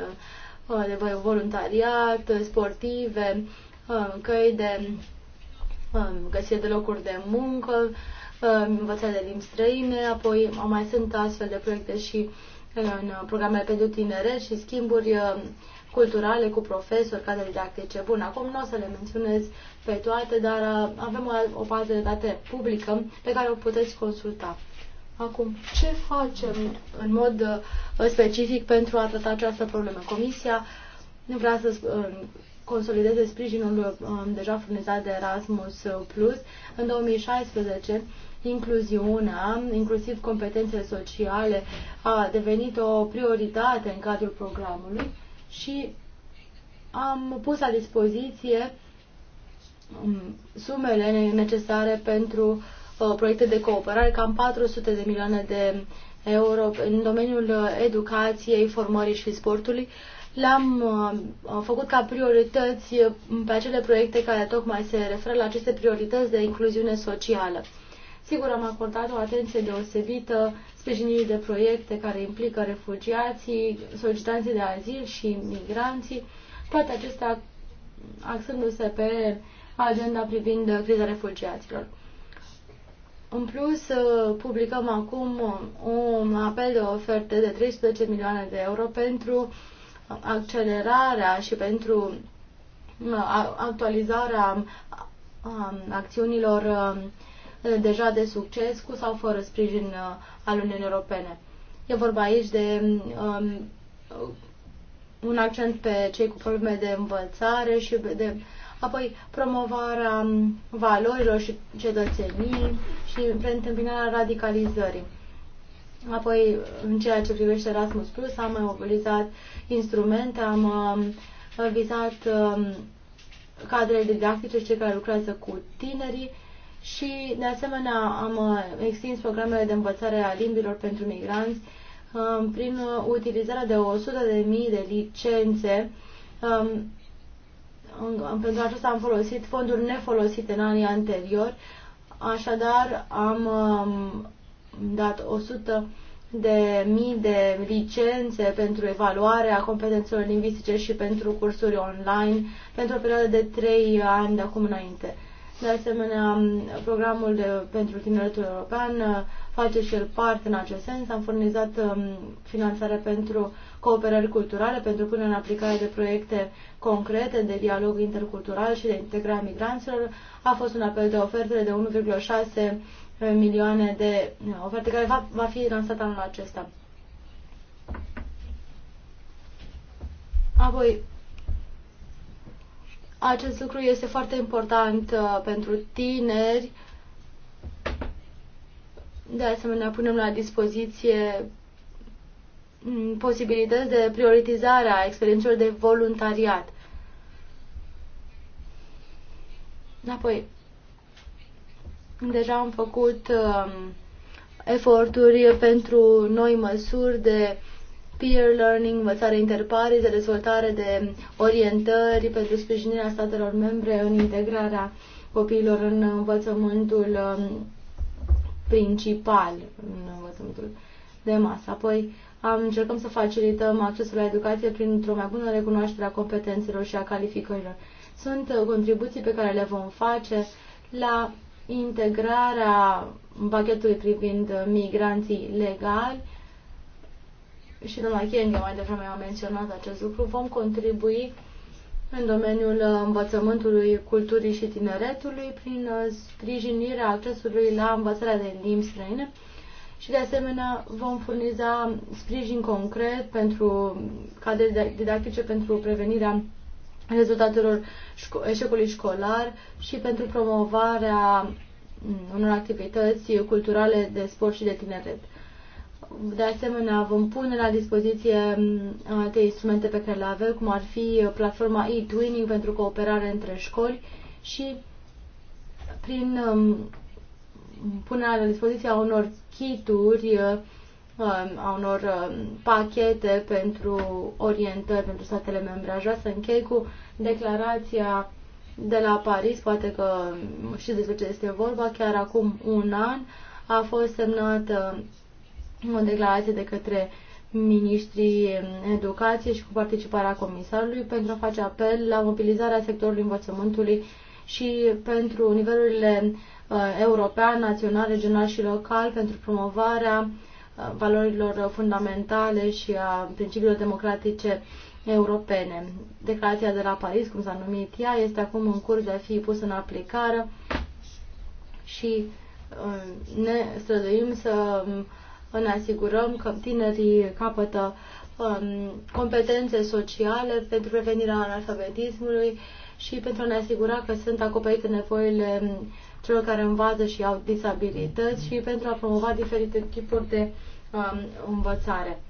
de voluntariat, sportive, um, căi de um, găsire de locuri de muncă, um, învățare de limbi străine, apoi mai sunt astfel de proiecte și în programele pentru tineret și schimburi culturale cu profesori, cadre didactice. Bun, acum nu o să le menționez pe toate, dar uh, avem o, o parte de date publică pe care o puteți consulta. Acum, ce facem în mod uh, specific pentru a trata această problemă? Comisia nu vrea să uh, consolideze sprijinul um, deja furnizat de Erasmus uh, Plus în 2016 incluziunea, inclusiv competențele sociale, a devenit o prioritate în cadrul programului și am pus la dispoziție um, sumele necesare pentru Uh, proiecte de cooperare, cam 400 de milioane de euro în domeniul uh, educației, formării și sportului. Le-am uh, făcut ca priorități pe acele proiecte care tocmai se referă la aceste priorități de incluziune socială. Sigur, am acordat o atenție deosebită sprijinirii de proiecte care implică refugiații, solicitanții de azil și migranții, toate acestea axându-se pe agenda privind criza refugiaților. În plus, uh, publicăm acum uh, un apel de oferte de 13 milioane de euro pentru uh, accelerarea și pentru actualizarea um, um, acțiunilor deja de succes cu sau fără sprijin al Uniunii Europene. E vorba aici de um, un accent pe cei cu probleme de învățare și de apoi promovarea valorilor și cetățenii și preîntâmpinarea radicalizării. Apoi, în ceea ce privește Erasmus Plus, am mobilizat instrumente, am vizat cadrele didactice cei care lucrează cu tinerii și, de asemenea, am extins programele de învățare a limbilor pentru migranți prin utilizarea de 100.000 de licențe pentru aceasta am folosit fonduri nefolosite în anii anteriori, așadar am um, dat 100 de mii de licențe pentru evaluarea competențelor lingvistice și pentru cursuri online pentru o perioadă de 3 ani de acum înainte. De asemenea, programul de, pentru tineretul european uh, face și el parte în acest sens. Am furnizat um, finanțare pentru cooperări culturale pentru punerea în aplicare de proiecte concrete de dialog intercultural și de integrare a migranților. A fost un apel de ofertele de 1,6 milioane de oferte care va, va fi lansat anul acesta. Apoi, acest lucru este foarte important uh, pentru tineri. De asemenea, punem la dispoziție Mm, posibilități de prioritizare a experiențelor de voluntariat. Apoi, deja am făcut uh, eforturi pentru noi măsuri de peer learning, învățare interpare, de dezvoltare de orientări pentru sprijinirea statelor membre în integrarea copiilor în învățământul um, principal, în învățământul de masă. Apoi am încercăm să facilităm accesul la educație printr-o mai bună recunoaștere a competențelor și a calificărilor. Sunt uh, contribuții pe care le vom face la integrarea pachetului privind uh, migranții legali și doamna Chienghe mai devreme a menționat acest lucru, vom contribui în domeniul uh, învățământului, culturii și tineretului prin sprijinirea accesului la învățarea de limbi străine și de asemenea vom furniza sprijin concret pentru cadre didactice pentru prevenirea rezultatelor șco- eșecului școlar și pentru promovarea mm, unor activități culturale de sport și de tineret. De asemenea, vom pune la dispoziție mm, alte instrumente pe care le avem, cum ar fi platforma e-twinning pentru cooperare între școli și prin mm, punerea la dispoziția unor kituri uh, um, a unor uh, pachete pentru orientări pentru statele membre. Aș vrea să închei cu declarația de la Paris, poate că știți despre ce este vorba, chiar acum un an a fost semnată o declarație de către ministrii educației și cu participarea comisarului pentru a face apel la mobilizarea sectorului învățământului și pentru nivelurile Uh, european, național, regional și local pentru promovarea uh, valorilor fundamentale și a principiilor democratice europene. Declarația de la Paris, cum s-a numit ea, este acum în curs de a fi pusă în aplicare și uh, ne străduim să um, ne asigurăm că tinerii capătă um, competențe sociale pentru prevenirea analfabetismului și pentru a ne asigura că sunt acoperite nevoile um, celor care învață și au disabilități și pentru a promova diferite tipuri de um, învățare.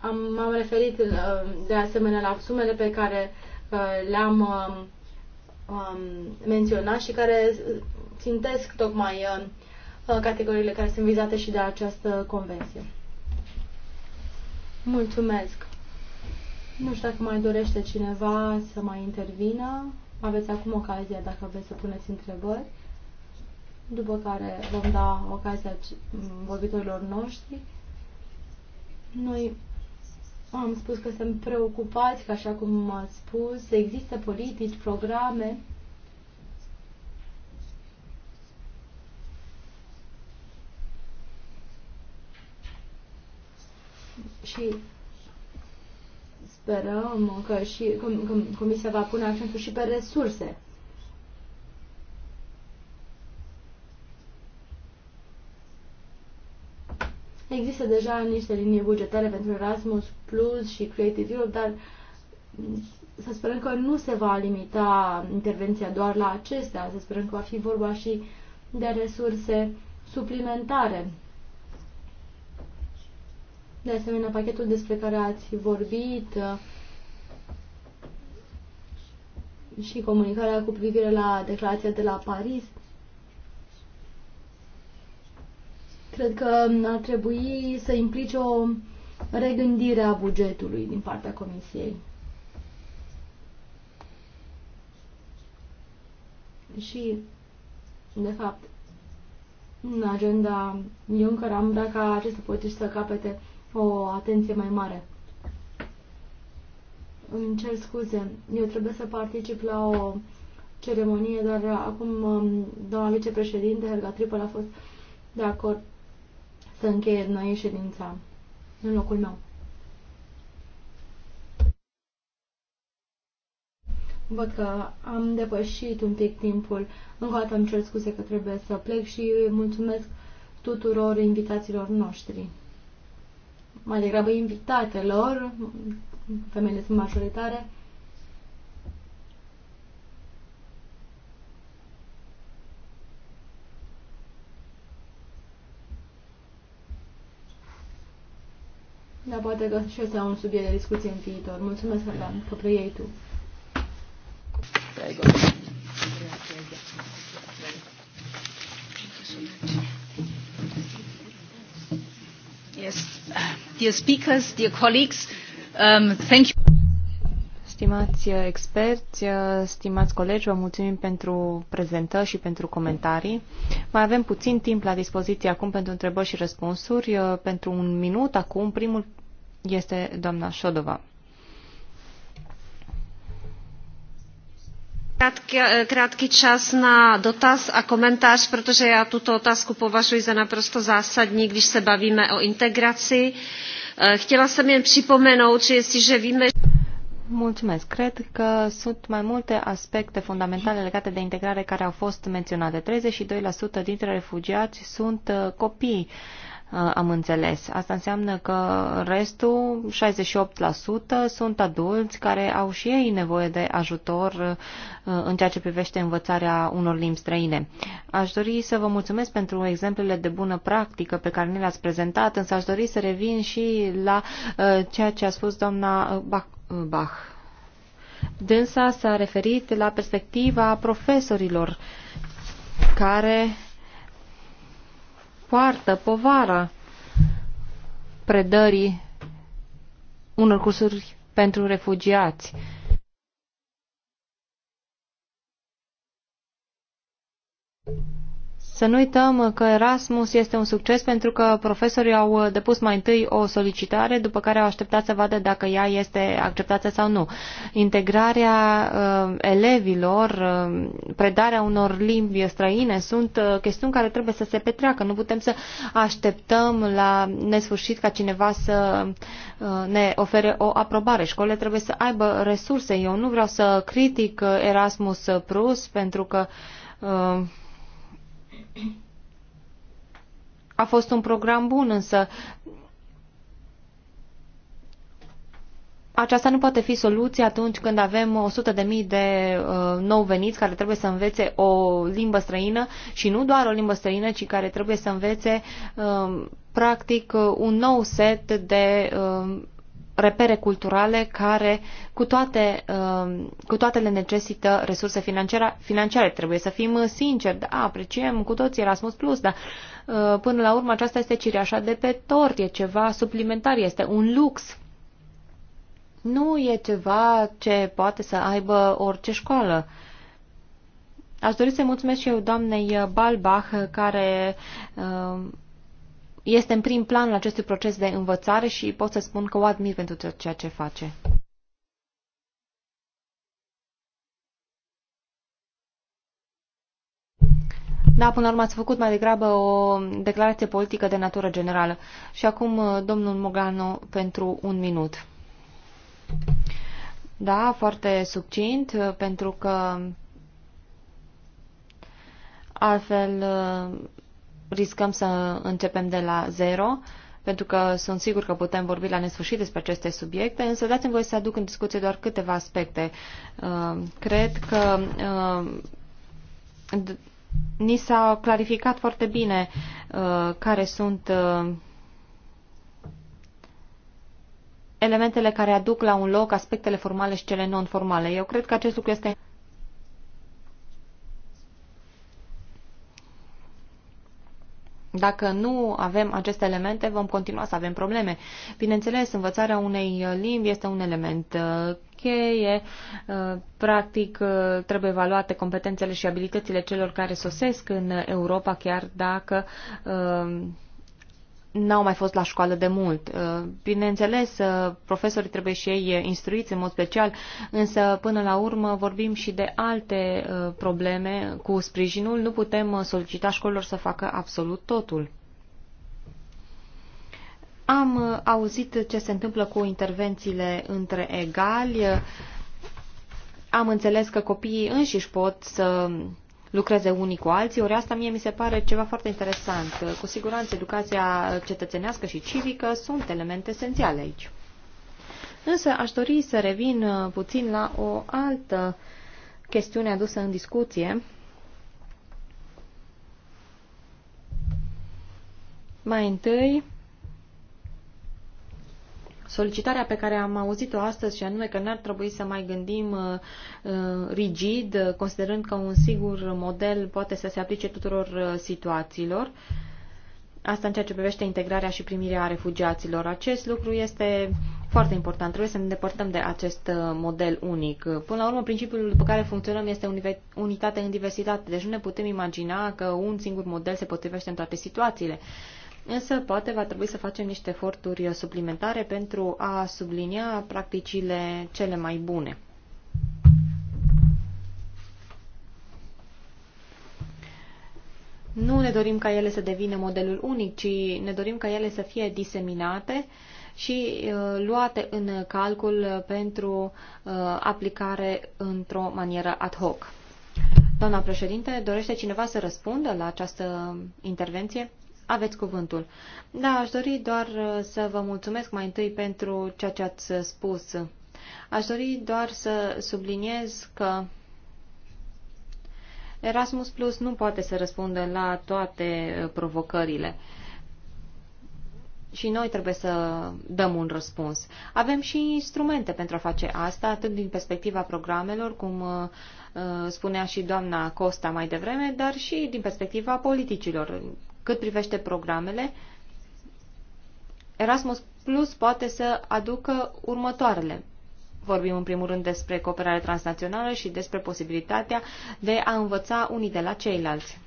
Am, m-am referit uh, de asemenea la sumele pe care uh, le-am um, um, menționat și care țintesc tocmai uh, uh, categoriile care sunt vizate și de această convenție. Mulțumesc! Nu știu dacă mai dorește cineva să mai intervină. Aveți acum ocazia dacă vreți să puneți întrebări, după care vom da ocazia vorbitorilor noștri. Noi am spus că suntem preocupați, că așa cum ați spus, există politici, programe. Și sperăm că și că Comisia va pune accentul și pe resurse. Există deja niște linii bugetare pentru Erasmus Plus și Creative Europe, dar să sperăm că nu se va limita intervenția doar la acestea, să sperăm că va fi vorba și de resurse suplimentare. De asemenea, pachetul despre care ați vorbit uh, și comunicarea cu privire la declarația de la Paris, cred că ar trebui să implice o regândire a bugetului din partea Comisiei. Și, de fapt, în agenda Juncker am vrea ca aceste politici să capete o atenție mai mare. Îmi cer scuze, eu trebuie să particip la o ceremonie, dar acum um, doamna vicepreședinte Helga Tripel a fost de acord să încheie noi ședința în locul meu. Văd că am depășit un pic timpul. Încă o dată îmi cer scuze că trebuie să plec și mulțumesc tuturor invitațiilor noștri mai degrabă invitatelor, femeile sunt majoritare, Dar poate că și ăsta e un subiect de discuție în viitor. Mulțumesc, Adam, că preiei tu. Da, Yes. Dear speakers, dear colleagues, um, thank you. Stimați uh, experți, uh, stimați colegi, vă mulțumim pentru prezentări și pentru comentarii. Mai avem puțin timp la dispoziție acum pentru întrebări și răspunsuri. Uh, pentru un minut acum, primul este doamna Șodova. Krátký, krátký čas na dotaz a komentář, protože já tuto otázku považuji za naprosto zásadní, když se bavíme o integraci. Chtěla jsem jen připomenout, že jestliže víme... Mulțumesc. Cred că sunt mai multe aspecte fundamentale legate de integrare care au fost menționate. 32% dintre refugiați sunt copii. Uh, am înțeles. Asta înseamnă că restul, 68%, sunt adulți care au și ei nevoie de ajutor uh, în ceea ce privește învățarea unor limbi străine. Aș dori să vă mulțumesc pentru exemplele de bună practică pe care ne le-ați prezentat, însă aș dori să revin și la uh, ceea ce a spus doamna Bach. Dânsa s-a referit la perspectiva profesorilor care poartă povara predării unor cursuri pentru refugiați. Să nu uităm că Erasmus este un succes pentru că profesorii au depus mai întâi o solicitare, după care au așteptat să vadă dacă ea este acceptată sau nu. Integrarea uh, elevilor, uh, predarea unor limbi străine sunt uh, chestiuni care trebuie să se petreacă. Nu putem să așteptăm la nesfârșit ca cineva să uh, ne ofere o aprobare. Școlile trebuie să aibă resurse. Eu nu vreau să critic uh, Erasmus Plus pentru că uh, a fost un program bun, însă aceasta nu poate fi soluție atunci când avem 100.000 de uh, nou veniți care trebuie să învețe o limbă străină și nu doar o limbă străină, ci care trebuie să învețe uh, practic uh, un nou set de uh, repere culturale care cu toate, um, cu toate le necesită resurse financiare, financiare. Trebuie să fim sinceri, da, apreciem cu toții Erasmus+, Plus, dar uh, până la urmă aceasta este cireașa de pe tort, e ceva suplimentar, este un lux. Nu e ceva ce poate să aibă orice școală. Aș dori să mulțumesc și eu doamnei Balbach, care uh, este în prim plan în acestui proces de învățare și pot să spun că o admir pentru tot ceea ce face. Da, până la urmă ați făcut mai degrabă o declarație politică de natură generală. Și acum, uh, domnul Mogano, pentru un minut. Da, foarte succint, uh, pentru că altfel uh, riscăm să începem de la zero, pentru că sunt sigur că putem vorbi la nesfârșit despre aceste subiecte, însă dați-mi voie să aduc în discuție doar câteva aspecte. Uh, cred că uh, ni s-a clarificat foarte bine uh, care sunt elementele care aduc la un loc aspectele formale și cele non-formale. Eu cred că acest lucru este Dacă nu avem aceste elemente, vom continua să avem probleme. Bineînțeles, învățarea unei limbi este un element uh, cheie. Uh, practic, uh, trebuie evaluate competențele și abilitățile celor care sosesc în Europa, chiar dacă n-au mai fost la școală de mult. Uh, bineînțeles, uh, profesorii trebuie și ei uh, instruiți în mod special, însă până la urmă vorbim și de alte probleme cu sprijinul. Nu putem solicita școlilor să facă absolut totul. Am auzit ce se întâmplă cu intervențiile între egali. Am înțeles că copiii înșiși pot să lucreze unii cu alții, ori asta mie mi se pare ceva foarte interesant. Cu siguranță educația cetățenească și civică sunt elemente esențiale aici. Însă aș dori să revin uh, puțin la o altă chestiune adusă în discuție, Mai întâi, solicitarea pe care am auzit-o astăzi și anume că n-ar trebui să mai gândim uh, uh, rigid, uh, considerând că un singur model poate să se aplice tuturor situațiilor, Asta în ceea ce privește integrarea și primirea refugiaților. Acest lucru este foarte important. Trebuie să ne îndepărtăm de acest model unic. Până la urmă, principiul după care funcționăm este unitate în diversitate. Deci nu ne putem imagina că un singur model se potrivește în toate situațiile însă poate va trebui să facem niște eforturi suplimentare pentru a sublinia practicile cele mai bune. Nu ne dorim ca ele să devină modelul unic, ci ne dorim ca ele să fie diseminate și uh, luate în calcul pentru uh, aplicare într-o manieră ad hoc. Doamna președinte, dorește cineva să răspundă la această intervenție? Aveți cuvântul. Da, aș dori doar uh, să vă mulțumesc mai întâi pentru ceea ce ați uh, spus. Aș dori doar să subliniez că Erasmus Plus nu poate să răspundă la toate uh, provocările. Și noi trebuie să dăm un răspuns. Avem și instrumente pentru a face asta, atât din perspectiva programelor, cum spunea și doamna Costa mai devreme, dar și din perspectiva politicilor. Cât privește programele, Erasmus Plus poate să aducă următoarele. Vorbim în primul rând despre cooperare transnațională și despre posibilitatea de a învăța unii de la ceilalți.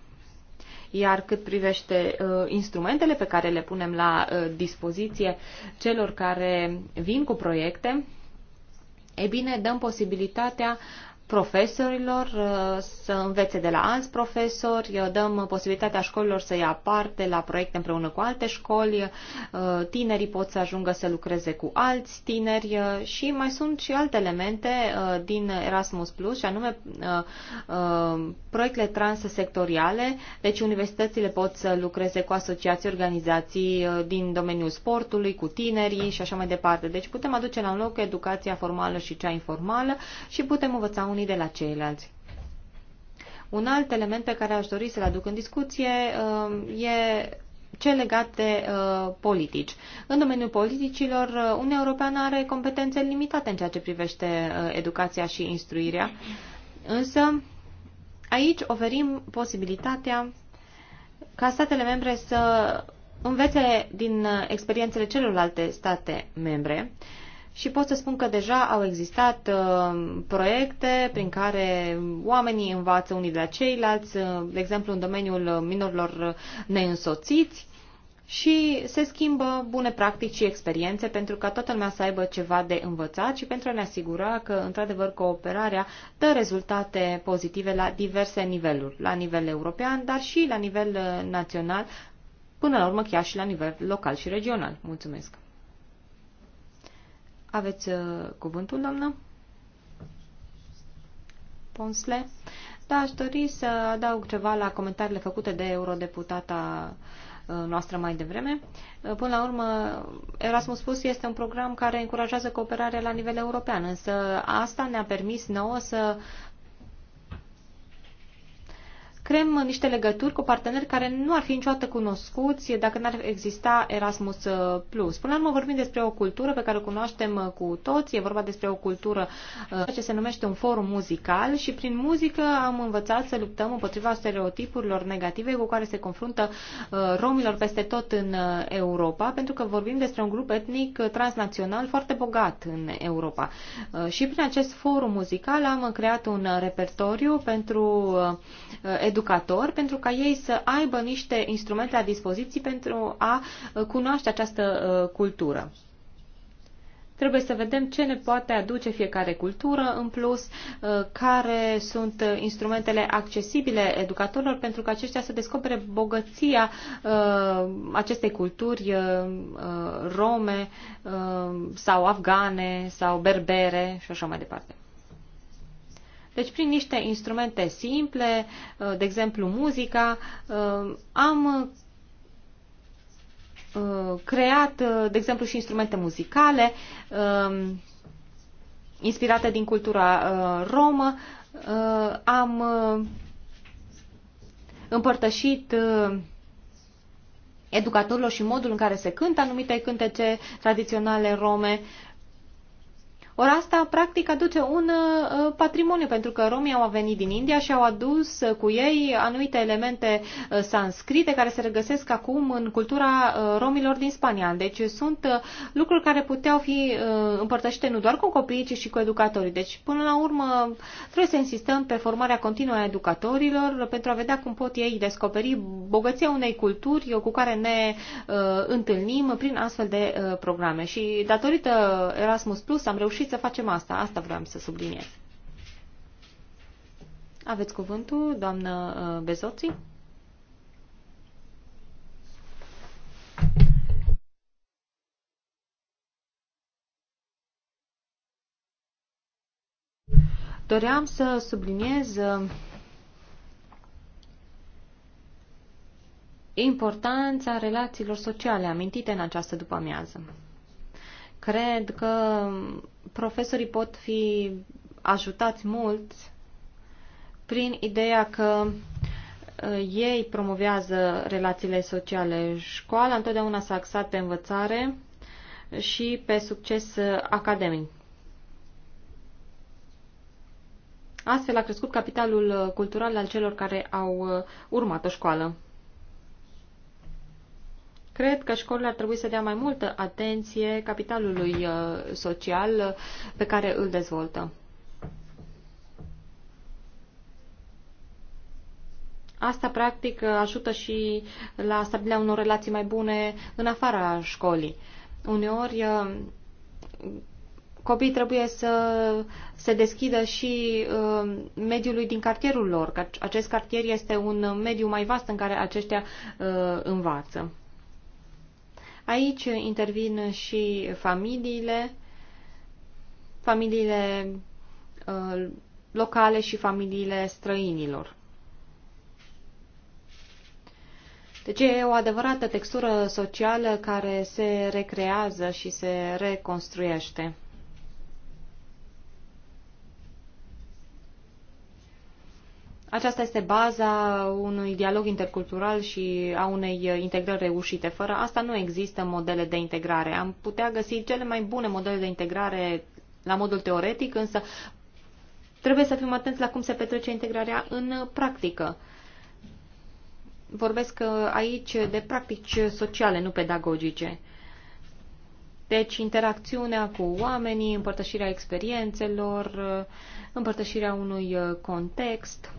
Iar cât privește uh, instrumentele pe care le punem la uh, dispoziție celor care vin cu proiecte, e bine, dăm posibilitatea profesorilor uh, să învețe de la alți profesori, uh, dăm posibilitatea școlilor să ia parte la proiecte împreună cu alte școli, uh, tinerii pot să ajungă să lucreze cu alți tineri și mai sunt și alte elemente din Erasmus Plus, și anume proiectele transsectoriale, deci universitățile pot să lucreze cu asociații, organizații din domeniul sportului, cu tinerii și așa mai departe. Deci putem aduce la un loc educația formală și cea informală și putem învăța un unii de la ceilalți. Un alt element pe care aș dori să-l aduc în discuție um, e ce legat de uh, politici. În domeniul politicilor, uh, Uniunea Europeană are competențe limitate în ceea ce privește uh, educația și instruirea, însă aici oferim posibilitatea ca statele membre să învețe din uh, experiențele celorlalte state membre uh, și pot să spun că deja au existat uh, proiecte prin care oamenii învață unii de la ceilalți, uh, de exemplu în domeniul minorilor neînsoțiți, și se schimbă bune practici și experiențe pentru ca toată lumea să aibă ceva de învățat și pentru a ne asigura că, într-adevăr, cooperarea dă rezultate pozitive la diverse niveluri, la nivel european, dar și la nivel uh, național, până la urmă chiar și la nivel local și regional. Mulțumesc! Aveți uh, cuvântul, doamnă? Ponsle? Da, aș dori să adaug ceva la comentariile făcute de eurodeputata uh, noastră mai devreme. Uh, până la urmă, Erasmus Plus este un program care încurajează cooperarea la nivel european, însă asta ne-a permis nouă să creăm niște legături cu parteneri care nu ar fi niciodată cunoscuți dacă n-ar exista Erasmus+. Uh, Plus. Până la urmă vorbim despre o cultură pe care o cunoaștem uh, cu toți, e vorba despre o cultură uh, ce se numește un forum muzical și prin muzică am învățat să luptăm împotriva stereotipurilor negative cu care se confruntă romilor peste tot în Europa, pentru că vorbim despre un grup etnic transnațional foarte bogat în Europa. Și prin acest forum muzical am creat un repertoriu pentru educație educator, pentru ca ei să aibă niște instrumente la dispoziție pentru a uh, cunoaște această uh, cultură. Trebuie să vedem ce ne poate aduce fiecare cultură, în plus uh, care sunt instrumentele accesibile educatorilor pentru că aceștia să descopere bogăția acestei culturi rome sau afgane sau berbere și așa mai departe. Deci, prin niște instrumente simple, uh, de exemplu muzica, uh, am uh, creat, de exemplu, și instrumente muzicale um, inspirate din cultura romă. Am împărtășit educatorilor și modul în care se cântă anumite cântece tradiționale rome ori asta, practic, aduce un uh, patrimoniu, pentru că romii au venit din India și au adus uh, cu ei anumite elemente uh, sanscrite care se regăsesc acum în cultura romilor din Spania. Deci sunt lucruri care puteau fi împărtășite nu doar cu copiii, ci și cu educatorii. Deci, până la urmă, trebuie să insistăm pe formarea continuă a educatorilor pentru a vedea cum pot ei descoperi bogăția unei culturi cu care ne uh, întâlnim prin astfel de uh, programe. Și datorită Erasmus Plus am reușit reușit să facem asta. Asta vreau să subliniez. Aveți cuvântul, doamnă uh, Bezoții? Doream să subliniez uh, importanța relațiilor sociale amintite în această după-amiază. Cred că profesorii pot fi ajutați mult prin ideea că uh, ei promovează relațiile sociale. Școala întotdeauna s-a axat pe învățare și pe succes uh, academic. Astfel a crescut capitalul uh, cultural al celor care au urmat o școală. Cred că școlile ar trebui să dea mai multă atenție capitalului uh, social uh, pe care îl dezvoltă. Asta, practic, uh, ajută și la stabilirea unor relații mai bune în afara școlii. Uneori, copiii trebuie să se deschidă și mediului din cartierul lor, că acest cartier este un mediu mai vast în care aceștia învață. Aici intervin și familiile, familiile uh, locale și familiile străinilor. Deci e o adevărată textură socială care se recrează și se reconstruiește. Aceasta este baza unui dialog intercultural și a unei integrări reușite. Fără asta nu există modele de integrare. Am putea găsi cele mai bune modele de integrare la modul teoretic, însă trebuie să fim atenți la cum se petrece integrarea în practică. Vorbesc aici de practici sociale, nu pedagogice. Deci interacțiunea cu oamenii, împărtășirea experiențelor, împărtășirea unui context.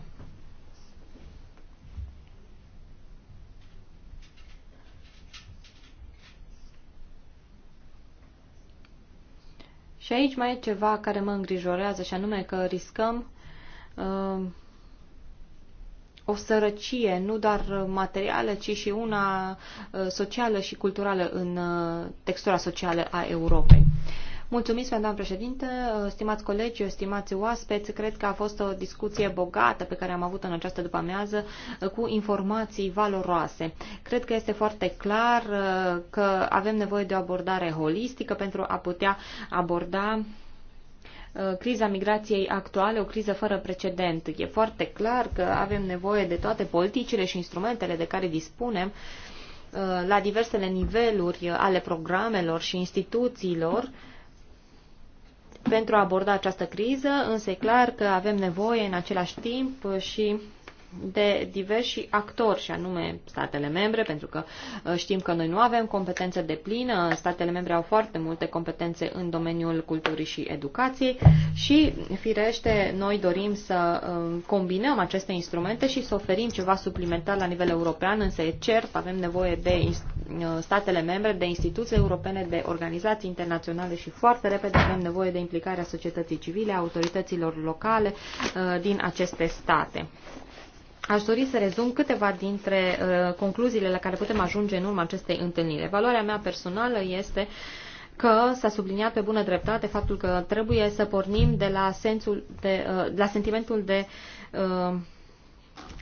Și aici mai e ceva care mă îngrijorează, și anume că riscăm uh, o sărăcie, nu doar materială, ci și una uh, socială și culturală în uh, textura socială a Europei. Mulțumesc, doamnă președinte, stimați colegi, stimați oaspeți. Cred că a fost o discuție bogată pe care am avut-o în această după-amiază cu informații valoroase. Cred că este foarte clar uh, că avem nevoie de o abordare holistică pentru a putea aborda uh, criza migrației actuale, o criză fără precedent. E foarte clar că avem nevoie de toate politicile și instrumentele de care dispunem uh, la diversele niveluri ale programelor și instituțiilor pentru a aborda această criză, însă e clar că avem nevoie în același timp și de diversi actori, și anume statele membre, pentru că uh, știm că noi nu avem competențe de plină, statele membre au foarte multe competențe în domeniul culturii și educației și, firește, noi dorim să uh, combinăm aceste instrumente și să oferim ceva suplimentar la nivel european, însă e cert, avem nevoie de uh, statele membre, de instituții europene, de organizații internaționale și foarte repede avem nevoie de implicarea societății civile, a autorităților locale din aceste state. Aș dori să rezum câteva dintre uh, concluziile la care putem ajunge în urma acestei întâlniri. Valoarea mea personală este că s-a subliniat pe bună dreptate faptul că trebuie să pornim de la, sensul de, uh, la sentimentul de uh,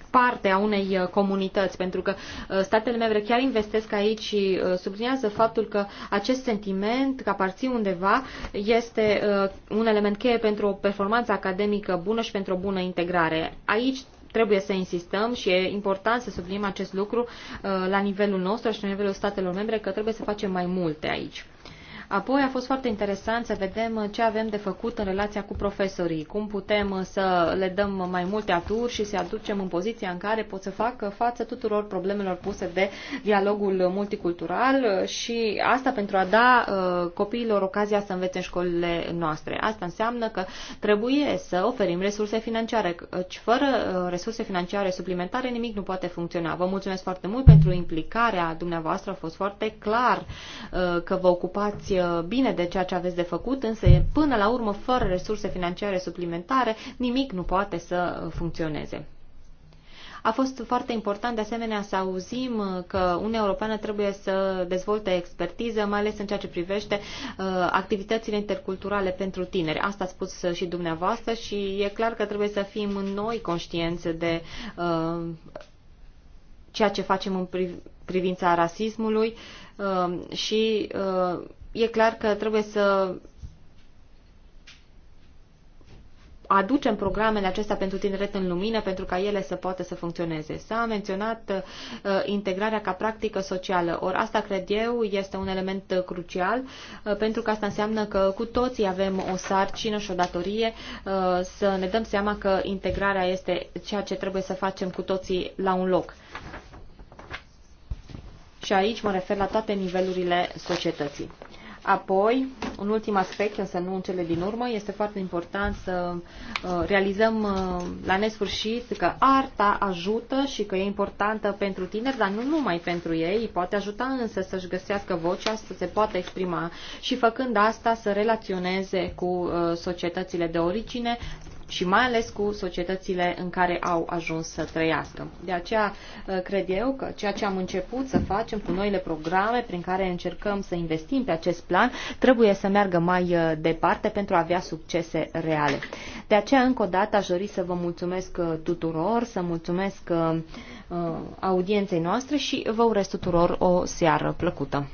parte a unei uh, comunități, pentru că uh, statele membre chiar investesc aici și uh, sublinează faptul că acest sentiment că aparții undeva este un element cheie pentru o performanță academică bună și pentru o bună integrare. Aici trebuie să insistăm și e important să subliniem acest lucru uh, la nivelul nostru și la nivelul statelor membre că trebuie să facem mai multe aici. Apoi a fost foarte interesant să vedem uh, ce avem de făcut în relația cu profesorii, cum putem uh, să le dăm mai multe aturi și să aducem în poziția în care pot să facă față tuturor problemelor puse de dialogul multicultural uh, și asta pentru a da copiilor ocazia să învețe în școlile noastre. Asta înseamnă că trebuie să oferim resurse financiare, căci fără resurse financiare suplimentare nimic nu poate funcționa. Vă mulțumesc foarte mult pentru implicarea dumneavoastră, a fost foarte clar că vă ocupați Uh, bine de ceea ce aveți de făcut, însă până la urmă, fără resurse financiare suplimentare, nimic nu poate să uh, funcționeze. A fost foarte important de asemenea să auzim uh, că Uniunea Europeană trebuie să dezvolte expertiză, mai ales în ceea ce privește uh, activitățile interculturale pentru tineri. Asta a spus și dumneavoastră și e clar că trebuie să fim noi conștienți de uh, ceea ce facem în privința rasismului uh, și e clar că trebuie să aducem programele acestea pentru tineret în lumină, pentru ca ele să poată să funcționeze. S-a menționat uh, integrarea ca practică socială, Or asta cred eu este un element uh, crucial, uh, pentru că asta înseamnă că cu toții avem o sarcină și o datorie uh, să ne dăm seama că integrarea este ceea ce trebuie să facem cu toții la un loc. Și aici mă refer la toate nivelurile societății. Apoi, un ultim aspect, însă nu în cele din urmă, este foarte important să uh, realizăm uh, la nesfârșit că arta ajută și că e importantă pentru tineri, dar nu numai pentru ei, poate ajuta însă să-și găsească vocea, să se poată exprima și făcând asta să relaționeze cu uh, societățile de origine, și mai ales cu societățile în care au ajuns să trăiască. De aceea uh, cred eu că ceea ce am început să facem cu noile programe prin care încercăm să investim pe acest plan trebuie să meargă mai uh, departe pentru a avea succese reale. De aceea încă o dată aș dori să vă mulțumesc uh, tuturor, să mulțumesc audienței noastre și vă urez tuturor o seară plăcută.